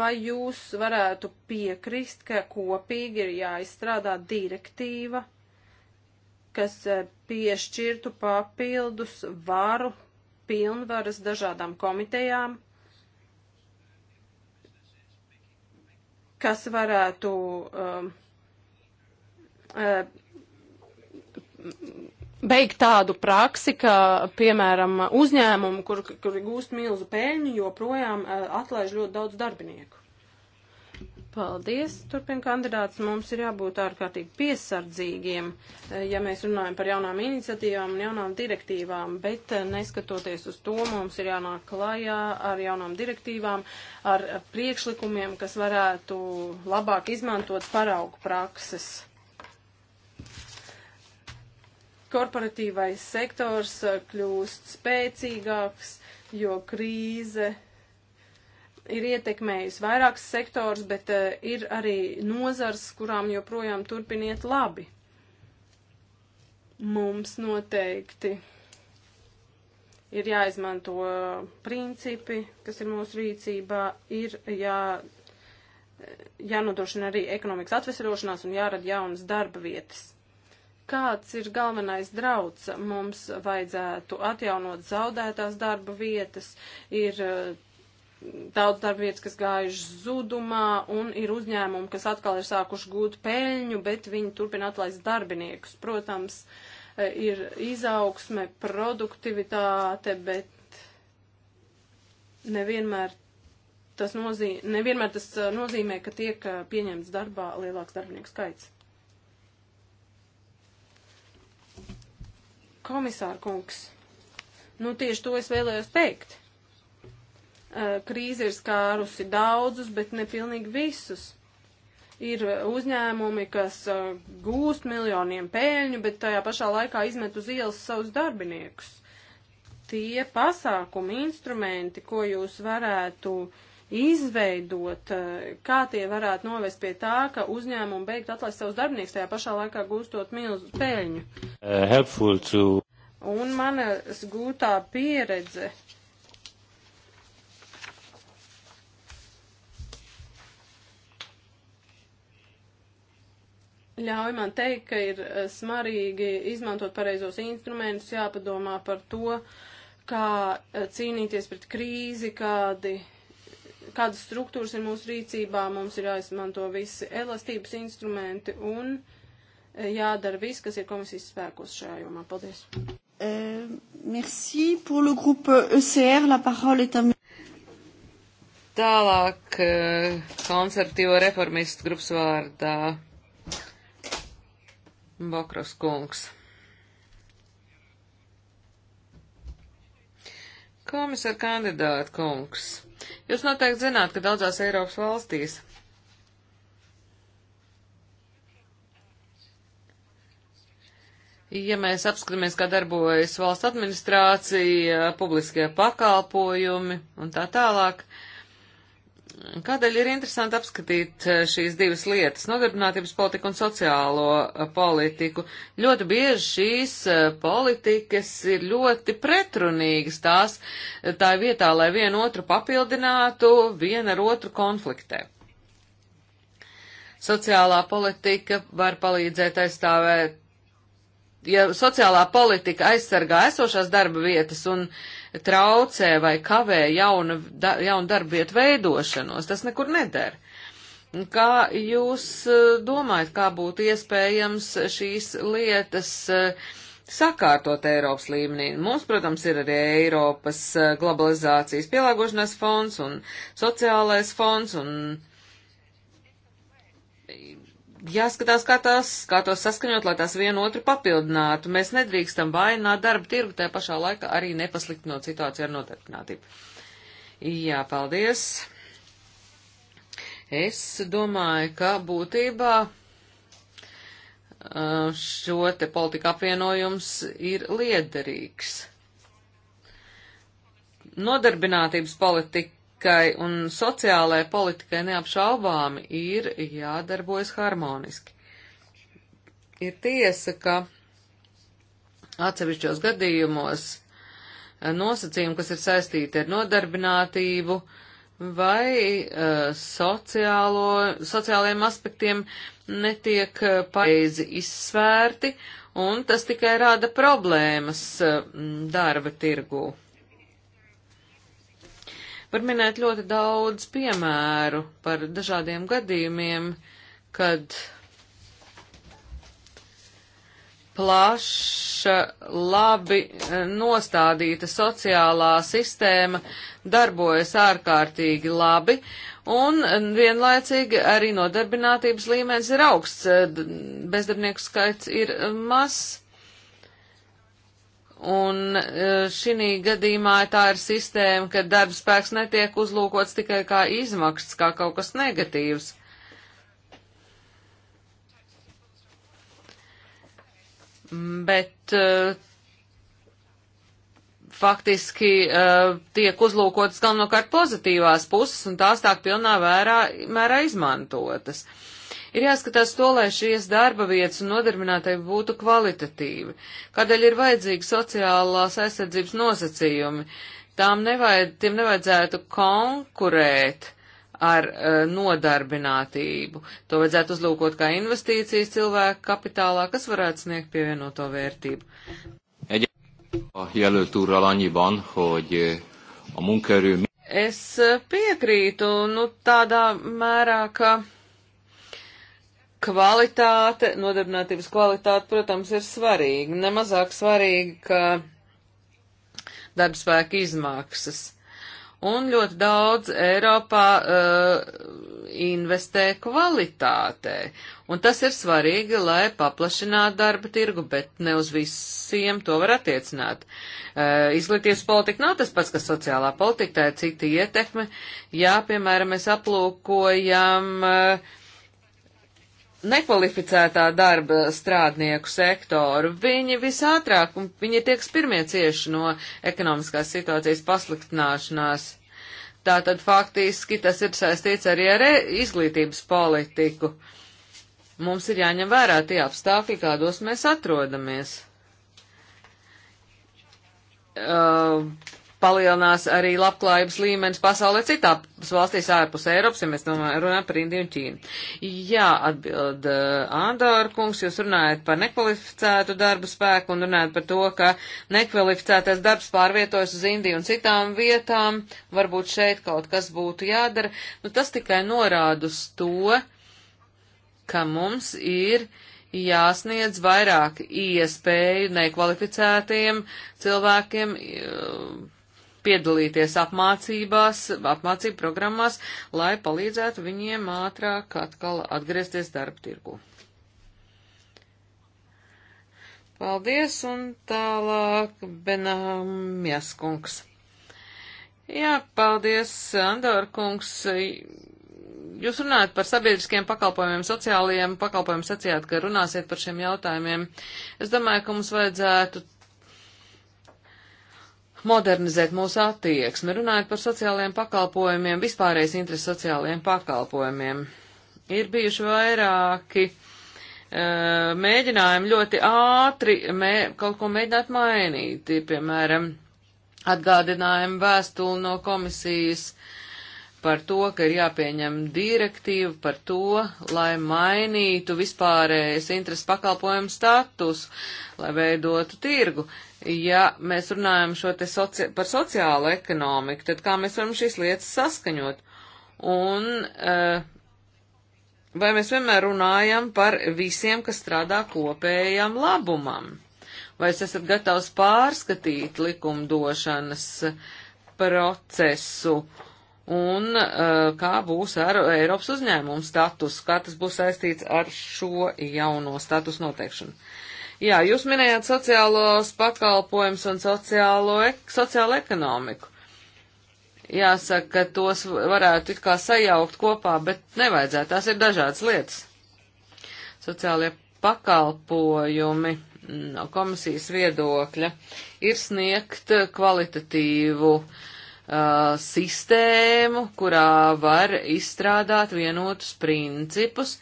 Vai jūs varētu piekrist, ka kopīgi ir jāizstrādā direktīva, kas e, piešķirtu papildus varu pilnvaras dažādām komitejām, kas varētu um, uh, um, beigt tādu praksi, ka, piemēram, uzņēmumu, kur, kur gūst milzu peļņu, joprojām eh, atlaiž ļoti daudz darbinieku. Paldies, turpina kandidāts. Mums ir jābūt ārkārtīgi piesardzīgiem, eh, ja mēs runājam par jaunām iniciatīvām un jaunām direktīvām, bet eh, neskatoties uz to, mums ir jānāk klajā ar jaunām direktīvām, ar priekšlikumiem, kas varētu labāk izmantot paraugu prakses korporatīvais sektors eh, kļūst spēcīgāks, jo krīze ir ietekmējusi vairākas sektors, bet uh, ir arī nozars, kurām joprojām turpiniet labi. Mums noteikti ir jāizmanto principi, kas ir mūsu rīcībā, ir jā, eh, jānodrošina arī ekonomikas atvesarošanās un jārada jaunas darba vietas kāds ir galvenais drauds. Mums vajadzētu atjaunot zaudētās darba vietas, ir eh, daudz darba vietas, kas gājuši zudumā, un ir uzņēmumi, kas atkal ir sākuši gūt peļņu, bet viņi turpina atlaist darbiniekus. Protams, eh, ir izaugsme, produktivitāte, bet nevienmēr tas, nozīm, nevienmēr tas eh, nozīmē, ka tiek pieņemts darbā lielāks darbinieku skaits. Komisāra kungs, nu tieši to es vēlējos teikt. Krīze ir skārusi daudzus, bet ne pilnīgi visus ir uzņēmumi, kas gūst miljoniem pēļņu, bet tajā pašā laikā izmet uz ielas savus darbiniekus. Tie pasākumi, instrumenti, ko jūs varētu izveidot, kā tie varētu novest pie tā, ka uzņēmumi beigt atlaist savus darbiniekus, tajā pašā laikā gūstot milzu pēļņu. Uh, to un manas gūtā pieredze. Ļauj man teikt, ka ir eh, smarīgi izmantot pareizos instrumentus, jāpadomā par to, kā eh, cīnīties pret krīzi, kādi, kādas struktūras ir mūsu rīcībā, mums ir jāizmanto visi elastības instrumenti un eh, jādara viss, kas ir komisijas spēkos šajā jomā. Paldies! Euh, merci. Pour le groupe ECR, euh, e la parole est à... Tālāk uh, konservatīvo reformistu grupas vārdā Bokros kungs. Komisāra kandidāta kungs. Jūs noteikti zināt, ka daudzās Eiropas valstīs Ja mēs apskatāmies, kā darbojas valsts administrācija, publiskie pakalpojumi un tā tālāk, kādēļ ir interesanti apskatīt eh, šīs divas lietas - nodarbinātības politiku un sociālo eh, politiku? Ļoti bieži šīs eh, politikas ir ļoti pretrunīgas tās, tā vietā, lai vienu otru papildinātu, viena ar otru konfliktē sociālā politika var palīdzēt aizstāvēt ja sociālā politika aizsargā esošās darba vietas un traucē vai kavē jaunu, da, jaunu darba vietu veidošanos, tas nekur neder. Kā jūs e, domājat, kā būtu iespējams šīs lietas e, sakārtot Eiropas līmenī? Mums, protams, ir arī Eiropas e, globalizācijas pielāgošanās fonds un sociālais fonds un jāskatās, kā, tās, kā tos saskaņot, lai tās vienu otru papildinātu. Mēs nedrīkstam vainot darba tirgu, tajā pašā laikā arī nepasliktinot situāciju ar nodarbinātību. Jā, paldies. Es domāju, ka būtībā šo te politika apvienojums ir liederīgs. Nodarbinātības politika ekonomiskai un sociālajai politikai neapšaubāmi ir jādarbojas harmoniski. Ir tiesa, ka atsevišķos gadījumos eh, nosacījumi, kas ir saistīti ar nodarbinātību vai uh, sociālo, sociālajiem aspektiem, netiek eh, pareizi izsvērti, un tas tikai rada problēmas darba tirgū. Var minēt ļoti daudz piemēru par dažādiem gadījumiem, kad plaša, labi eh, nostādīta sociālā sistēma darbojas ārkārtīgi labi, un vienlaicīgi arī nodarbinātības līmenis ir augsts, eh, bezdarbnieku skaits ir eh, mazs, Un e, šī gadījumā tā ir sistēma, ka darba spēks netiek uzlūkots tikai kā izmaksas, kā kaut kas negatīvs. Bet e, faktiski e, tiek uzlūkotas galvenokārt pozitīvās puses un tās tā pilnā vērā, mērā izmantotas. Uh, Ir jāskatās to, lai šīs darba vietas un nodarbinātai būtu kvalitatīvi. Kādēļ ir vajadzīgi sociālās aizsardzības nosacījumi? Tām nevajad, tiem nevajadzētu konkurēt ar uh, nodarbinātību. To vajadzētu uzlūkot kā investīcijas cilvēku kapitālā, kas varētu sniegt pievienoto vērtību. A jelölt úrral annyiban, hogy eh, a munkaerő... Es eh, piekrītu, nu tādā mērā, ka kvalitāte, nodarbinātības kvalitāte, protams, ir svarīga. Nemazāk svarīga, ka darbspēka izmaksas. Un ļoti daudz Eiropā uh, investē kvalitātē. Un tas ir svarīgi, lai paplašinātu darba tirgu, bet ne uz visiem to var attiecināt. Uh, izglītības politika nav tas pats, kas sociālā politika, tā ir cita ietekme. Jā, piemēram, mēs aplūkojam uh, nekvalificētā darba strādnieku sektoru. Viņi visātrāk un viņi tieks pirmie cieši no ekonomiskās situācijas pasliktināšanās. Tātad faktiski tas ir saistīts arī ar e- izglītības politiku. Mums ir jāņem vērā tie apstākļi, kādos mēs atrodamies. Uh, palielinās arī labklājības līmenis pasaulē citās valstīs ārpus Eiropas, ja mēs runājam par Indiju un Ķīnu. Jā, atbild eh, Andor kungs, jūs runājat par nekvalificētu darbu spēku un runājat par to, ka nekvalificētais darbs pārvietojas uz Indiju un citām vietām, varbūt šeit kaut kas būtu jādara. Nu, tas tikai norāda uz to, ka mums ir jāsniedz vairāk iespēju nekvalificētiem cilvēkiem eh, piedalīties apmācībās, apmācību programmās, lai palīdzētu viņiem ātrāk atkal atgriezties darba tirgu. Paldies, un tālāk Benamjas kungs. Jā, paldies, Andor kungs. Jūs runājat par sabiedriskiem pakalpojumiem, sociālajiem pakalpojumiem, sacījāt, ka runāsiet par šiem jautājumiem. Es domāju, ka mums vajadzētu modernizēt mūsu attieksmi, runājot par sociālajiem pakalpojumiem, vispārējais interesi sociālajiem pakalpojumiem. Ir bijuši vairāki uh, mēģinājumi ļoti ātri mē, kaut ko mēģināt mainīt, piemēram, atgādinājumu vēstuli no komisijas uh, par to, ka ir jāpieņem direktīva par to, lai mainītu vispārējais interesu pakalpojumu status, lai veidotu tirgu. Ja mēs runājam šo te soci par sociālo ekonomiku, tad kā mēs varam šīs lietas saskaņot? Un eh, vai mēs vienmēr runājam par visiem, kas strādā kopējam labumam? Vai es esat gatavs pārskatīt likumdošanas procesu? Uh, un uh, kā būs ar Eiropas uzņēmumu status, kā tas būs saistīts ar šo jauno status noteikšanu. Jā, jūs minējāt sociālos pakalpojums un sociālo, ek, sociālo ekonomiku. Jāsaka, ka tos varētu it kā sajaukt kopā, bet nevajadzētu. Tās ir dažādas lietas. Sociālie pakalpojumi mm, no komisijas viedokļa ir sniegt kvalitatīvu uh, Uh, sistēmu, kurā var izstrādāt vienotus principus,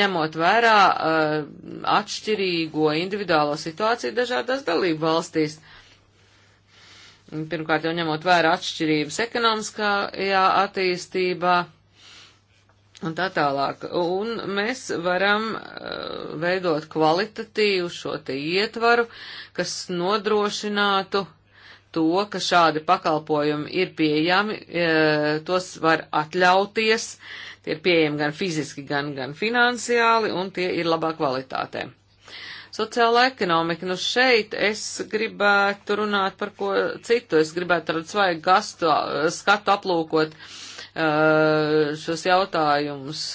ņemot vērā uh, atšķirīgo individuālo situāciju dažādās dalību valstīs. Pirmkārt, jau ņemot vērā atšķirības ekonomiskajā attīstībā un tā tālāk. Un mēs varam uh, veidot kvalitatīvu šo te ietvaru, kas nodrošinātu uh, to, ka šādi pakalpojumi ir pieejami, e, tos var atļauties, tie ir pieejami gan fiziski, gan, gan finansiāli, un tie ir labā kvalitātē. Sociāla ekonomika, nu šeit es gribētu runāt par ko citu, es gribētu tādu svaigu gastu, skatu aplūkot e, šos jautājumus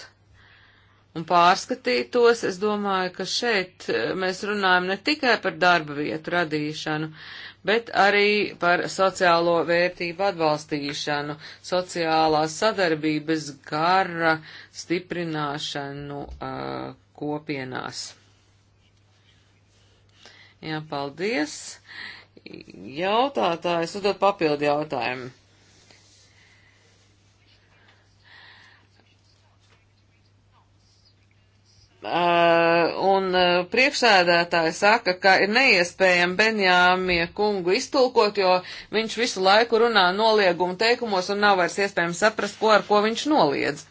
un pārskatītos. Es domāju, ka šeit mēs runājam ne tikai par darba vietu radīšanu, uh, bet arī par sociālo vērtību atbalstīšanu, sociālās sadarbības gara stiprināšanu uh, kopienās. Jā, paldies. Jautātājs uzdot papildu jautājumu. Uh, un uh, priekšsēdētāji saka, ka ir neiespējami Benjāmie kungu iztulkot, jo viņš visu laiku runā noliegumu teikumos un nav vairs iespējams saprast, ko ar ko viņš noliedz.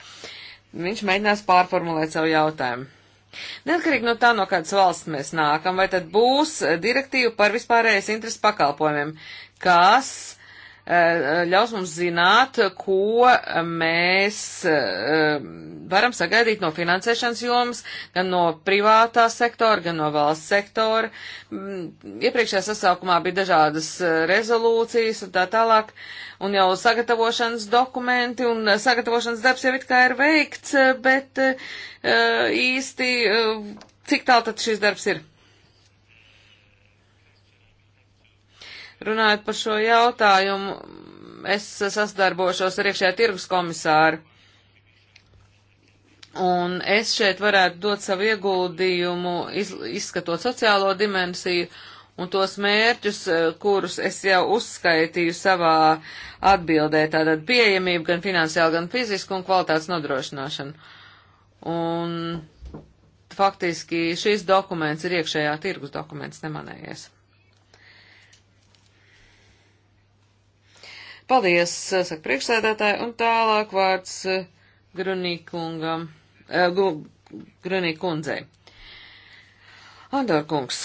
Viņš mēģinās pārformulēt savu jautājumu. Neatkarīgi no tā, no kādas valsts mēs nākam, vai tad būs direktīva par vispārējais interesu pakalpojumiem, kas Eh, ļaus mums zināt, ko mēs eh, varam sagaidīt no finansēšanas jomas, gan no privātā sektora, gan no valsts sektora. Mm, iepriekšējā sasaukumā bija dažādas eh, rezolūcijas un tā tālāk, un jau sagatavošanas dokumenti un sagatavošanas darbs jau it kā ir veikts, bet īsti cik tālu tad šis darbs ir? Runājot par šo jautājumu, es sasdarbošos ar iekšējā tirgus komisāru. Un es šeit varētu dot savu ieguldījumu, iz, izskatot sociālo dimensiju un tos mērķus, eh, kurus es jau uzskaitīju savā atbildē, tātad pieejamību gan finansiāli, gan fizisku un kvalitātes nodrošināšanu. Un faktiski šis dokuments ir iekšējā tirgus dokuments, nemanējies. Paldies, eh, saka priekšsēdētāji, un tālāk vārds eh, Grunīkungam, eh, Grunīkundzei. Andor kungs,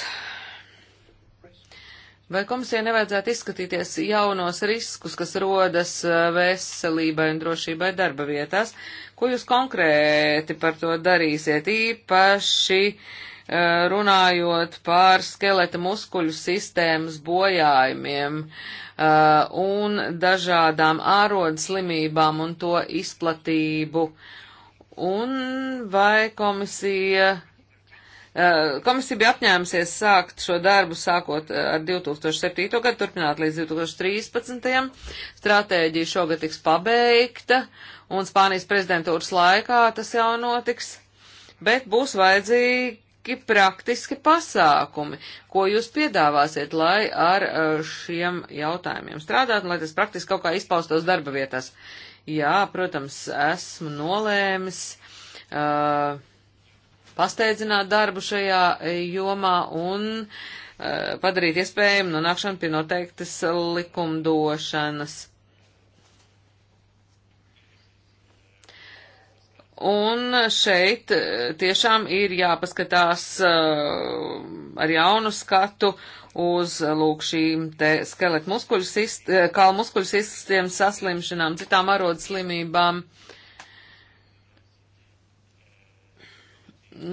vai komisija nevajadzētu izskatīties jaunos riskus, kas rodas veselībai un drošībai darba vietās? Ko jūs konkrēti par to darīsiet īpaši? Uh, runājot par skeleta muskuļu sistēmas bojājumiem uh, un dažādām ārodas slimībām un to izplatību. Un vai komisija, uh, komisija bija apņēmusies sākt šo darbu sākot uh, ar 2007. gadu, turpināt līdz 2013. Stratēģija šogad tiks pabeigta, un Spānijas prezidentūras laikā tas jau notiks bet būs vajadzīgi praktiski, praktiski pasākumi, ko jūs piedāvāsiet, lai ar e, šiem jautājumiem strādātu, lai tas praktiski kaut kā izpaustos darba vietās. Jā, protams, esmu nolēmis uh, pasteidzināt darbu šajā e, jomā un uh, padarīt iespējumu nonākšanu pie noteiktas likumdošanas Un šeit eh, tiešām ir jāpaskatās uh, ar jaunu skatu uz lūk šīm te skeletu muskuļu sist, eh, kalu muskuļu sistēmas saslimšanām, citām arodas slimībām.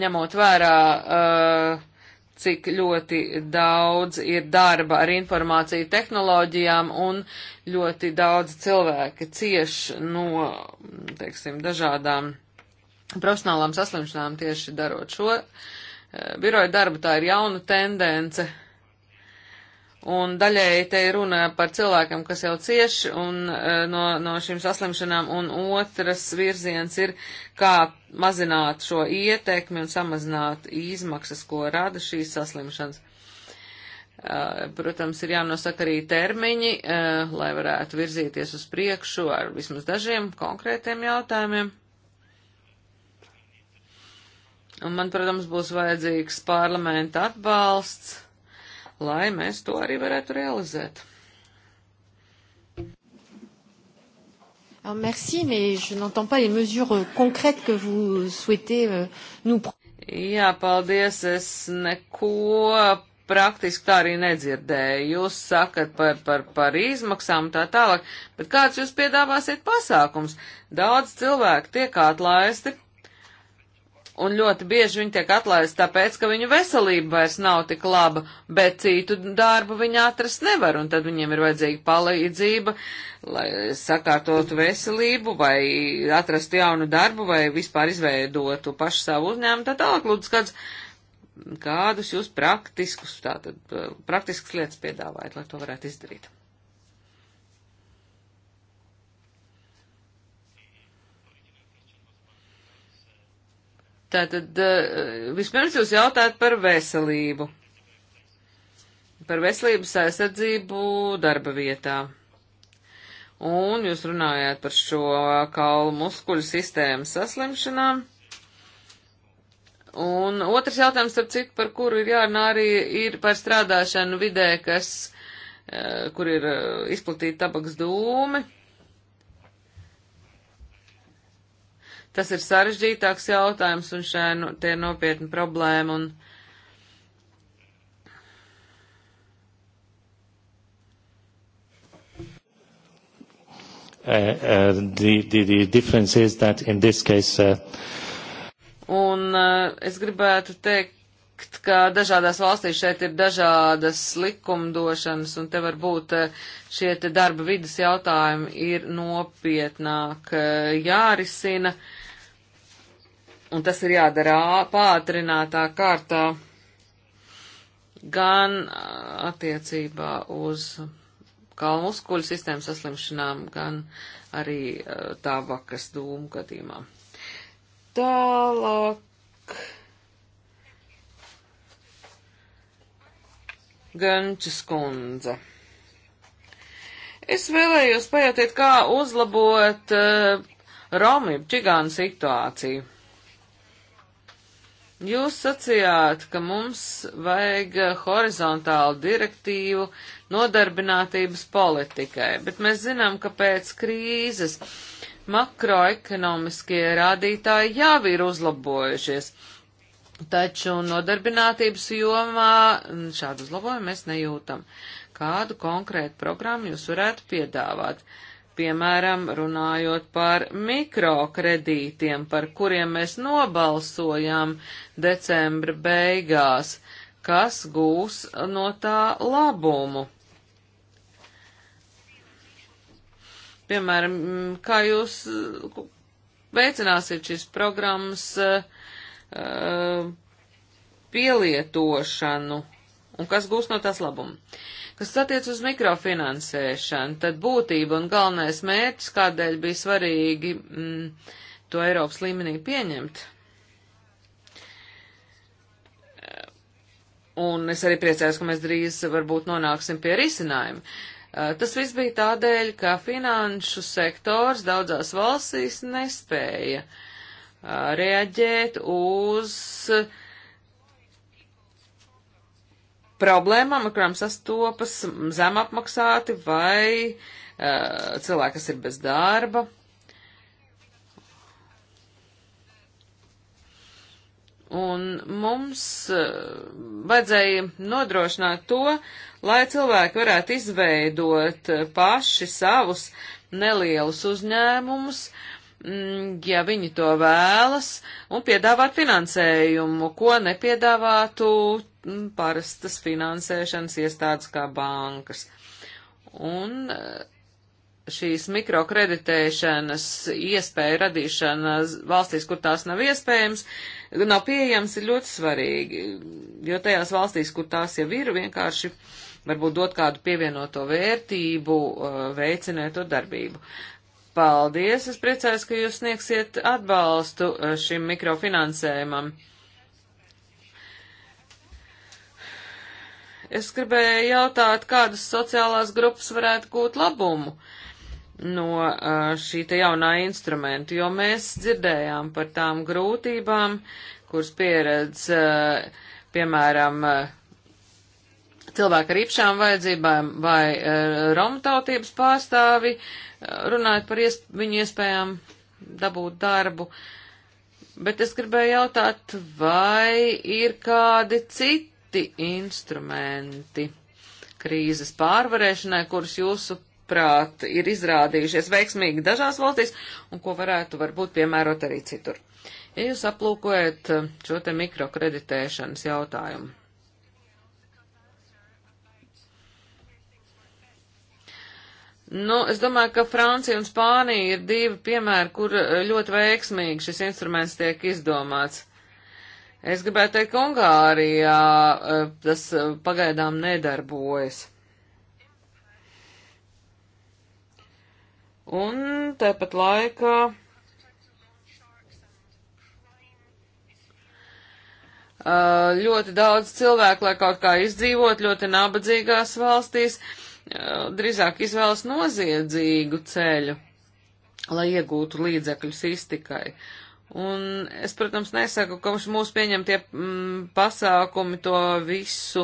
Ņemot vērā, uh, cik ļoti daudz ir darba ar informāciju tehnoloģijām un ļoti daudz cilvēki cieš no, teiksim, dažādām profesionālām saslimšanām tieši darot šo uh, eh, biroju darbu, tā ir jauna tendence. Un daļēji te ir runa par cilvēkam, kas jau cieši un, uh, no, no šīm saslimšanām, un otrs virziens ir, kā mazināt šo ietekmi un samazināt izmaksas, ko rada šīs saslimšanas. Uh, protams, ir jānosaka arī termiņi, lai varētu virzīties uz priekšu ar vismaz dažiem konkrētiem jautājumiem. Un man, protams, būs vajadzīgs parlamenta atbalsts, lai mēs to arī varētu realizēt. Merci, mais je n'entends pas les mesures euh, concrètes que vous souhaitez euh, nous Jā, paldies, es neko praktiski tā arī nedzirdēju. Jūs sakat par, par, par izmaksām tā tālāk, bet kāds jūs piedāvāsiet pasākums? Daudz cilvēku tiek atlaisti un ļoti bieži viņi tiek atlaisti tāpēc, ka viņu veselība vairs nav tik laba, bet citu darbu viņi atrast nevar, un tad viņiem ir vajadzīga palīdzība, lai sakārtotu veselību, vai atrastu jaunu darbu, vai vispār izveidotu pašu savu uzņēmumu, tad tālāk lūdzu kāds, kādus jūs praktiskus, tātad praktiskas lietas piedāvājat, lai to varētu izdarīt. Tātad eh, vispirms jūs jautājat par veselību, par veselības aizsardzību darba vietā. Un jūs runājāt par šo kaulu muskuļu sistēmas saslimšanām. Un otrs jautājums, starp citu, par kuru ir jārunā arī, ir par strādāšanu vidē, kas, eh, kur ir eh, izplatīta tabaks dūmi Tas ir sarežģītāks jautājums un šai no, nu, tie ir nopietni problēma. Un, Uh, uh, the, the, the difference is that in this case. Uh, Un uh, es gribētu teikt, ka dažādās valstīs šeit ir dažādas likumdošanas, un te varbūt uh, šie te darba vidas jautājumi ir nopietnāk uh, jārisina. Uh, un tas ir jādara pātrinātā kārtā gan attiecībā uz kalnu muskuļu sistēmas saslimšanām, gan arī tabakas dūmu gadījumā. Tālāk. Gančas kundze. Es vēlējos pajautīt, kā uzlabot uh, Romu čigānu situāciju. Jūs sacījāt, ka mums vajag horizontālu direktīvu nodarbinātības politikai, bet mēs zinām, ka pēc krīzes makroekonomiskie rādītāji jau ir uzlabojušies, taču nodarbinātības jomā šādu uzlabojumu mēs nejūtam. Kādu konkrētu programmu jūs varētu piedāvāt? Uh, piemēram, runājot par mikrokredītiem, par kuriem mēs nobalsojām decembra beigās, kas gūs no tā labumu. Piemēram, kā jūs veicināsiet šīs programmas uh, pielietošanu un kas gūs no tās labumu. Kas attiec uz mikrofinansēšanu, tad būtība un galvenais mērķis, kādēļ bija svarīgi mm, to Eiropas līmenī pieņemt. Un es arī priecājos, ka mēs drīz varbūt nonāksim pie risinājuma. Eh, tas viss bija tādēļ, ka finanšu sektors daudzās valstīs nespēja eh, reaģēt uz uh, problēmām, ar kurām sastopas zem apmaksāti vai uh, cilvēki, kas ir bez darba. Un mums uh, vajadzēja nodrošināt to, lai cilvēki varētu izveidot paši savus nelielus uzņēmumus, mm, ja viņi to vēlas, un piedāvāt finansējumu, ko nepiedāvātu Mm, parastas finansēšanas iestādes kā bankas. Un eh, šīs mikrokreditēšanas iespēja radīšana valstīs, kur tās nav iespējams, nav pieejams, ir ļoti svarīgi, jo tajās valstīs, kur tās jau ir, vienkārši varbūt dot kādu pievienoto vērtību, eh, veicinot to darbību. Paldies, es priecājos, ka jūs sniegsiet atbalstu eh, šim mikrofinansējumam. Es gribēju jautāt, kādas sociālās grupas varētu gūt labumu no šī te jaunā instrumenta, jo mēs dzirdējām par tām grūtībām, kuras pieredz, piemēram, cilvēki ar īpašām vajadzībām vai Romu tautības pārstāvi, runājot par iesp viņu iespējām dabūt darbu. Bet es gribēju jautāt, vai ir kādi citi citi instrumenti krīzes pārvarēšanai, kurus jūsu prāt ir izrādījušies veiksmīgi dažās valstīs un ko varētu varbūt piemērot arī citur. Ja jūs aplūkojat eh, šo te mikrokreditēšanas jautājumu. Nu, es domāju, ka Francija un Spānija ir divi piemēri, kur eh, ļoti veiksmīgi šis instruments tiek izdomāts. Es gribētu teikt, ka Ungārijā e, tas e, pagaidām nedarbojas. Un tāpat laikā e, ļoti daudz cilvēku, lai kaut kā izdzīvot ļoti nabadzīgās valstīs, drīzāk izvēlas noziedzīgu ceļu, lai iegūtu līdzekļus iztikai. Uh, Un es, protams, nesaku, ka mūsu pieņemtie mm, pasākumi to visu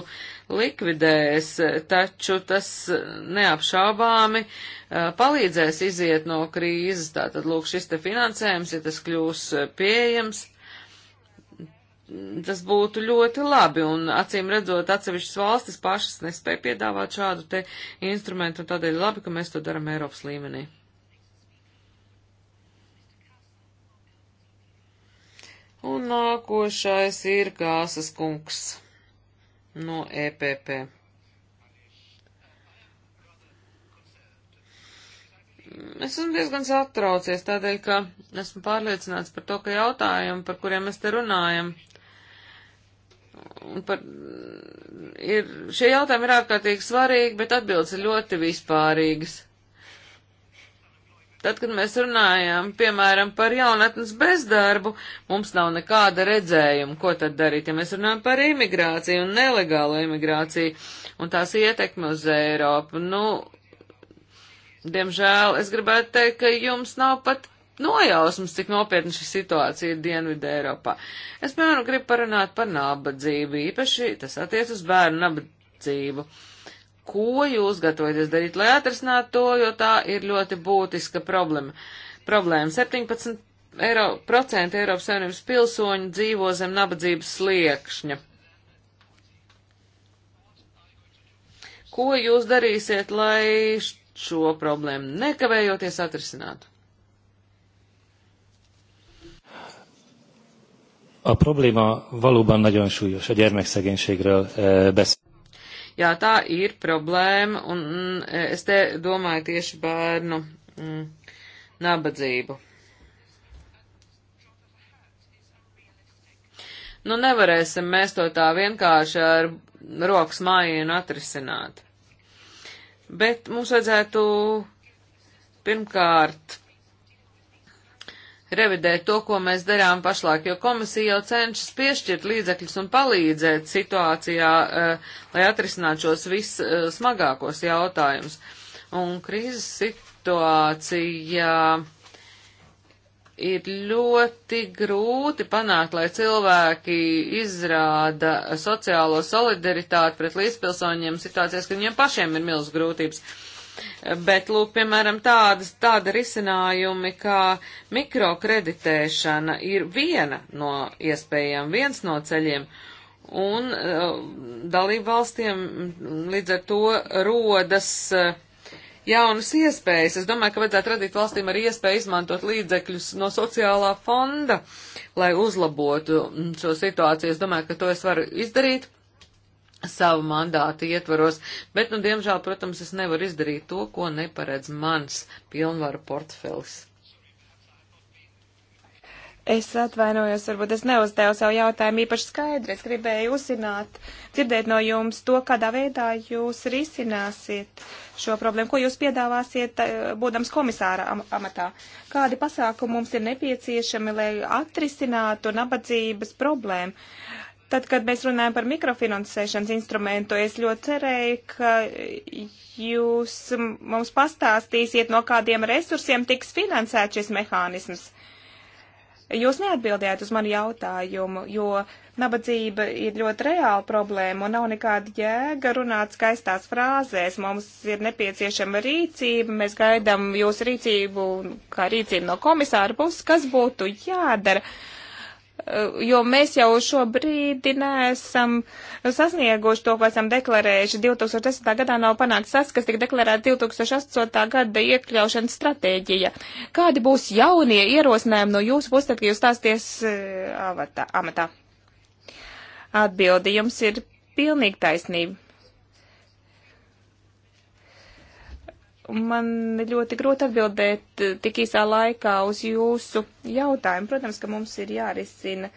likvidēs, taču tas neapšaubāmi palīdzēs iziet no krīzes. Tātad, lūk, šis te finansējums, ja tas kļūs pieejams, tas būtu ļoti labi. Un, acīm redzot, atsevišķas valstis pašas nespēja piedāvāt šādu te instrumentu, un tādēļ labi, ka mēs to daram Eiropas līmenī. Un nākošais ir Kāsas kungs no EPP. Es esmu diezgan satraucies tādēļ, ka esmu pārliecināts par to, ka jautājumi, par kuriem mēs te runājam, par, ir, šie jautājumi ir ārkārtīgi svarīgi, bet atbildes ir ļoti vispārīgas. Tad, kad mēs runājām, piemēram, par jaunatnes bezdarbu, mums nav nekāda redzējuma, ko tad darīt, ja mēs runājam par imigrāciju un nelegālo imigrāciju un tās ietekmi uz Eiropu. Nu, diemžēl es gribētu teikt, ka jums nav pat nojausmas, cik nopietna šī situācija ir Dienvidē Eiropā. Es, piemēram, gribu parunāt par nabadzību, īpaši tas attiec uz bērnu nabadzību. Uh, ko jūs gatavojaties darīt, lai atrasinātu to, jo tā ir ļoti būtiska problēma. Problēma 17% Eiro, Eiropas Savienības pilsoņu dzīvo zem nabadzības sliekšņa. Ko jūs darīsiet, lai šo problēmu nekavējoties atrisinātu? A probléma valóban nagyon súlyos, a gyermekszegénységről eh, beszél. Jā, tā ir problēma, un mm, es te domāju tieši bērnu mm, nabadzību. Nu, nevarēsim mēs to tā vienkārši ar rokas mājienu atrisināt. Bet mums vajadzētu pirmkārt revidēt to, ko mēs darām pašlaik, jo komisija jau cenšas piešķirt līdzekļus un palīdzēt situācijā, eh, lai atrisinātu šos vissmagākos eh, jautājumus. Un krīzes situācijā ir ļoti grūti panākt, lai cilvēki izrāda sociālo solidaritāti pret līdzpilsoņiem situācijās, kad viņiem pašiem ir milz grūtības. Bet, lūk, piemēram, tādas, tāda risinājumi kā mikrokreditēšana ir viena no iespējām, viens no ceļiem, un uh, dalību valstiem līdz ar to rodas uh, jaunas iespējas. Es domāju, ka vajadzētu radīt valstīm arī iespēju izmantot līdzekļus no sociālā fonda, lai uzlabotu šo situāciju. Es domāju, ka to es varu izdarīt savu mandātu ietvaros, bet, nu, diemžēl, protams, es nevaru izdarīt to, ko neparedz mans pilnvaru portfelis. Es atvainojos, varbūt es neuzdevu savu jautājumu īpaši skaidri. Es gribēju uzzināt, dzirdēt no jums to, kādā veidā jūs risināsiet šo problēmu, ko jūs piedāvāsiet, eh, būdams komisāra am amatā. Kādi pasākumi mums ir nepieciešami, lai atrisinātu nabadzības problēmu? Tad, kad mēs runājam par mikrofinansēšanas instrumentu, es ļoti cerēju, ka jūs mums pastāstīsiet, no kādiem resursiem tiks finansēts šis mehānisms. Jūs neatbildējāt uz manu jautājumu, jo nabadzība ir ļoti reāla problēma un nav nekāda jēga runāt skaistās frāzēs. Mums ir nepieciešama rīcība, mēs gaidām jūsu rīcību, kā rīcību no komisāra puses, kas būtu jādara. Uh, Eh, jo mēs jau šobrīd neesam sasnieguši to, ko esam deklarējuši. 2010. gadā nav panākts tas, kas tika deklarēts 2008. gada iekļaušanas stratēģija. Kādi būs jaunie ierosinājumi no jūsu puses, kad jūs stāsties eh, amatā? Atbildi jums ir pilnīgi taisnība. Man ļoti grūti atbildēt eh, tik īsā laikā uz jūsu jautājumu. Protams, ka mums ir jārisina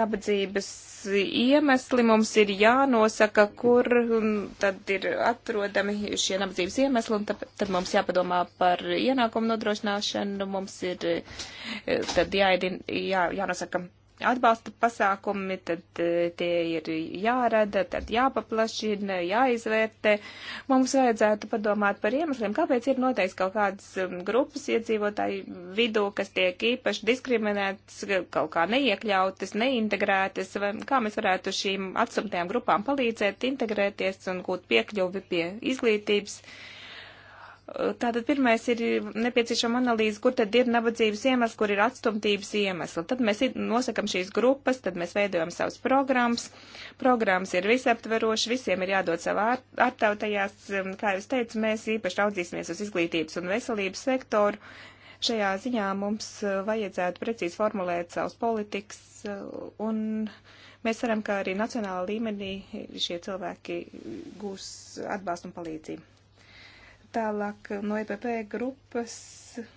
nabadzības iemesli, mums ir jānosaka, kur mm, tad ir atrodami šie nabadzības iemesli, un tad, tad mums jāpadomā par ienākumu nodrošināšanu, mums ir eh, tad jāidin, jā, jānosaka atbalsta pasākumi, tad eh, tie ir jārada, tad jāpaplašina, jāizvērtē. Mums vajadzētu padomāt par iemesliem, kāpēc ir noteikti kaut kādas um, grupas iedzīvotāju vidū, kas tiek īpaši diskriminētas, kaut kā neiekļautas, neintegrētas, vai kā mēs varētu šīm atsumtajām grupām palīdzēt, integrēties un gūt piekļuvi pie izglītības. Uh, Tātad pirmais ir nepieciešama analīze, kur tad ir nabadzības iemesls, kur ir atstumtības iemesls. Tad mēs nosakam šīs grupas, tad mēs veidojam savus programmas. Programmas ir visaptveroši, visiem ir jādod savā ārtautajās. Um, kā jūs teicu, mēs īpaši raudzīsimies uz izglītības un veselības sektoru. Šajā ziņā mums uh, vajadzētu precīzi formulēt savus politikas uh, un mēs ceram, ka arī nacionālā līmenī šie cilvēki gūs atbalstu un palīdzību. Tālāk no EPP grupas eh,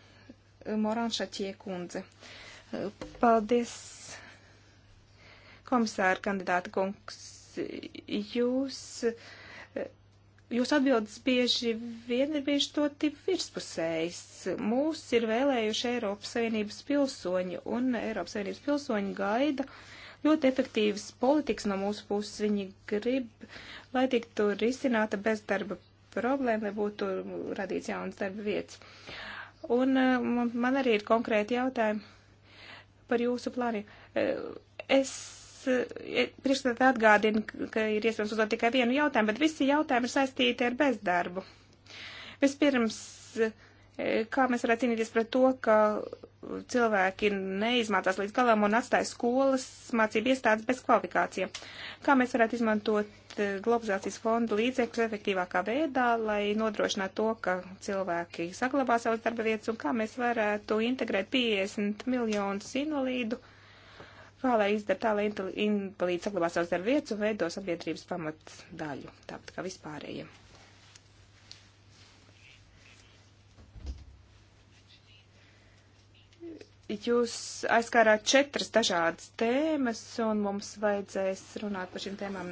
Moranša Čiekundze. Eh, paldies, komisāra kandidāta kungs. Jūs, eh, jūs atbildes bieži vien ir bijuši to tip virspusējs. Mūs ir vēlējuši Eiropas Savienības pilsoņi, un Eiropas Savienības pilsoņi gaida ļoti efektīvas politikas no mūsu puses. Viņi grib, lai tiktu risināta bezdarba problēma, lai būtu radīts jauns darba vietas. Un eh, man arī ir konkrēti jautājumi par jūsu plāniem. Eh, es eh, priekšstādā atgādinu, ka ir iespējams uzdot tikai vienu jautājumu, bet visi jautājumi ir saistīti ar bezdarbu. Vispirms, uh, E, kā mēs varētu cīnīties pret to, ka cilvēki neizmācās līdz galam un atstāja skolas mācību iestādes bez kvalifikācijām? Kā mēs varētu izmantot e, globalizācijas fondu līdzekļus efektīvākā veidā, lai nodrošinātu to, ka cilvēki saglabā savas darba vietas un kā mēs varētu integrēt 50 miljonus invalīdu? Kā lai izdara tā, lai invalīdi saglabā savas darba vietas un veido sabiedrības pamatdaļu, tāpat kā vispārējiem? jūs aizskārāt četras dažādas tēmas, un mums vajadzēs runāt par šīm tēmām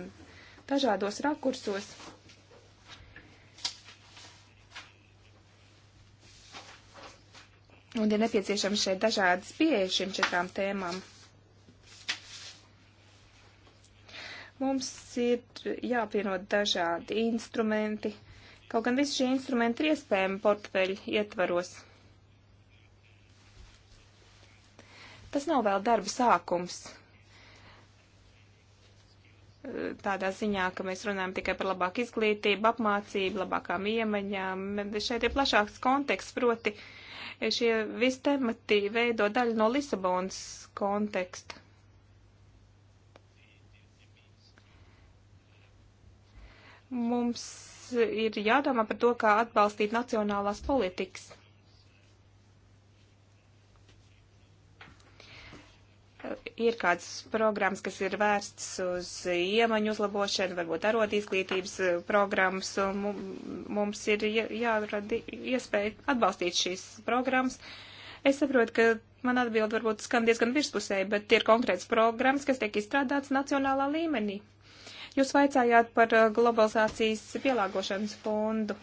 dažādos rakursos. Un ir ja nepieciešams šeit dažādas pieejas šīm četrām tēmām. Mums ir jāpienot dažādi instrumenti, kaut gan visi šie instrumenti ir iespējami portfeļu ietvaros. Tas nav vēl darba sākums. Tādā ziņā, ka mēs runājam tikai par labāku izglītību, apmācību, labākām iemaņām. Šeit ir plašāks konteksts, proti šie visi temati veido daļu no Lisabonas konteksta. Mums ir jādomā par to, kā atbalstīt nacionālās politikas. ir kādas programmas, kas ir vērsts uz iemaņu uzlabošanu, varbūt arot izglītības eh, programmas, un mums ir jārada iespēja atbalstīt šīs programmas. Es saprotu, ka man atbild varbūt skan diezgan virspusēji, bet ir konkrēts programmas, kas tiek izstrādāts nacionālā līmenī. Jūs vaicājāt par eh, globalizācijas pielāgošanas fondu.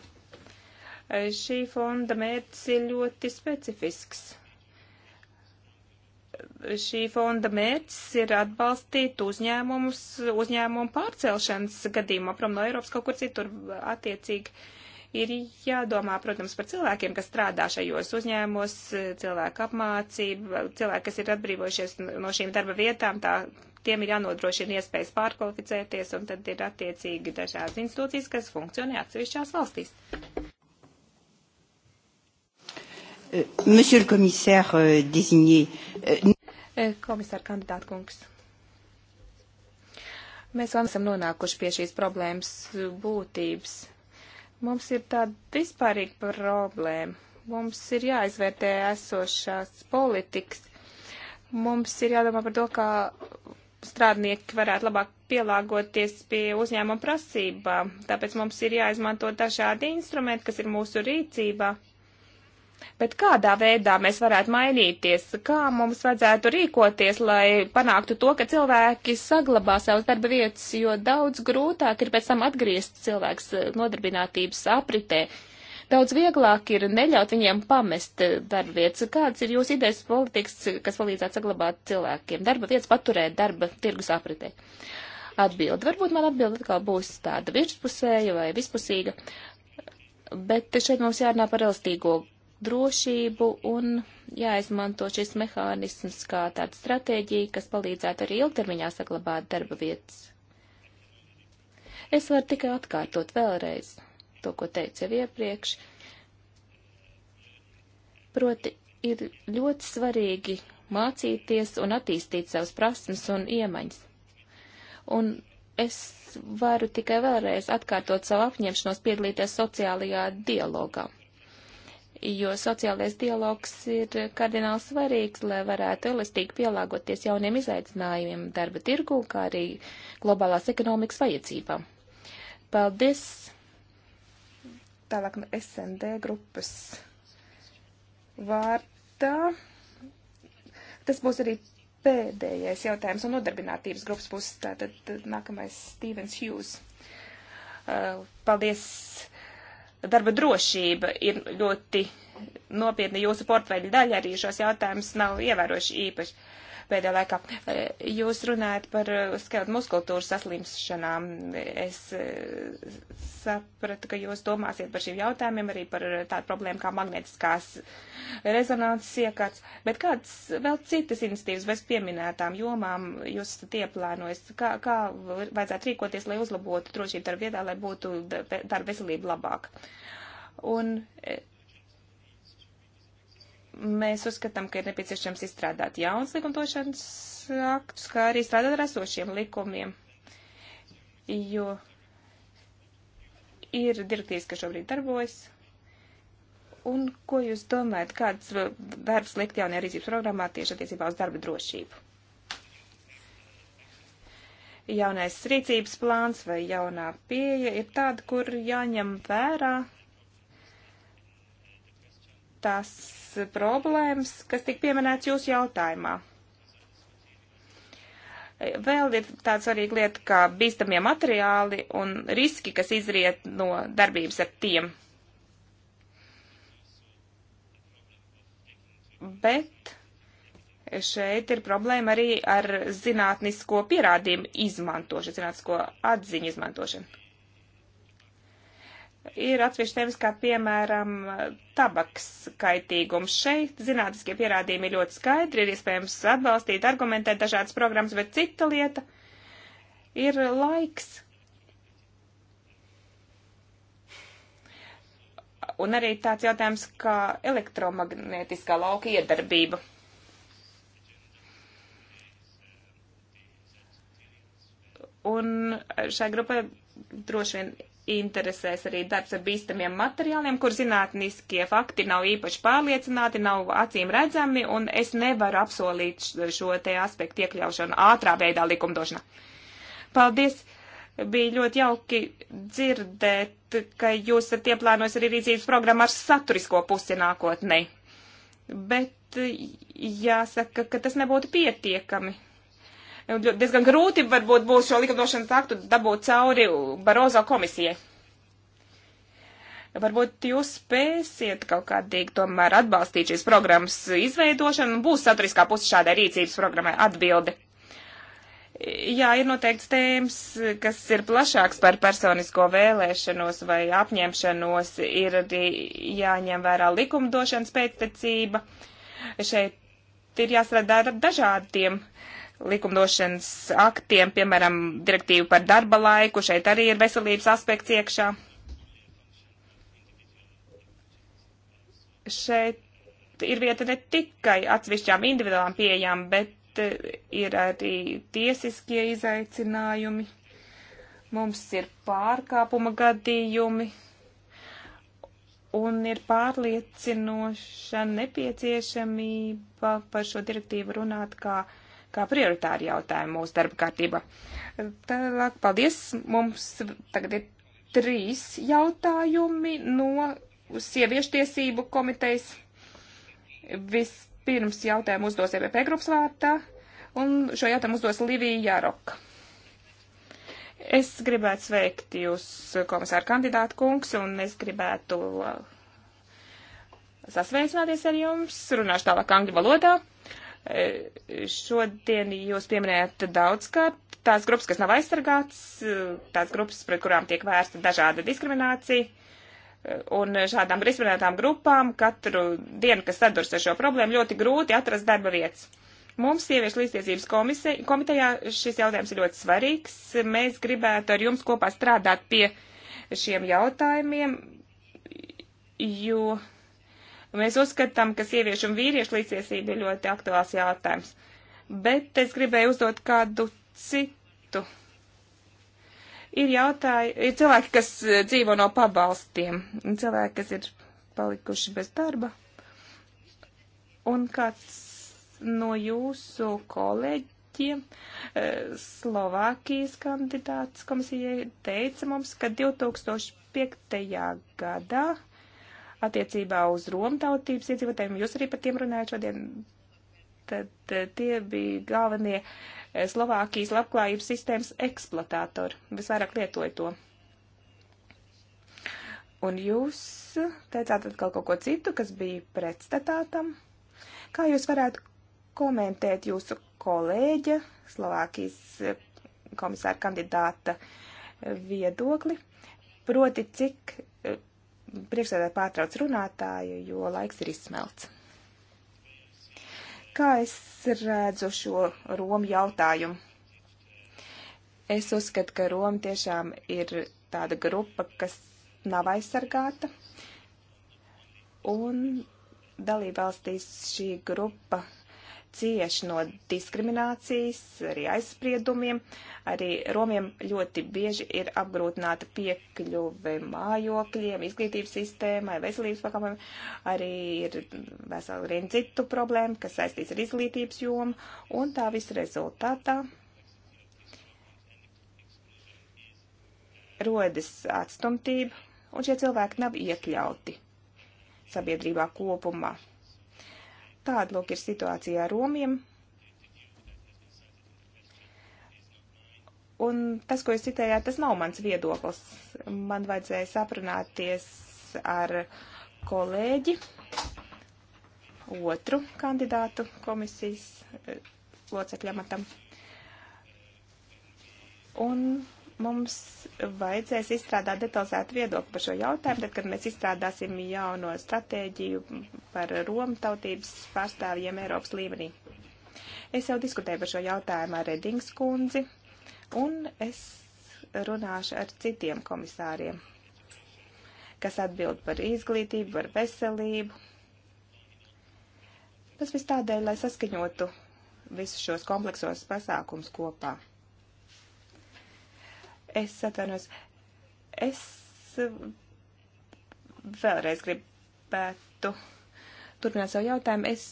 Eh, šī fonda mērķis ir ļoti specifisks šī fonda mērķis ir atbalstīt uzņēmumus, uzņēmumu pārcelšanas gadījumā prom no Eiropas kaut kur citur attiecīgi. Ir jādomā, protams, par cilvēkiem, kas strādā šajos uzņēmumos, cilvēku apmācību, cilvēki, kas ir atbrīvojušies no šīm darba vietām, tā, tiem ir jānodrošina iespējas pārkvalificēties, un tad ir attiecīgi dažādas institūcijas, kas funkcionē atsevišķās valstīs. Monsieur le commissaire euh, désigné, euh, Eh, Komisāra kandidāta kungs. Mēs vēl esam nonākuši pie šīs problēmas būtības. Mums ir tāda vispārīga problēma. Mums ir jāizvērtē esošās politikas. Mums ir jādomā par to, kā strādnieki varētu labāk pielāgoties pie uzņēmuma prasībām. Tāpēc mums ir jāizmanto dažādi instrumenti, kas ir mūsu rīcībā. Bet kādā veidā mēs varētu mainīties, kā mums vajadzētu rīkoties, lai panāktu to, ka cilvēki saglabā savas darba vietas, jo daudz grūtāk ir pēc tam atgriezt cilvēks eh, nodarbinātības apritē. Daudz vieglāk ir neļaut viņiem pamest eh, darba vietas. Kāds ir jūsu idejas politikas, kas palīdzētu saglabāt cilvēkiem darba vietas, paturēt darba tirgus apritē? Atbildi. Varbūt man atbildi atkal būs tāda virspusēja vai vispusīga bet šeit mums jārunā par elastīgo drošību un jāizmanto šis mehānisms kā tāda stratēģija, kas palīdzētu arī ilgtermiņā saglabāt darba vietas. Es varu tikai atkārtot vēlreiz to, ko teicu jau iepriekš. Proti, ir ļoti svarīgi mācīties un attīstīt savas prasmes un iemaņas. Un es varu tikai vēlreiz atkārtot savu apņemšanos piedalīties sociālajā dialogā jo sociālais dialogs ir kardināli svarīgs, lai varētu elastīgi pielāgoties jauniem izaicinājumiem darba tirgu, kā arī globālās ekonomikas vajadzībām. Paldies! Tālāk no SND grupas vārtā. Tas būs arī pēdējais jautājums no nodarbinātības grupas puses. Tātad nākamais Stevens Hughes. Uh, paldies! darba drošība ir ļoti nopietna jūsu portfeļa daļa, arī šos jautājumus nav ievēroši īpaši pēdējā laikā. Eh, jūs runājat par eh, skeletu muskultūras saslimšanām. Es eh, sapratu, ka jūs domāsiet par šiem jautājumiem, arī par tādu problēmu kā magnetiskās rezonances iekārts. Bet kādas vēl citas iniciatīvas bez pieminētām jomām jūs esat ieplānojis? Kā, kā vajadzētu rīkoties, lai uzlabotu drošību darba vietā, lai būtu darba veselība labāka? Un mēs uzskatām, ka ir nepieciešams izstrādāt jauns likumdošanas aktus, kā arī strādāt ar esošiem likumiem, jo ir direktīvas, kas šobrīd darbojas. Un ko jūs domājat, kāds darbs likt jaunajā rīcības programmā tieši attiecībā uz darba drošību? Jaunais rīcības plāns vai jaunā pieeja ir tāda, kur jāņem vērā tās problēmas, kas tik pieminēts jūsu jautājumā. Vēl ir tāda svarīga lieta, kā bīstamie materiāli un riski, kas izriet no darbības ar tiem. Bet šeit ir problēma arī ar zinātnisko pierādījumu izmantošanu, zinātnisko atziņu izmantošanu ir atsevišķi tēmas, kā piemēram tabaks kaitīgums. Šeit zinātniskie pierādījumi ir ļoti skaidri, ir iespējams atbalstīt, argumentēt dažādas programmas, bet cita lieta ir laiks. Un arī tāds jautājums kā elektromagnētiskā lauka iedarbība. Un šai grupai droši vien interesēs arī darbs ar bīstamiem materiāliem, kur zinātniskie fakti nav īpaši pārliecināti, nav acīm redzami, un es nevaru apsolīt šo te aspektu iekļaušanu ātrā veidā likumdošanā. Paldies! Bija ļoti jauki dzirdēt, ka jūs esat ieplānojis arī rīcības programmu ar saturisko pusi nākotnē. Bet jāsaka, ka tas nebūtu pietiekami diezgan grūti varbūt būs šo likumdošanas aktu dabūt cauri Barozo komisijai. Varbūt jūs spēsiet kaut kādīgi tomēr atbalstīt šīs programmas izveidošanu un būs saturiskā puse šādai rīcības programmai atbildi. Jā, ir noteikts tēmas, kas ir plašāks par personisko vēlēšanos vai apņemšanos, ir arī jāņem vērā likumdošanas pēctecība. Šeit ir jāstrādā ar dažādiem uh, likumdošanas aktiem, piemēram, direktīvu par darba laiku, šeit arī ir veselības aspekts iekšā. Šeit ir vieta ne tikai atsevišķām individuālām pieejām, bet eh, ir arī tiesiskie izaicinājumi. Mums ir pārkāpuma gadījumi un ir pārliecinoša nepieciešamība par šo direktīvu runāt kā uh, kā prioritāri jautājumi mūsu darba kārtībā. Tālāk, paldies. Mums tagad ir trīs jautājumi no sieviešu tiesību komitejas. Vispirms jautājumu uzdos EVP grupas vārtā, un šo jautājumu uzdos Livija Jaroka. Es gribētu sveikt jūs, komisāra kandidāta kungs, un es gribētu uh, sasveicināties ar jums. Runāšu tālāk angļu valodā. Uh, E, šodien jūs pieminējat daudzkārt tās grupas, kas nav aizsargāts, e, tās grupas, pret kurām tiek vērsta dažāda diskriminācija. E, un šādām diskriminētām grupām katru dienu, kas sadurs ar šo problēmu, ļoti grūti atrast darba vietas. Mums, sieviešu līdztiesības komitejā, šis jautājums ir ļoti svarīgs. Mēs gribētu ar jums kopā strādāt pie šiem jautājumiem, jo Un mēs uzskatām, ka sieviešu un vīriešu līdziesība ir ļoti aktuāls jautājums. Bet es gribēju uzdot kādu citu. Ir jautāji, ir cilvēki, kas eh, dzīvo no pabalstiem, un cilvēki, kas ir palikuši bez darba. Un kāds no jūsu kolēģiem, eh, Slovākijas kandidāts komisijai, teica mums, ka 2005. gadā attiecībā uz Romu tautības iedzīvotājiem, jūs arī par tiem runājat šodien, tad eh, tie bija galvenie eh, Slovākijas labklājības sistēmas eksploatātori, visvairāk lietoja to. Un jūs teicāt atkal kaut ko citu, kas bija pretstatā tam. Kā jūs varētu komentēt jūsu kolēģa, Slovākijas eh, komisāra kandidāta viedokli? Proti, cik Priekšsēdē pārtrauc runātāju, jo laiks ir izsmelts. Kā es redzu šo Romu jautājumu? Es uzskatu, ka Roma tiešām ir tāda grupa, kas nav aizsargāta. Un dalībvalstīs šī grupa cieši no diskriminācijas, arī aizspriedumiem. Arī romiem ļoti bieži ir apgrūtināta piekļuve mājokļiem, izglītības sistēmai, veselības pakalpojumiem. Arī ir veseli vien citu problēmu, kas saistīts ar izglītības jomu. Un tā visa rezultātā rodas atstumtība, un šie cilvēki nav iekļauti sabiedrībā kopumā. Tāda lūk ir situācija ar romiem. Un tas, ko jūs citējāt, tas nav mans viedoklis. Man vajadzēja saprunāties ar kolēģi, otru kandidātu komisijas eh, locekļamatam. Un mums vajadzēs izstrādāt detalizētu viedokli par šo jautājumu, tad, kad mēs izstrādāsim jauno stratēģiju par Romu tautības pārstāvjiem Eiropas līmenī. Es jau diskutēju par šo jautājumu ar Redings kundzi, un es runāšu ar citiem komisāriem, kas atbild par izglītību, par veselību. Tas viss tādēļ, lai saskaņotu visus šos kompleksos pasākums kopā. Es atvainojos. Es eh, vēlreiz gribētu turpināt savu jautājumu. Es,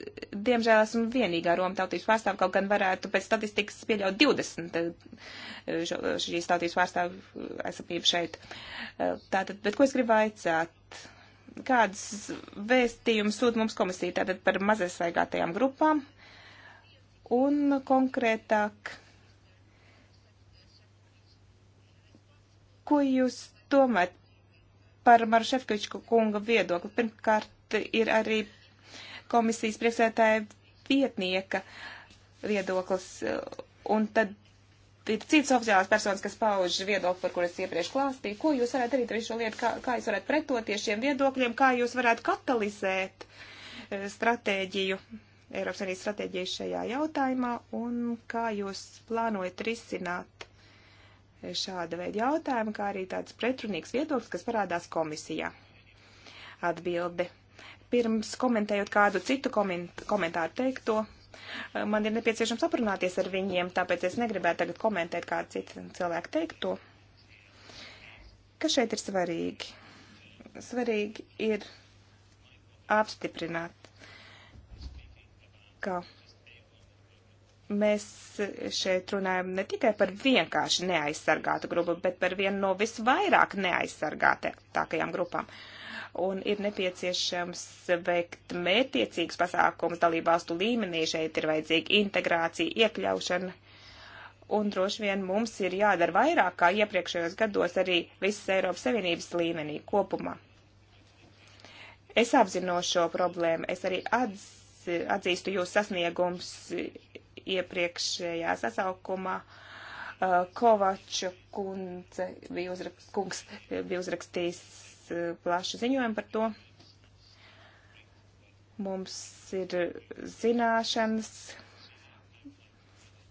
eh, diemžēl, esmu vienīgā Roma tautības pārstāva, kaut gan varētu pēc statistikas pieļaut 20 eh, šo, šīs tautības pārstāvu esamību šeit. Tātad, bet ko es gribu aicāt? Kādas vēstījumus sūta mums komisija tātad par mazasvaigātajām grupām? Un konkrētāk Ko jūs domājat par Maruševkačku kunga viedokli? Pirmkārt, ir arī komisijas priekšsētāja vietnieka viedoklis, un tad ir cits oficiālās personas, kas pauž viedokli, par kuras iepriekš klāstīju. Ko jūs varētu darīt ar visu šo lietu, kā, kā jūs varētu pretoties šiem viedokļiem, kā jūs varētu katalizēt eh, stratēģiju, Eiropas Savienības stratēģiju šajā jautājumā, un kā jūs plānojat risināt šāda veida jautājumi, kā arī tāds pretrunīgs viedoklis, kas parādās komisijā. Atbilde. Pirms komentējot kādu citu koment komentāru teikto, man ir nepieciešams aprunāties ar viņiem, tāpēc es negribētu tagad komentēt kādu citu cilvēku teikto. Kas šeit ir svarīgi? Svarīgi ir apstiprināt, ka Mēs šeit runājam ne tikai par vienkārši neaizsargātu grupu, bet par vienu no visvairāk neaizsargātākajām grupām. Un ir nepieciešams veikt mērtiecīgus pasākumus dalībvalstu līmenī. Šeit ir vajadzīga integrācija, iekļaušana. Un droši vien mums ir jādara vairāk kā iepriekšējos gados arī visas Eiropas Savienības līmenī kopumā. Es apzinos šo problēmu. Es arī atzīstu jūsu sasniegums iepriekšējā sasaukumā uh, Kovača kundze bija, uzrakst, kungs, bija uzrakstījis uh, plašu ziņojumu par to. Mums ir zināšanas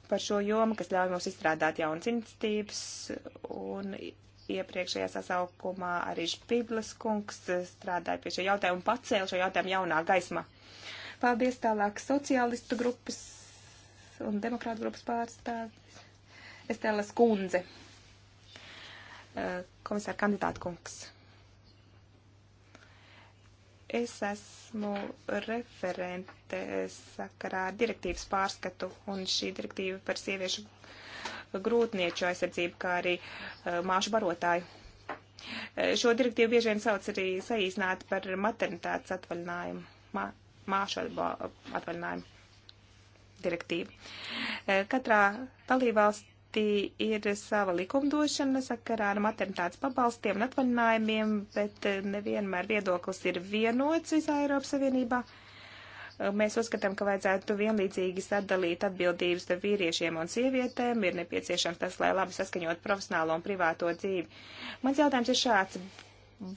par šo jomu, kas ļauj mums izstrādāt jaunas iniciatīvas un iepriekšējā sasaukumā arī Špiblis kungs strādāja pie šī jautājuma un pacēla šo jautājumu jaunā gaismā. Paldies tālāk sociālistu grupas un demokrāta grupas pārstāvis Estela Skundze, eh, komisāra kandidāta kungs. Es esmu referente sakarā direktīvas pārskatu un šī direktīva par sieviešu grūtnieču aizsardzību, kā arī eh, māšu barotāju eh, Šo direktīvu bieži vien sauc arī saīsnāt par maternitātes atvaļinājumu, mā, māšu atvaļinājumu direktīva. Eh, katrā dalībvalstī ir sava likumdošana sakarā ar maternitātes pabalstiem un atvaļinājumiem, bet eh, nevienmēr viedoklis ir vienots visā Eiropas Savienībā. Eh, mēs uzskatām, ka vajadzētu vienlīdzīgi sadalīt atbildības starp vīriešiem un sievietēm. Ir nepieciešams tas, lai labi saskaņot profesionālo un privāto dzīvi. Mans jautājums ir šāds.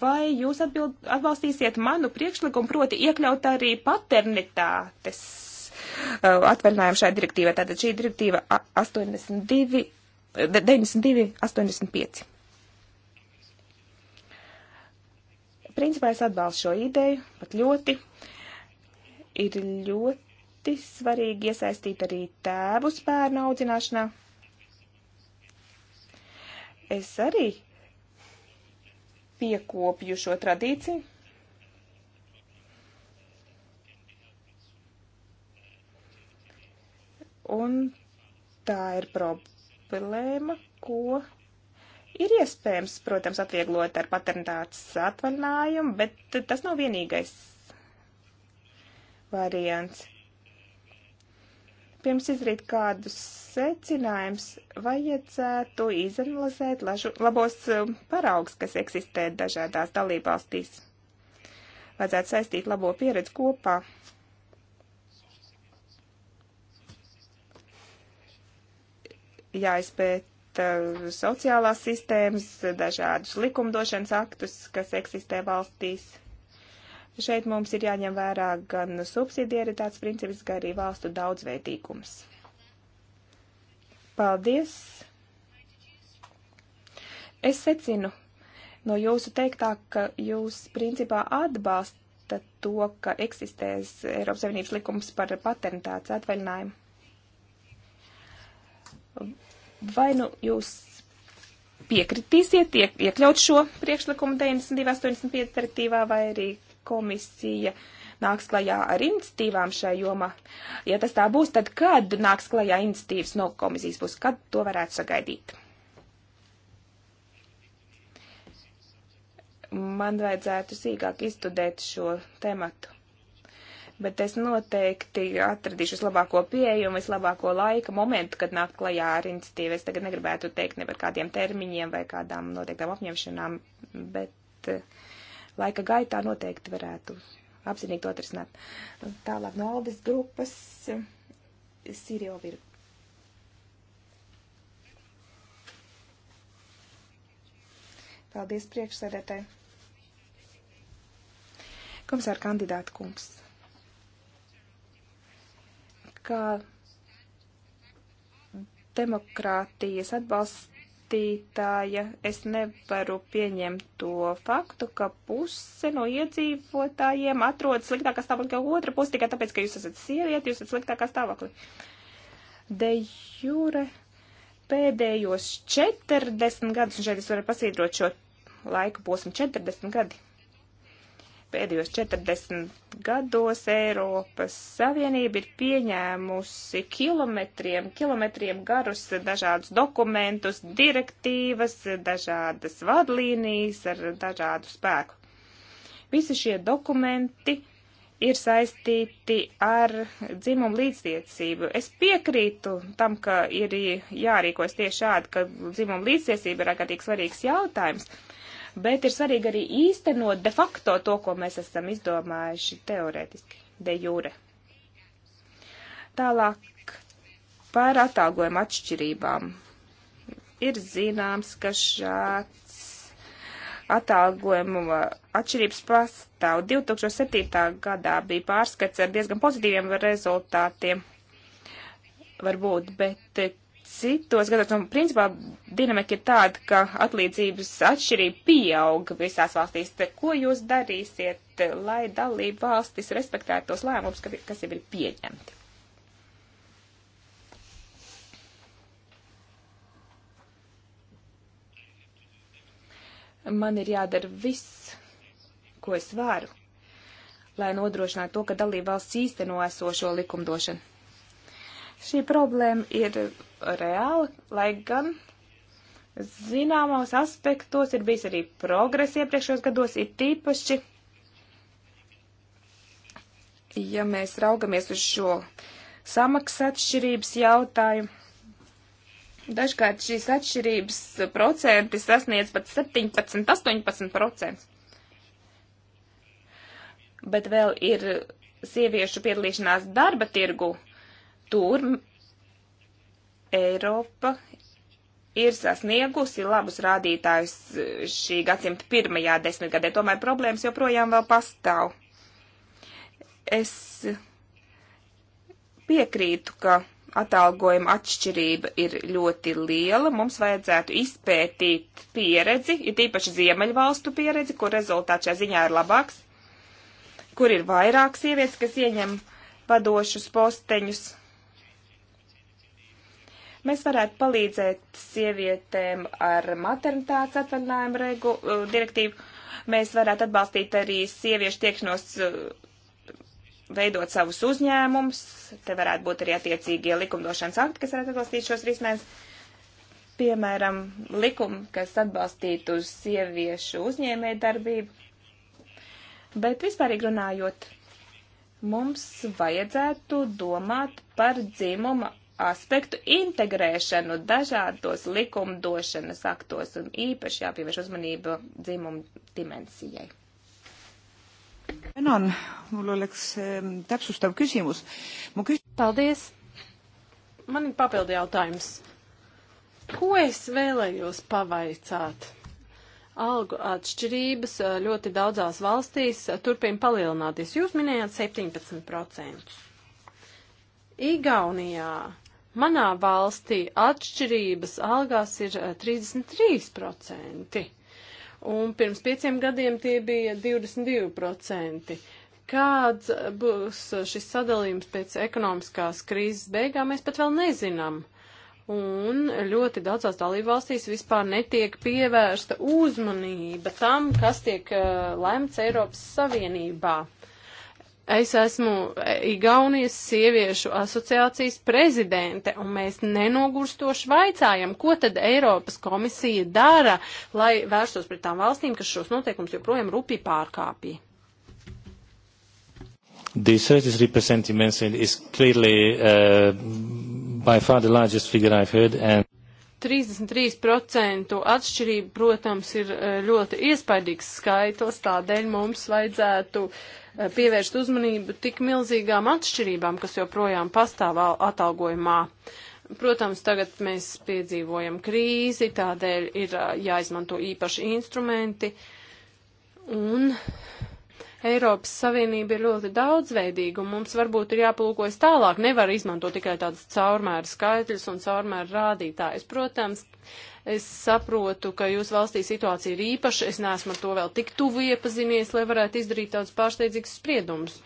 Vai jūs atbild, atbalstīsiet manu priekšlikumu, proti iekļaut arī paternitātes Uh, atvaļinājumu šai direktīvai. Tātad šī direktīva 82, 92, 85. Principā es atbalstu šo ideju, pat ļoti. Ir ļoti svarīgi iesaistīt arī tēvus bērnu audzināšanā. Es arī piekopju šo tradīciju Un tā ir problēma, ko ir iespējams, protams, atvieglot ar paternitātes atvaļinājumu, bet tas nav vienīgais variants. Pirms izrīt kādus secinājums, vajadzētu izanalizēt lažu, labos um, paraugs, kas eksistē dažādās dalībvalstīs. Vajadzētu saistīt labo pieredzi kopā jāizpēta sociālās sistēmas, dažādus likumdošanas aktus, kas eksistē valstīs. Šeit mums ir jāņem vērā gan subsidiaritātes princips, gan arī valstu daudzveidīgums. Paldies! Es secinu no jūsu teiktā, ka jūs principā atbalstat uzskata to, ka eksistēs Eiropas Savienības likums par patentāts atvaļinājumu. Vai nu jūs piekritīsiet iek, iekļaut šo priekšlikumu 92.85 direktīvā vai arī komisija nāks klajā ar iniciatīvām šai jomā? Ja tas tā būs, tad kad nāks klajā iniciatīvas no komisijas puses? Kad to varētu sagaidīt? Man vajadzētu sīkāk izstudēt šo tematu bet es noteikti atradīšu vislabāko pieeju un vislabāko laika momentu, kad nākt klajā ar iniciatīvu. Es tagad negribētu teikt ne par kādiem termiņiem vai kādām noteiktām apņemšanām, bet eh, laika gaitā noteikti varētu apzinīgi to atrisināt. Tālāk no Aldis grupas Sirio Virga. Paldies priekšsēdētāji. Komisāra kandidāta kungs kā demokrātijas atbalstītāja es nevaru pieņemt to faktu, ka puse no iedzīvotājiem atrodas sliktākā stāvoklī, ka otra puse tikai tāpēc, ka jūs esat sievieti, jūs esat sliktākā stāvoklī. De jure pēdējos 40 gadus, un šeit es varu pasvītrot šo laika posmu 40 gadi, Pēdējos 40 gados Eiropas Savienība ir pieņēmusi kilometriem, kilometriem garus dažādus dokumentus, direktīvas, dažādas vadlīnijas ar dažādu spēku. Visi šie dokumenti ir saistīti ar dzimumu līdztiesību. Es piekrītu tam, ka ir jārīkojas tieši šādi, ka dzimumu līdztiesība ir ārkārtīgi svarīgs jautājums. Uh, bet ir svarīgi arī īstenot de facto to, ko mēs esam izdomājuši teorētiski, de jure. Tālāk par atalgojumu atšķirībām. Ir zināms, ka šāds atalgojumu atšķirības pastāv. 2007. gadā bija pārskats ar diezgan pozitīviem rezultātiem, varbūt, bet citos gados, un principā dinamika ir tāda, ka atlīdzības atšķirība pieaug visās valstīs. Te, ko jūs darīsiet, lai dalība valstis respektētu tos lēmumus, kas jau ir pieņemti? Man ir jādara viss, ko es varu, lai nodrošinātu to, ka dalība valsts īsteno esošo likumdošanu Šī problēma ir reāla, lai gan zināmos aspektos ir bijis arī progress iepriekšējos gados, ir tīpaši, ja mēs raugamies uz šo samaksas atšķirības jautājumu. Dažkārt šīs atšķirības procenti sasniedz pat 17, 18%. Bet vēl ir sieviešu piedalīšanās darba tirgu uh, Tur Eiropa ir sasniegusi labus rādītājus eh, šī gadsimta pirmajā desmitgadē, tomēr problēmas joprojām vēl pastāv. Es piekrītu, ka atalgojuma atšķirība ir ļoti liela. Mums vajadzētu izpētīt pieredzi, ir tīpaši Ziemeļvalstu pieredzi, kur rezultāts šajā ziņā ir labāks, kur ir vairāk sievietes, kas ieņem vadošus posteņus Mēs varētu palīdzēt sievietēm ar maternitātes atvaļinājumu regu, uh, direktīvu. Mēs varētu atbalstīt arī sieviešu tiekšanos uh, veidot savus uzņēmumus. Te varētu būt arī attiecīgie likumdošanas akti, kas varētu atbalstīt šos risinājumus. Piemēram, likumi, kas atbalstītu sieviešu uzņēmēju darbību. Bet vispārīgi runājot, mums vajadzētu domāt par dzimuma aspektu integrēšanu dažādos likumdošanas aktos un īpaši jāpievērš uzmanība dzimumu dimensijai. Tänan, mul oleks ehm, täpsustav küsimus. Mu küs... Paldies. Man ir papildi jautājums. Ko es vēlējos pavaicāt? Algu atšķirības eh, ļoti daudzās valstīs eh, turpina palielināties. Jūs minējāt 17%. Igaunijā Manā valstī atšķirības algās ir 33%, eh, un pirms pieciem gadiem tie bija 22%. Kāds eh, būs šis sadalījums pēc ekonomiskās krīzes beigām, mēs pat vēl nezinām. Un ļoti daudzās dalībvalstīs vispār netiek pievērsta uzmanība tam, kas tiek uh, lemts Eiropas Savienībā. Es esmu e, Igaunijas sieviešu asociācijas prezidente, un mēs nenogurstoši vaicājam, ko tad Eiropas komisija dara, lai vērstos pret tām valstīm, kas šos noteikumus joprojām rūpīgi pārkāpja. The services represent immensely is clearly uh, by far the largest figure I've heard and 33% atšķirība, protams, ir e, ļoti iespaidīgs skaitlis, tādēļ mums vajadzētu uh, Eh, pievērst uzmanību tik milzīgām atšķirībām, kas joprojām pastāv atalgojumā. Protams, tagad mēs piedzīvojam krīzi, tādēļ ir eh, jāizmanto īpaši instrumenti. Un Eiropas Savienība ir ļoti daudzveidīga, un mums varbūt ir jāpalūkojas tālāk. Nevar izmantot tikai tādas caurmēra skaitļus un caurmēra rādītājus. Protams, Es saprotu, ka jūsu valstī situācija ir īpaša. Es neesmu ar to vēl tik tuvu iepazinies, lai varētu izdarīt tādus pārsteidzīgus spriedumus.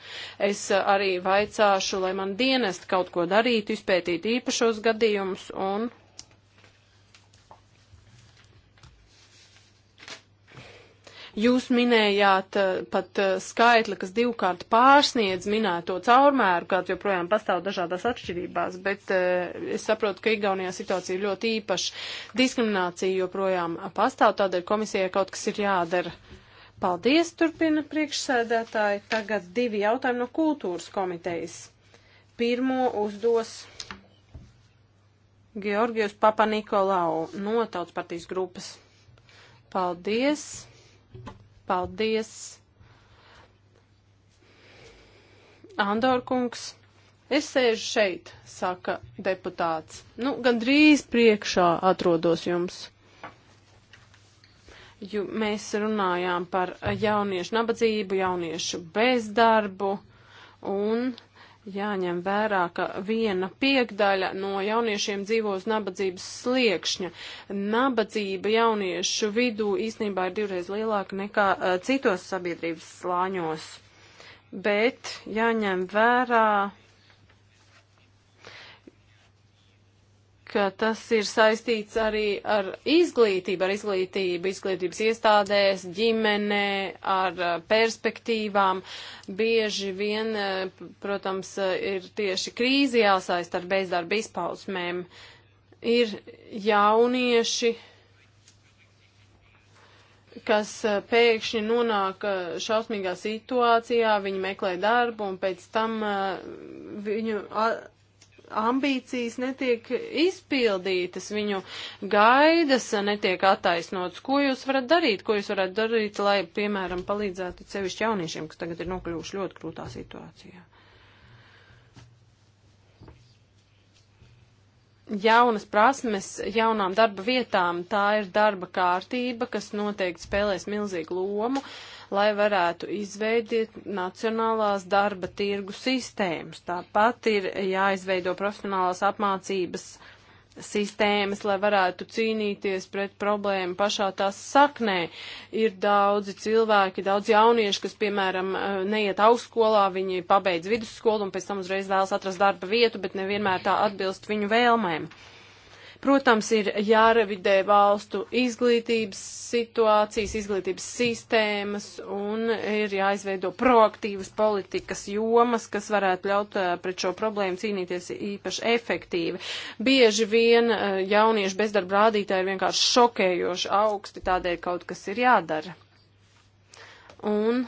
Es uh, arī vaicāšu, lai man dienest kaut ko darītu, izpētīt īpašos gadījumus un Jūs minējāt eh, pat eh, skaitli, kas divkārt pārsniedz minēto caurmēru, kāds joprojām pastāv dažādās atšķirībās, bet eh, es saprotu, ka Igaunijā situācija ir ļoti īpaša. Diskriminācija joprojām pastāv, tādēļ komisijai kaut kas ir jādara. Paldies, turpina priekšsēdētāji. Tagad divi jautājumi no kultūras komitejas. Pirmo uzdos Georgijus Papa Nikolau no Tautas partijas grupas. Paldies! Paldies! Andorkungs, es sēžu šeit, saka deputāts. Nu, gandrīz priekšā atrodos jums. Jo mēs runājām par jauniešu nabadzību, jauniešu bezdarbu un jāņem vērā, ka viena piekdaļa no jauniešiem dzīvo uz nabadzības sliekšņa. Nabadzība jauniešu vidū īstenībā ir divreiz lielāka nekā uh, citos sabiedrības slāņos. Bet jāņem vērā, ka tas ir saistīts arī ar izglītību, ar izglītību, izglītības iestādēs, ģimenē, ar uh, perspektīvām. Bieži vien, uh, protams, uh, ir tieši krīzi jāsaist ar bezdarba izpausmēm. Ir jaunieši, kas pēkšņi nonāk šausmīgā situācijā, viņi meklē darbu un pēc tam viņu ambīcijas netiek izpildītas, viņu gaidas netiek attaisnotas. Ko jūs varat darīt? Ko jūs varat darīt, lai, piemēram, palīdzētu sevišķi jauniešiem, kas tagad ir nokļuvuši ļoti krūtā situācijā? jaunas prasmes jaunām darba vietām, tā ir darba kārtība, kas noteikti spēlēs milzīgu lomu. Uh, lai varētu izveidot nacionālās darba tirgu sistēmas. Tāpat ir jāizveido profesionālās apmācības sistēmas, lai varētu cīnīties pret problēmu pašā tās saknē. Ir daudzi cilvēki, daudz jaunieši, kas, piemēram, neiet augstskolā, viņi pabeidz vidusskolu un pēc tam uzreiz vēlas atrast darba vietu, bet nevienmēr tā atbilst viņu vēlmēm. Uh, Protams, ir jārevidē valstu izglītības situācijas, izglītības sistēmas un ir jāizveido proaktīvas politikas jomas, kas varētu ļaut eh, pret šo problēmu cīnīties īpaši efektīvi. Bieži vien eh, jauniešu bezdarba rādītāji ir vienkārši šokējoši augsti, tādēļ kaut kas ir jādara. Un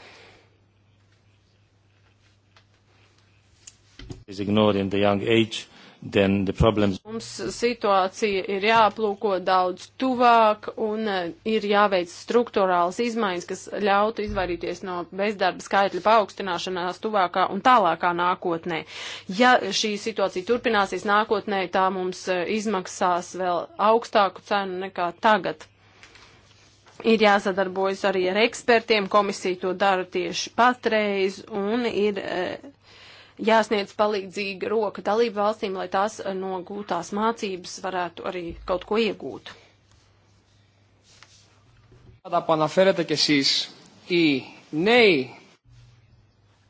is ignored in the young age Mums situācija ir jāaplūko daudz tuvāk un eh, ir jāveic struktūrāls izmaiņas, kas ļautu izvairīties no bezdarba skaitļa paaugstināšanās tuvākā un tālākā nākotnē. Ja šī situācija turpināsies nākotnē, tā mums eh, izmaksās vēl augstāku cenu nekā tagad. Ir jāsadarbojas arī ar ekspertiem, komisija to dara tieši patreiz un ir. E, jāsniedz palīdzīga roka dalību valstīm, lai tās eh, no gūtās mācības varētu arī kaut ko iegūt.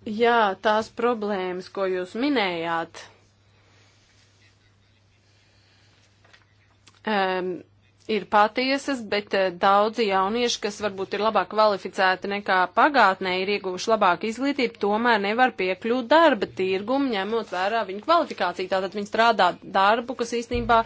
Jā, tās problēmas, ko jūs minējāt, um, ir patiesas, bet eh, daudzi jaunieši, kas varbūt ir labāk kvalificēti nekā pagātnē, ir ieguvuši labāku izglītību, tomēr nevar piekļūt darba tirgumu, ņemot vērā viņu kvalifikāciju. Tātad viņi strādā darbu, kas īstenībā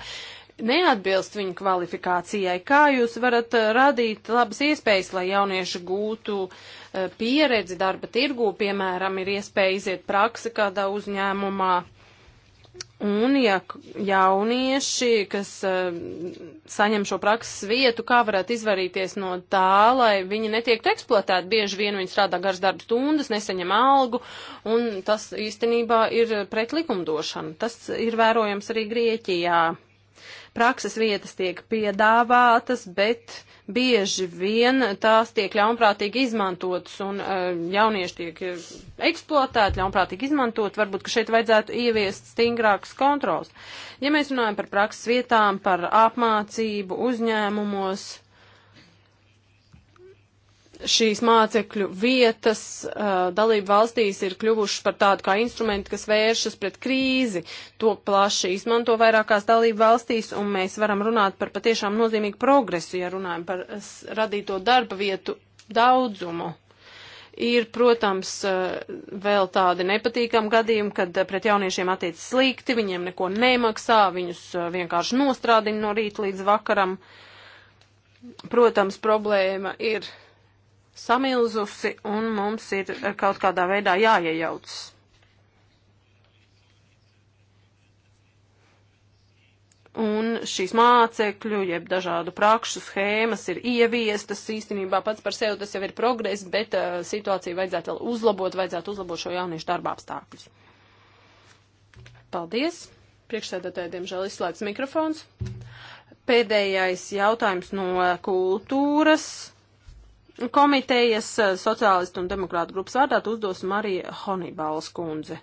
neatbilst viņu kvalifikācijai. Kā jūs varat eh, radīt labas iespējas, lai jaunieši gūtu eh, pieredzi darba tirgū, piemēram, ir iespēja iziet praksi kādā uzņēmumā? Un, ja jaunieši, kas uh, saņem šo prakses vietu, kā varētu izvarīties no tā, lai viņi netiektu eksploatēti? Bieži vien viņi strādā garas darba stundas, nesaņem algu, un tas īstenībā ir pret likumdošanu. Tas ir vērojams arī Grieķijā. Prakses vietas tiek piedāvātas, bet bieži vien tās tiek ļaunprātīgi izmantotas un eh, jaunieši tiek eh, eksploatēti, ļaunprātīgi izmantot. Varbūt, ka šeit vajadzētu ieviest stingrākas kontrols. Ja mēs runājam par prakses vietām, par apmācību uzņēmumos, šīs mācekļu vietas uh, dalību valstīs ir kļuvušas par tādu kā instrumentu, kas vēršas pret krīzi. To plaši izmanto vairākās dalību valstīs, un mēs varam runāt par patiešām nozīmīgu progresu, ja runājam par radīto darba vietu daudzumu. Ir, protams, uh, vēl tādi nepatīkami gadījumi, kad uh, pret jauniešiem attiec slikti, viņiem neko nemaksā, viņus uh, vienkārši nostrādina no rīta līdz vakaram. Protams, problēma ir samilzusi un mums ir kaut kādā veidā jāiejaucas. Un šīs mācekļu, jeb dažādu prakšu schēmas ir ieviestas. Īstenībā pats par sevi tas jau ir progress, bet uh, situāciju vajadzētu vēl uzlabot, vajadzētu uzlabot šo jauniešu darba apstākļus. Paldies! Priekšsēdētāji, diemžēl, izslēgts mikrofons. Pēdējais jautājums no kultūras komitejas eh, sociālistu un demokrātu grupas vārdā uzdos Marija Honibāls kundze.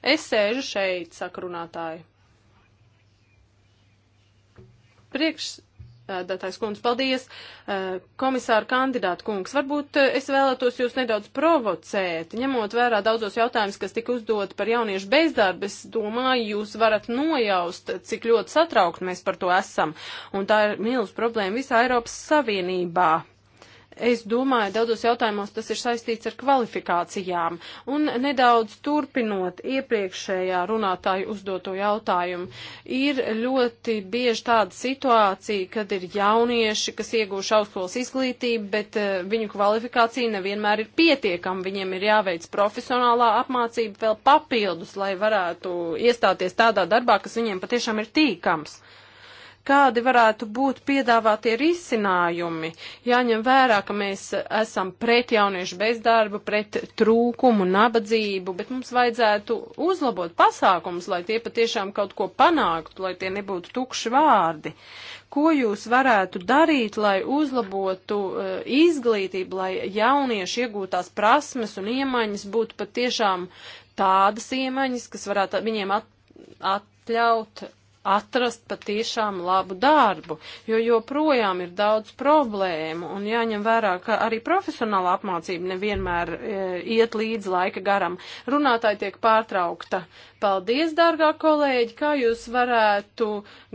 Es sēžu šeit, saka runātāji. Priekš. Datājs kundze, paldies. Eh, komisāra kandidāta kungs, varbūt eh, es vēlētos jūs nedaudz provocēt, ņemot vērā daudzos jautājumus, kas tika uzdot par jauniešu bezdarbu. Es domāju, jūs varat nojaust, cik ļoti satraukti mēs par to esam. Un tā ir milz problēma visā Eiropas Savienībā Es domāju, daudzos jautājumos tas ir saistīts ar kvalifikācijām. Un nedaudz turpinot iepriekšējā runātāju uzdoto jautājumu, ir ļoti bieži tāda situācija, kad ir jaunieši, kas iegūši augstskolas izglītību, bet uh, viņu kvalifikācija nevienmēr ir pietiekama. Viņiem ir jāveic profesionālā apmācība vēl papildus, lai varētu iestāties tādā darbā, kas viņiem patiešām ir tīkams. Uh, Kādi varētu būt piedāvātie risinājumi? Jāņem vērā, ka mēs esam pret jauniešu bezdarbu, pret trūkumu, nabadzību, bet mums vajadzētu uzlabot pasākumus, lai tie patiešām kaut ko panāktu, lai tie nebūtu tukši vārdi ko jūs varētu darīt, lai uzlabotu uh, izglītību, lai jaunieši iegūtās prasmes un iemaņas būtu patiešām tādas iemaņas, kas varētu viņiem at, atļaut atrast patiešām labu darbu, jo joprojām ir daudz problēmu un jāņem vērā, ka arī profesionāla apmācība nevienmēr e, iet līdz laika garam. Runātāji tiek pārtraukta. Paldies, dārgā kolēģi, kā jūs varētu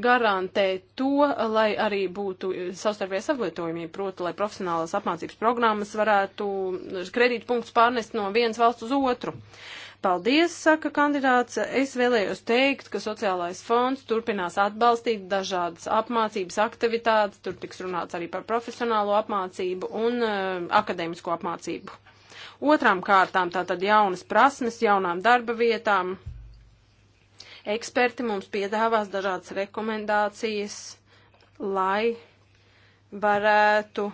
garantēt to, lai arī būtu savstarpēja savietojumība, proti, lai profesionālās apmācības programmas varētu kredītpunktus pārnest no vienas valsts uz otru. Paldies, saka kandidāts. Es vēlējos teikt, ka sociālais fonds turpinās atbalstīt dažādas apmācības aktivitātes, tur tiks runāts arī par profesionālo apmācību un uh, akadēmisko apmācību. Otrām kārtām tātad jaunas prasmes, jaunām darba vietām. Eksperti mums piedāvās dažādas rekomendācijas, lai varētu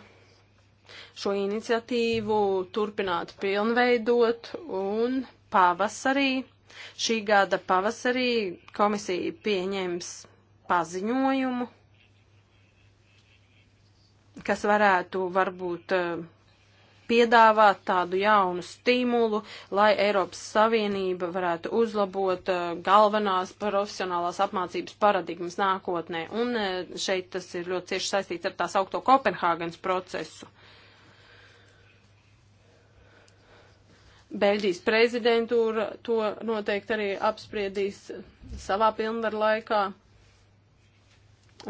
šo iniciatīvu turpināt pilnveidot un pavasarī, šī gada pavasarī komisija pieņems paziņojumu, kas varētu varbūt eh, piedāvāt tādu jaunu stimulu, lai Eiropas Savienība varētu uzlabot eh, galvenās profesionālās apmācības paradigmas nākotnē. Un eh, šeit tas ir ļoti cieši saistīts ar tās augto Kopenhāgens procesu. Beļģijas prezidentūra to noteikti arī apspriedīs savā pilnvaru laikā.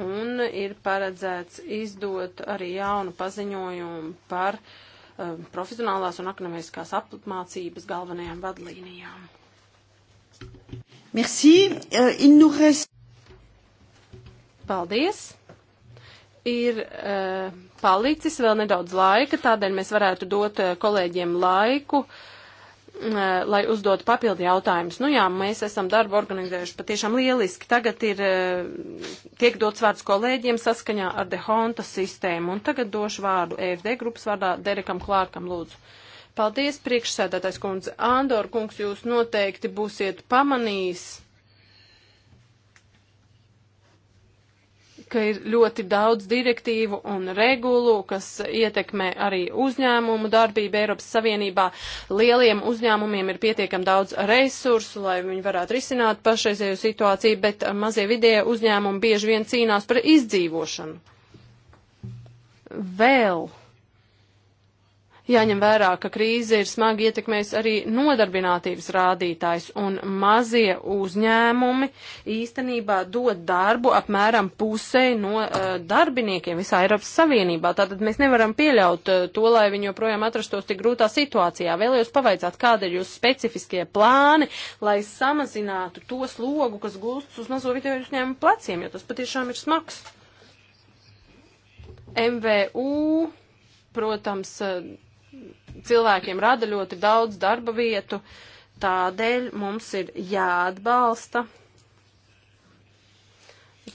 Un ir paredzēts izdot arī jaunu paziņojumu par uh, profesionālās un akademiskās apmācības galvenajām vadlīnijām. Merci. Uh, il nous reste... Paldies. Ir uh, palicis vēl nedaudz laika, tādēļ mēs varētu dot uh, kolēģiem laiku. Uh, lai uzdot papildu jautājumus. Nu jā, mēs esam darbu organizējuši patiešām lieliski. Tagad ir, tiek dots vārds kolēģiem saskaņā ar dehonta sistēmu. Un tagad došu vārdu EFD grupas vārdā Derekam Klārkam lūdzu. Paldies, priekšsēdētājs kundze. Andor kungs, jūs noteikti būsiet pamanījis ka ir ļoti daudz direktīvu un regulu, kas ietekmē arī uzņēmumu darbību Eiropas Savienībā. Lieliem uzņēmumiem ir pietiekam daudz resursu, lai viņi varētu risināt pašreizēju situāciju, bet mazie vidēji uzņēmumi bieži vien cīnās par izdzīvošanu. Vēl. Well Jāņem vērā, ka krīze ir smagi ietekmējusi arī nodarbinātības rādītājs, un mazie uzņēmumi īstenībā dod darbu apmēram pusei no uh, darbiniekiem visā Eiropas Savienībā. Tātad mēs nevaram pieļaut uh, to, lai viņi joprojām atrastos tik grūtā situācijā. Vēlējos pavaicāt, kāda ir jūsu specifiskie plāni, lai samazinātu to slogu, kas gulsts uz mazo video uzņēmumu pleciem, jo tas patiešām ir smags. MVU, protams, eh, cilvēkiem rada ļoti daudz darba vietu, tādēļ mums ir jāatbalsta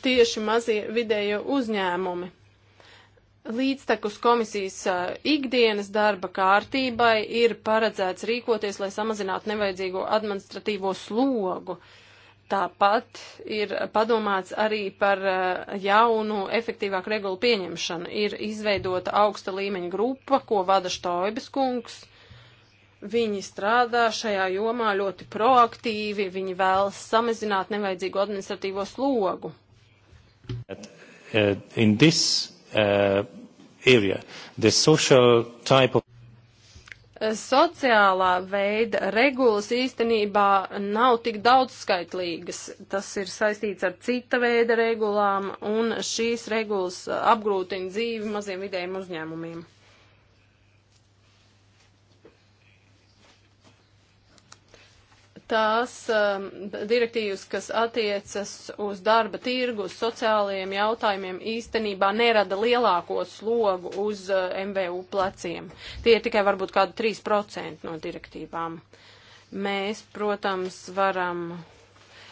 tieši mazie vidējo uzņēmumi. Līdztekus komisijas ikdienas darba kārtībai ir paredzēts rīkoties, lai samazinātu nevajadzīgo administratīvo slogu. Uh, Tāpat ir padomāts arī par eh, jaunu, efektīvāku regulu pieņemšanu. Ir izveidota augsta līmeņa grupa, ko vada Štoibas kungs. Viņi strādā šajā jomā ļoti proaktīvi, viņi vēlas samazināt nevajadzīgu administratīvo slogu. At, uh, in this uh, area, the social type of sociālā veida regulas īstenībā nav tik daudzskaitlīgas. Tas ir saistīts ar cita veida regulām, un šīs regulas apgrūtina dzīvi maziem vidējiem uzņēmumiem. tās um, direktīvas, kas attiecas uz darba tirgu, uz sociālajiem jautājumiem, īstenībā nerada lielāko slogu uz uh, MVU pleciem. Tie ir tikai varbūt kādu 3% no direktīvām. Mēs, protams, varam.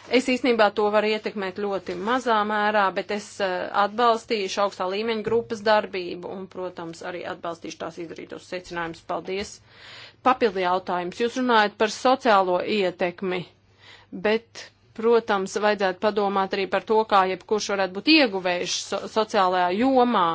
Es īstenībā to varu ietekmēt ļoti mazā mērā, bet es uh, atbalstīšu augstā līmeņa grupas darbību un, protams, arī atbalstīšu tās izdarītos secinājumus. Paldies! Uh, Papildi jautājums. Jūs runājat par sociālo ietekmi, bet, protams, vajadzētu padomāt arī par to, kā jebkurš varētu būt ieguvējis so sociālajā jomā.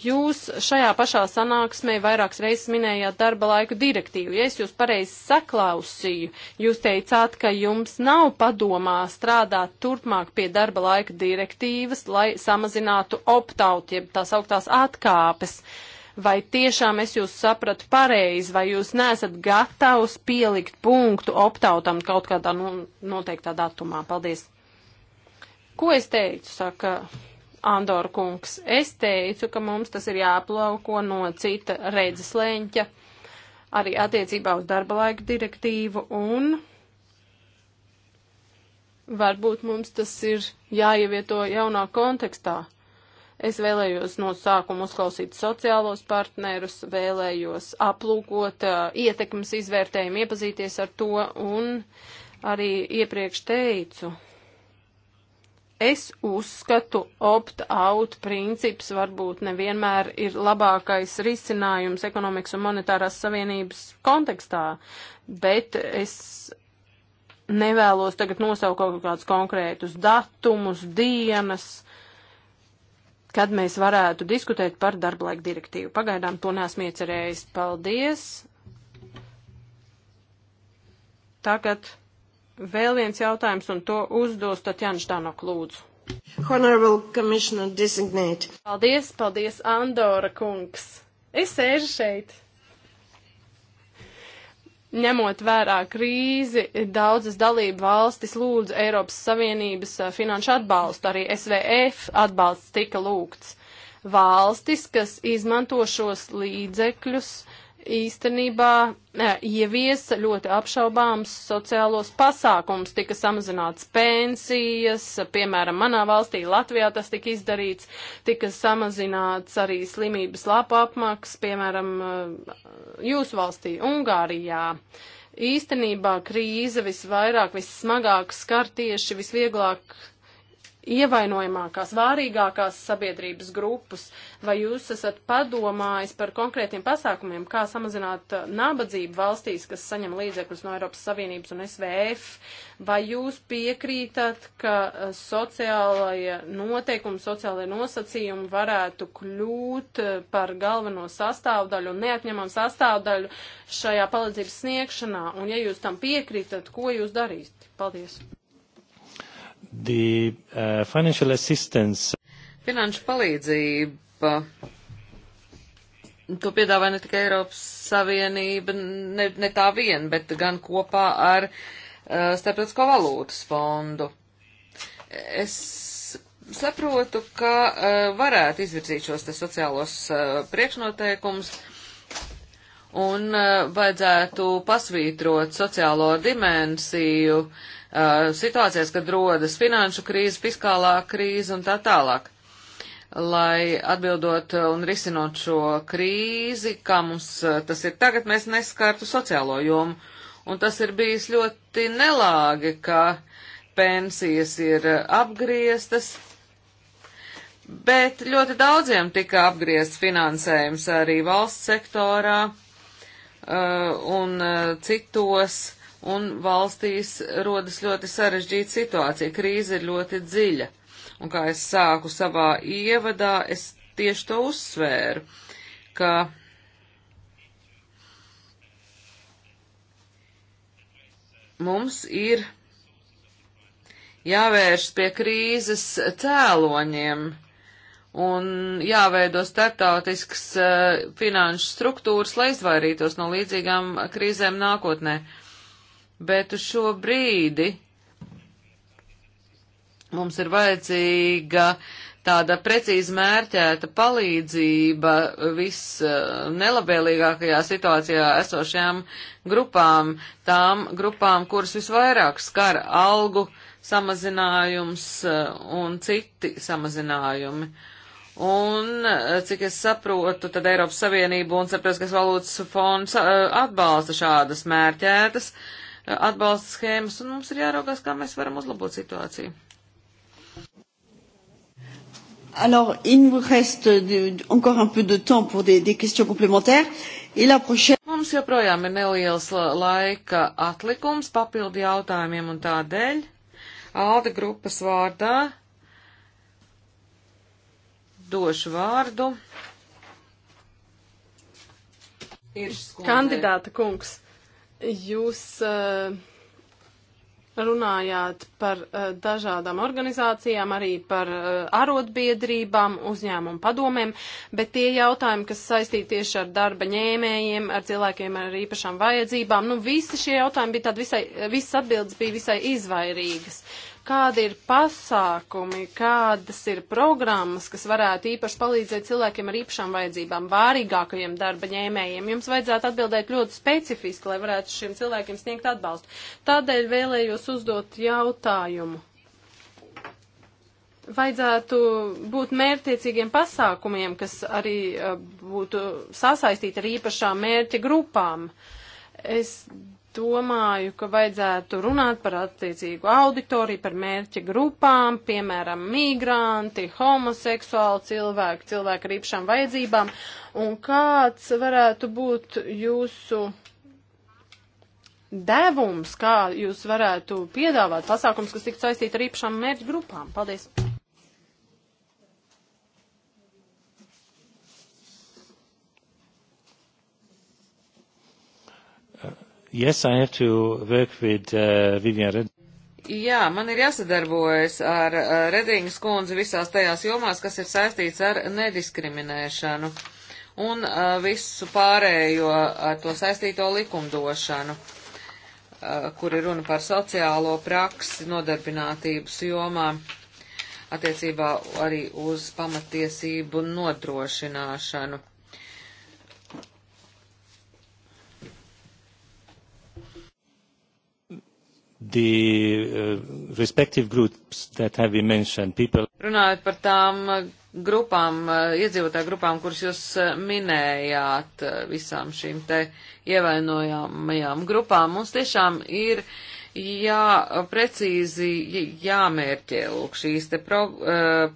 Jūs šajā pašā sanāksmē vairākas reizes minējāt darba laika direktīvu. Ja es jūs pareizi saklausīju, jūs teicāt, ka jums nav padomā strādāt turpmāk pie darba laika direktīvas, lai samazinātu optaut, jeb tās augtās atkāpes. Uh, vai tiešām es jūs sapratu pareizi, vai jūs nesat gatavs pielikt punktu optautam kaut kādā nu, noteiktā datumā. Paldies. Ko es teicu, saka Andor kungs? Es teicu, ka mums tas ir jāplauko no cita redzes leņķa, arī attiecībā uz darba laika direktīvu un varbūt mums tas ir jāievieto jaunā kontekstā. Es vēlējos no sākuma uzklausīt sociālos partnerus, vēlējos aplūkot uh, ietekmes izvērtējumu, iepazīties ar to un arī iepriekš teicu. Es uzskatu, opt-out princips varbūt nevienmēr ir labākais risinājums ekonomikas un monetārās savienības kontekstā, bet es nevēlos tagad nosaukt kaut kādus konkrētus datumus, dienas, kad mēs varētu diskutēt par darblaika direktīvu. Pagaidām to neesmu iecerējis. Paldies! Tagad vēl viens jautājums, un to uzdos Tatjana Štanok lūdzu. Honorable Commissioner Designate. Paldies, paldies, Andora kungs. Es sēžu šeit. Ņemot vērā krīzi, daudzas dalību valstis lūdza Eiropas Savienības eh, finanšu atbalstu, arī SVF atbalsts tika lūgts. Valstis, kas izmanto šos līdzekļus, uh, īstenībā e, ievies ļoti apšaubāms sociālos pasākums, tika samazināts pensijas, piemēram, manā valstī Latvijā tas tika izdarīts, tika samazināts arī slimības lapu apmaks, piemēram, e, jūsu valstī Ungārijā. Īstenībā krīze visvairāk, vissmagāk skar tieši visvieglāk ievainojamākās, vārīgākās sabiedrības grupas, vai jūs esat padomājis par konkrētiem pasākumiem, kā samazināt uh, nabadzību valstīs, kas saņem līdzekļus no Eiropas Savienības un SVF, vai jūs piekrītat, ka uh, sociālajie noteikumi, sociālajie nosacījumi varētu kļūt uh, par galveno sastāvdaļu un neatņemam sastāvdaļu šajā palīdzības sniegšanā, un ja jūs tam piekrītat, ko jūs darīsiet? Paldies! The uh, financial assistance. Finanšu palīdzība. To piedāvā ne tikai Eiropas Savienība, ne, ne tā vien, bet gan kopā ar uh, Starptautisko valūtas fondu. Es saprotu, ka uh, varētu izvirzīt šos te sociālos uh, priekšnoteikumus un uh, vajadzētu pasvītrot sociālo dimensiju uh, Uh, situācijās, kad rodas finanšu krīze, fiskālā krīze un tā tālāk. Lai atbildot un risinot šo krīzi, kā mums uh, tas ir tagad, mēs neskartu sociālo jomu. Un tas ir bijis ļoti nelāgi, ka pensijas ir apgrieztas, bet ļoti daudziem tika apgriezts finansējums arī valsts sektorā uh, un uh, citos un valstīs rodas ļoti sarežģīta situācija. Krīze ir ļoti dziļa. Un kā es sāku savā ievadā, es tieši to uzsvēru, ka mums ir jāvērš pie krīzes cēloņiem un jāveido startautisks eh, finanšu struktūras, lai izvairītos no līdzīgām krīzēm nākotnē. Uh, bet uz šo brīdi mums ir vajadzīga tāda precīzi mērķēta palīdzība viss eh, nelabēlīgākajā situācijā esošajām grupām, tām grupām, kuras visvairāk skar algu samazinājums eh, un citi samazinājumi. Un, eh, cik es saprotu, tad Eiropas Savienība un Starptautiskais valūtas fonds atbalsta šādas mērķētas uh, atbalsta schēmas, un mums ir jāraugās, kā mēs varam uzlabot situāciju. Alors, il nous reste de, encore un peu de temps pour des, des questions complémentaires. Et la prochaine... Mums joprojām ir neliels laika atlikums papildu jautājumiem un tādēļ. Alda grupas vārdā došu vārdu. Kandidāta kungs. Jūs eh, runājāt par eh, dažādām organizācijām, arī par eh, arotbiedrībām, uzņēmumu padomēm, bet tie jautājumi, kas saistīti tieši ar darba ņēmējiem, ar cilvēkiem ar īpašām vajadzībām, nu visi šie jautājumi bija tādi visai, visas atbildes bija visai izvairīgas kādi ir pasākumi, kādas ir programmas, kas varētu īpaši palīdzēt cilvēkiem ar īpašām vajadzībām, vārīgākajiem darba ņēmējiem. Jums vajadzētu atbildēt ļoti specifiski, lai varētu šiem cilvēkiem sniegt atbalstu. Tādēļ vēlējos uzdot jautājumu. Vajadzētu būt mērtiecīgiem pasākumiem, kas arī eh, būtu sasaistīti ar īpašām mērķa grupām. Es domāju, ka vajadzētu runāt par attiecīgu auditoriju, par mērķa grupām, piemēram, migranti, homoseksuāli cilvēki, cilvēki ar īpašām vajadzībām, un kāds varētu būt jūsu devums, kā jūs varētu piedāvāt pasākums, kas tiktu saistīti ar īpašām mērķa grupām. Paldies! Yes, I have to work with uh, Vivian Red. Jā, man ir jāsadarbojas ar uh, Redingas kundzi visās tajās jomās, kas ir saistīts ar nediskriminēšanu un uh, visu pārējo ar uh, to saistīto likumdošanu, uh, kur ir runa par sociālo praksi nodarbinātības jomā attiecībā arī uz pamatiesību nodrošināšanu. the uh, respective groups that have been mentioned, people. Runājot par tām uh, grupām, uh, iedzīvotāju grupām, kuras jūs uh, minējāt visām šīm te ievainojamajām grupām, mums tiešām ir jā, precīzi jāmērķē lūk šīs te pro,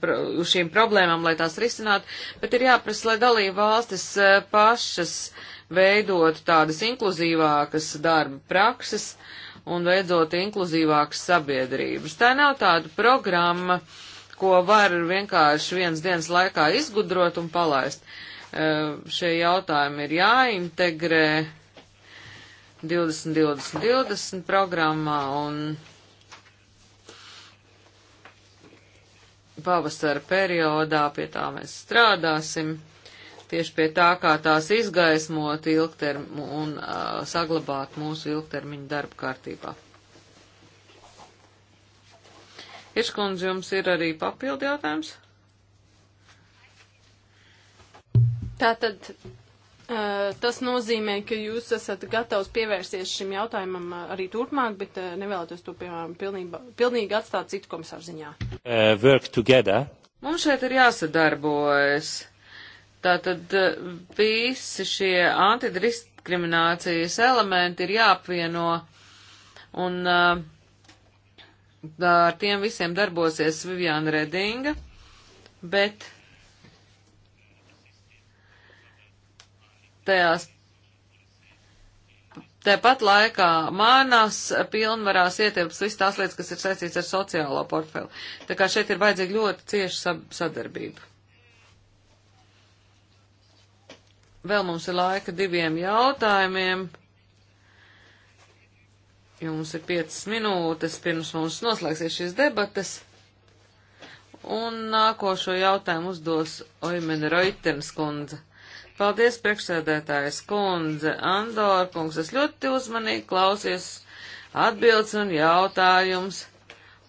pro, šīm problēmām, lai tās risinātu, bet ir jāprasa, lai dalība valstis pašas veidot tādas inkluzīvākas darba prakses, uh, un veidot inkluzīvākas sabiedrības. Tā nav tāda programma, ko var vienkārši viens dienas laikā izgudrot un palaist. E, šie jautājumi ir jāintegrē 2020 20, 20 programmā un pavasara periodā pie tā mēs strādāsim tieši pie tā, kā tās izgaismot ilgtermu un uh, saglabāt mūsu ilgtermiņu darba kārtībā. Iškundze, jums ir arī papildi jautājums? Tātad tas nozīmē, ka jūs esat gatavs pievērsties šim jautājumam arī turpmāk, bet nevēlaties to, piemēram, pilnībā, pilnīgi atstāt citu komisāru ziņā. Uh, Mums šeit ir jāsadarbojas. Tātad eh, visi šie antidiskriminācijas elementi ir jāapvieno un eh, ar tiem visiem darbosies Viviana Redinga, bet tajās Tāpat laikā manās pilnvarās ietilps viss tās lietas, kas ir saistīts ar sociālo portfeli. Tā kā šeit ir vajadzīga ļoti cieša sadarbība. Vēl mums ir laika diviem jautājumiem. Jums ir piecas minūtes pirms mums noslēgsies šīs debatas. Un nākošo jautājumu uzdos Oimene Roitens kundze. Paldies, priekšsēdētājs kundze Andor, kungs, es ļoti uzmanīgi klausies atbildes un jautājums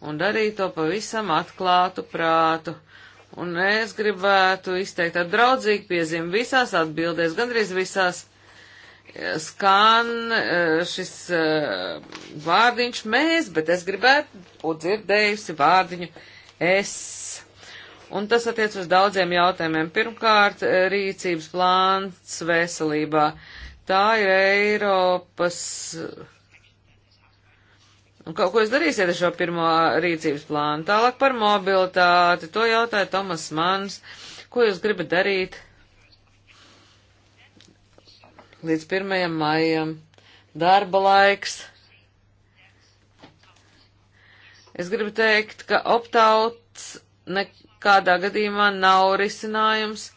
un darīju to pavisam atklātu prātu. Un es gribētu izteikt ar draudzīgu piezīmi visās atbildēs, gandrīz visās eh, skan eh, šis eh, vārdiņš mēs, bet es gribētu būt dzirdējusi vārdiņu es. Un tas attiec uz daudziem jautājumiem. Pirmkārt, rīcības plāns veselībā. Tā ir Eiropas Un kaut ko jūs darīsiet ar šo pirmo rīcības plānu? Tālāk par mobilitāti, to jautāja Tomas Mans. Ko jūs gribat darīt līdz 1. maijam? Darba laiks. Es gribu teikt, ka optauts nekādā gadījumā nav risinājums.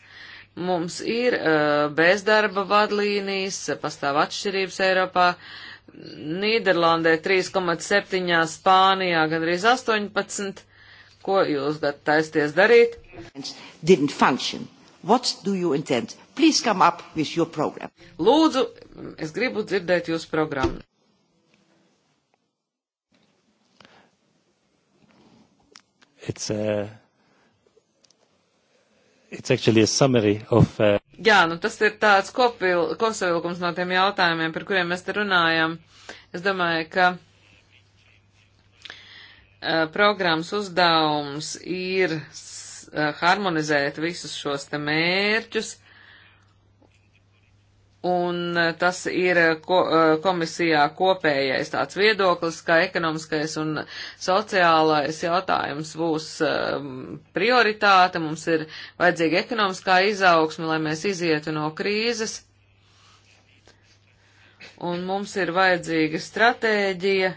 Mums ir uh, bezdarba vadlīnijas, pastāv atšķirības Eiropā. Uh, Nīderlandē 3,7, Spānijā gandrīz 18. Ko jūs taisties darīt? Lūdzu, es gribu dzirdēt jūsu programmu. It's, a, uh, it's actually a summary of. Uh... Jā, nu tas ir tāds kopil, kopsavilkums no tiem jautājumiem, par kuriem mēs te runājam. Es domāju, ka uh, programmas uzdevums ir uh, harmonizēt visus šos te mērķus, Un e, tas ir e, ko, e, komisijā kopējais tāds viedoklis, ka ekonomiskais un sociālais jautājums būs prioritāte. Mums ir vajadzīga ekonomiskā izaugsme, lai mēs izietu no krīzes. Un mums ir vajadzīga stratēģija,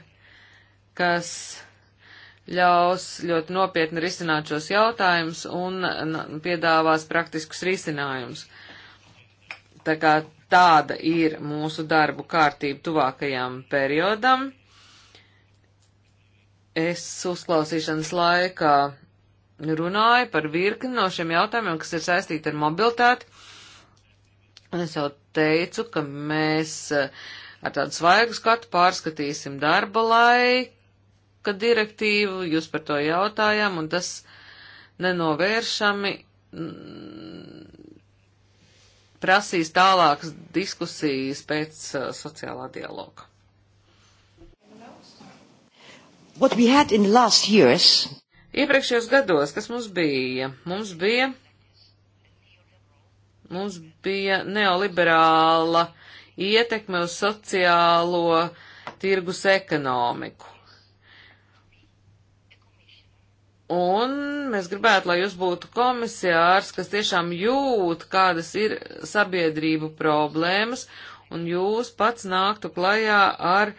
kas ļaus ļoti nopietni risināt šos jautājumus un piedāvās praktiskus risinājumus. Tā kā Tāda ir mūsu darbu kārtība tuvākajam periodam. Es uzklausīšanas laikā runāju par virkni no šiem jautājumiem, kas ir saistīti ar mobilitāti. Un es jau teicu, ka mēs eh, ar tādu svaigu skatu pārskatīsim darba laika direktīvu, jūs par to jautājām, un tas nenovēršami prasīs tālākas diskusijas pēc uh, sociālā dialoga. Years... Iepriekšējos gados, kas mums bija? Mums bija, mums bija neoliberāla ietekme uz sociālo tirgus ekonomiku. Un mēs gribētu, lai jūs būtu komisārs, kas tiešām jūt, kādas ir sabiedrību problēmas, un jūs pats nāktu klajā ar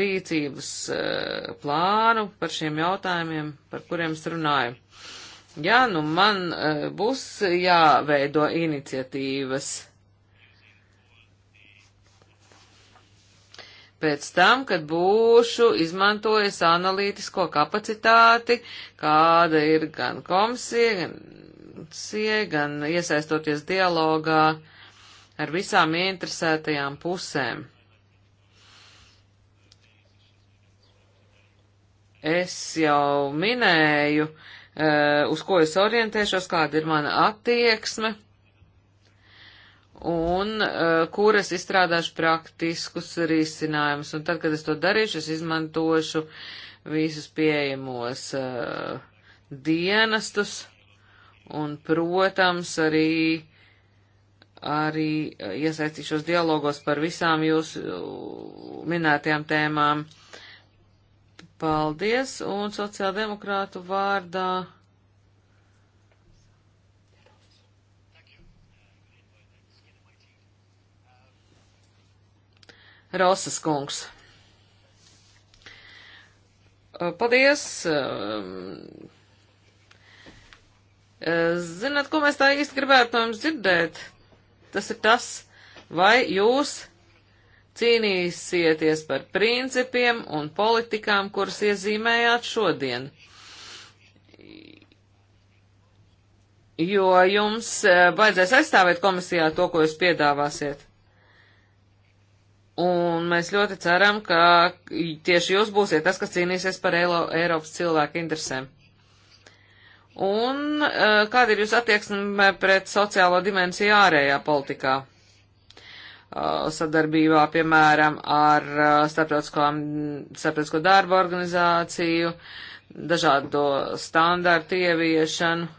rīcības uh, plānu par šiem jautājumiem, par kuriem es runāju. Jā, nu man uh, būs jāveido iniciatīvas. pēc tam, kad būšu izmantojis analītisko kapacitāti, kāda ir gan komisija, gan, sie, gan iesaistoties dialogā ar visām ieinteresētajām pusēm. Es jau minēju, eh, uz ko es orientēšos, kāda ir mana attieksme un uh, kuras izstrādāšu praktiskus risinājumus. Un tad, kad es to darīšu, es izmantošu visus pieejamos uh, dienestus un, protams, arī, arī eh, iesaistīšos dialogos par visām jūsu minētajām tēmām. Paldies, un sociāldemokrātu vārdā Rosas kungs. Paldies! Zināt, ko mēs tā īsti gribētu no jums dzirdēt? Tas ir tas, vai jūs cīnīsieties par principiem un politikām, kuras iezīmējāt šodien. Jo jums vajadzēs aizstāvēt komisijā to, ko jūs piedāvāsiet. Un mēs ļoti ceram, ka tieši jūs būsiet tas, kas cīnīsies par Eilo, Eiropas cilvēku interesēm. Un eh, kāda ir jūsu attieksme pret sociālo dimensiju ārējā politikā? Eh, sadarbībā, piemēram, ar eh, starptautisko darba organizāciju, dažādo standartu ieviešanu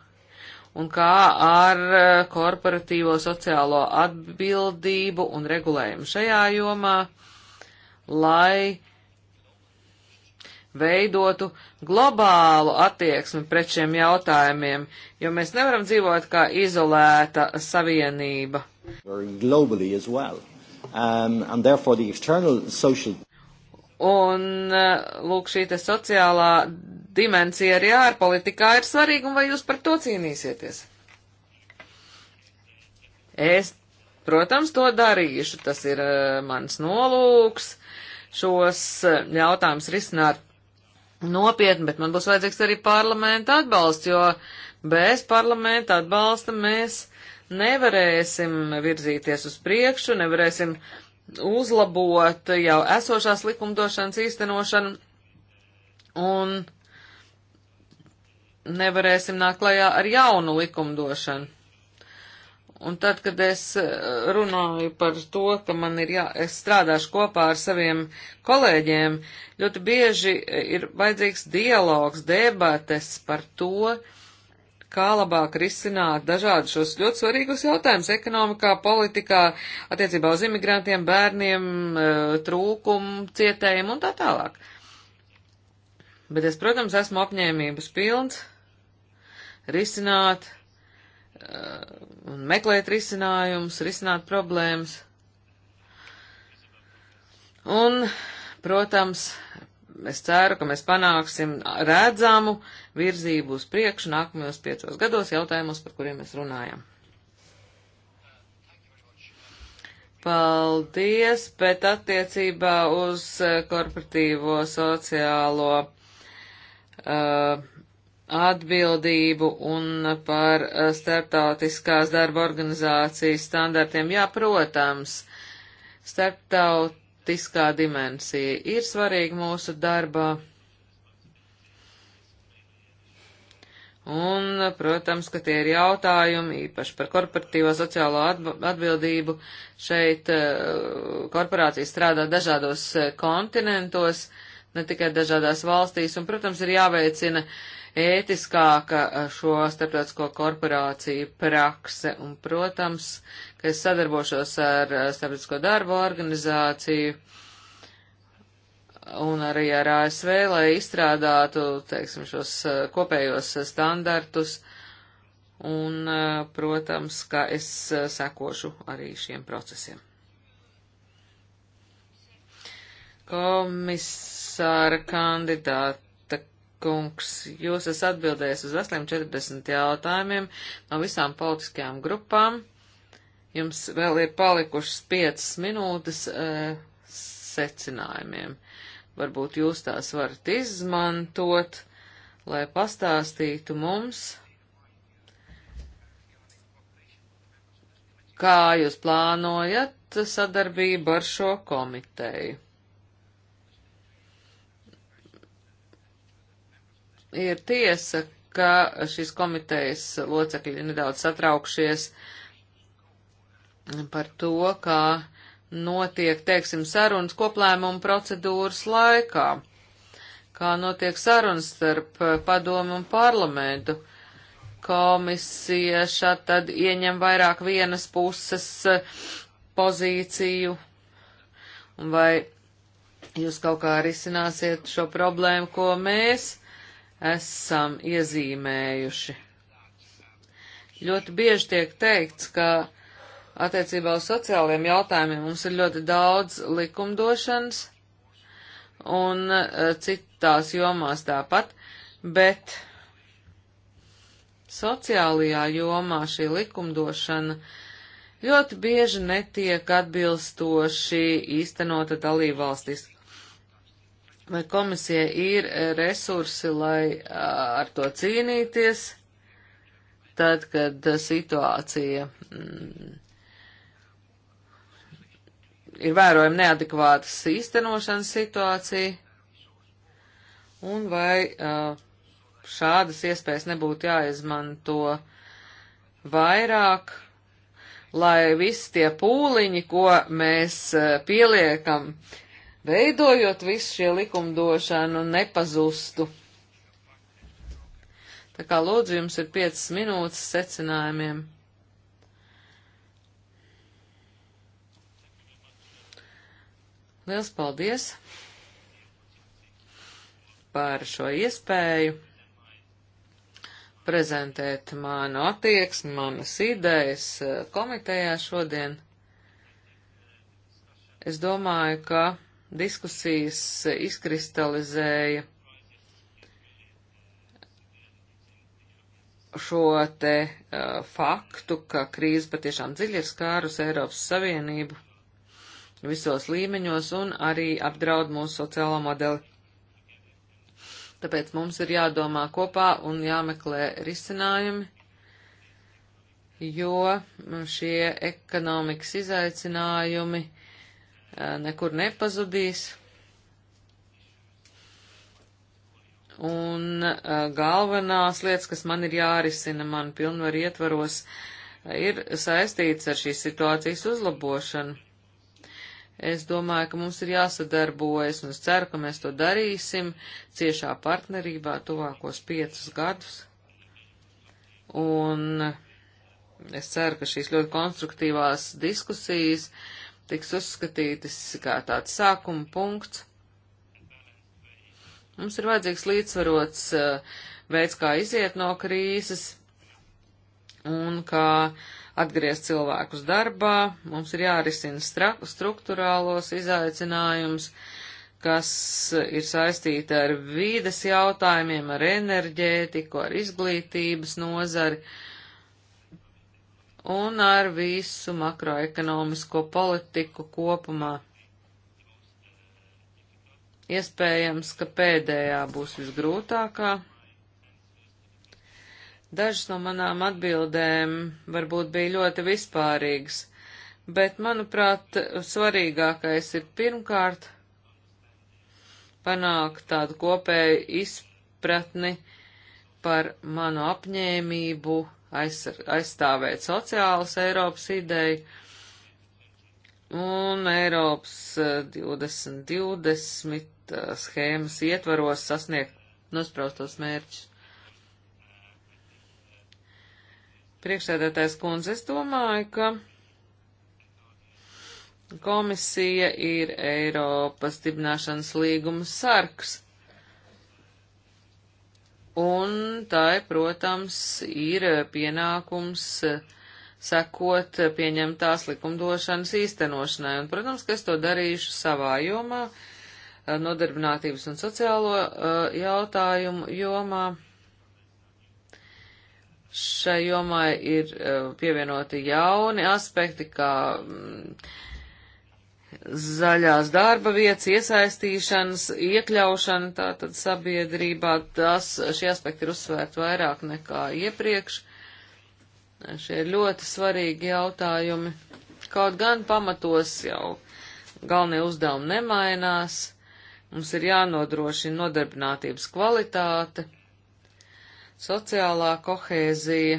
un kā ar eh, korporatīvo sociālo atbildību un regulējumu šajā jomā, lai veidotu globālu attieksmi pret šiem jautājumiem, jo mēs nevaram dzīvot kā izolēta savienība. Well. Um, social... Un, eh, lūk, šī te sociālā dimensija arī ārpolitikā ir svarīga, un vai jūs par to cīnīsieties? Es, protams, to darīšu, tas ir eh, mans nolūks, šos eh, jautājumus risināt nopietni, bet man būs vajadzīgs arī parlamenta atbalsts, jo bez parlamenta atbalsta mēs nevarēsim virzīties uz priekšu, nevarēsim uh, uzlabot jau esošās likumdošanas īstenošanu un nevarēsim nākt klajā ar jaunu likumdošanu. Un tad, kad es eh, runāju par to, ka man ir jā, es strādāšu kopā ar saviem kolēģiem, ļoti bieži ir vajadzīgs dialogs, debates par to, uh, kā labāk risināt dažādus šos ļoti svarīgus jautājumus ekonomikā, politikā, attiecībā uz imigrantiem, bērniem, eh, trūkumu, cietējumu un tā tālāk. Bet es, protams, esmu apņēmības pilns risināt eh, un meklēt risinājumus, risināt problēmas. Un, protams, es ceru, ka mēs panāksim redzamu virzību uz priekšu nākamajos piecos gados jautājumos, par kuriem mēs runājam. Paldies, bet attiecībā uz eh, korporatīvo sociālo uh, atbildību un par eh, starptautiskās darba organizācijas standartiem, jā, protams, starptaut politiskā dimensija ir svarīga mūsu darbā. Un, protams, ka tie ir jautājumi īpaši par korporatīvo sociālo atbildību. Šeit eh, korporācijas strādā dažādos eh, kontinentos, ne tikai dažādās valstīs, un, protams, ir jāveicina ētiskāka eh, šo starptautisko korporāciju prakse. Un, protams, Es sadarbošos ar Starptautisko darbu organizāciju un arī ar ASV, lai izstrādātu, teiksim, šos eh, kopējos standartus. Un, eh, protams, ka es eh, sekošu arī šiem procesiem. Komisāra kandidāta kungs, jūs esat atbildējis uz veseliem 40 jautājumiem no visām politiskajām grupām. Jums vēl ir palikušas piecas minūtes uh, secinājumiem. Varbūt jūs tās varat izmantot, lai pastāstītu mums, kā jūs plānojat sadarbību ar šo komiteju. Ir tiesa, ka šīs komitejas locekļi ir nedaudz satraukšies uh, par to, kā notiek, teiksim, sarunas koplēmuma procedūras laikā, kā notiek sarunas starp eh, padomu un parlamentu. Komisija šad tad ieņem vairāk vienas puses eh, pozīciju, vai jūs kaut kā risināsiet šo problēmu, ko mēs esam iezīmējuši. Ļoti bieži tiek teikts, ka Attiecībā uz sociāliem jautājumiem mums ir ļoti daudz likumdošanas un eh, citās jomās tāpat, bet sociālajā jomā šī likumdošana ļoti bieži netiek atbilstoši īstenota dalībvalstis. Vai komisija ir eh, resursi, lai eh, ar to cīnīties, tad, kad situācija mm, ir vērojama neadekvātas īstenošanas situācija, un vai uh, šādas iespējas nebūtu jāizmanto vairāk, lai visi tie pūliņi, ko mēs uh, pieliekam, veidojot visu šie likumdošanu, nepazustu. Tā kā lūdzu, jums ir 5 minūtes secinājumiem. Liels paldies par šo iespēju prezentēt manu attieksmi, manas idejas eh, komitejā šodien. Es domāju, ka diskusijas izkristalizēja šo te uh, faktu, ka krīze patiešām dziļi ir skārus Eiropas Savienību visos līmeņos un arī apdraud mūsu sociālo modeli. Tāpēc mums ir jādomā kopā un jāmeklē risinājumi, jo šie ekonomikas izaicinājumi eh, nekur nepazudīs. Un eh, galvenās lietas, kas man ir jārisina man pilnvaru ietvaros, eh, ir saistīts ar šīs situācijas uzlabošanu. Es domāju, ka mums ir jāsadarbojas, un es ceru, ka mēs to darīsim ciešā partnerībā tuvākos piecus gadus. Un es ceru, ka šīs ļoti konstruktīvās diskusijas tiks uzskatītas kā tāds sākuma punkts. Mums ir vajadzīgs līdzsvarots eh, veids, kā iziet no krīzes un kā uh, atgriezt cilvēkus darbā, mums ir jārisina struktūrālos izaicinājumus, kas ir saistīti ar vīdes jautājumiem, ar enerģētiku, ar izglītības nozari un ar visu makroekonomisko politiku kopumā. Iespējams, ka pēdējā būs visgrūtākā. Dažas no manām atbildēm varbūt bija ļoti vispārīgas, bet, manuprāt, svarīgākais ir pirmkārt panākt tādu kopēju izpratni par manu apņēmību aizstāvēt sociālas Eiropas ideju un Eiropas 2020 eh, eh, schēmas ietvaros sasniegt nospraustos mērķus. Priekšsēdētājs kundze, es domāju, ka komisija ir Eiropas dibināšanas līguma sargs. Un tā, protams, ir pienākums sekot pieņemtās likumdošanas īstenošanai. Un, protams, ka es to darīšu savā jomā, nodarbinātības un sociālo uh, jautājumu jomā. Šai jomai ir e, pievienoti jauni aspekti, kā mm, zaļās darba vietas, iesaistīšanas, iekļaušana tātad sabiedrībā. Tas, šie aspekti ir uzsvērti vairāk nekā iepriekš. Šie ir ļoti svarīgi jautājumi. Kaut gan pamatos jau galvenie uzdevumi nemainās. Mums ir jānodrošina nodarbinātības kvalitāte, sociālā kohēzija,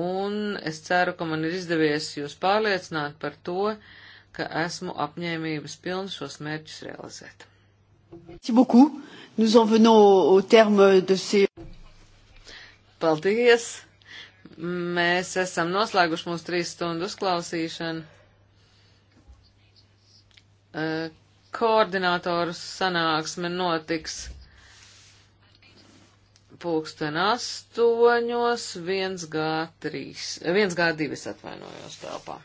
un es ceru, ka man ir izdevies jūs pārliecināt par to, ka esmu apņēmības pilns šos mērķus realizēt. Paldies! Mēs esam noslēguši mūsu trīs stundu uzklausīšanu. Eh, koordinātoru sanāksme notiks pulksten astoņos, 1G3, 1G2 atvainojos telpā.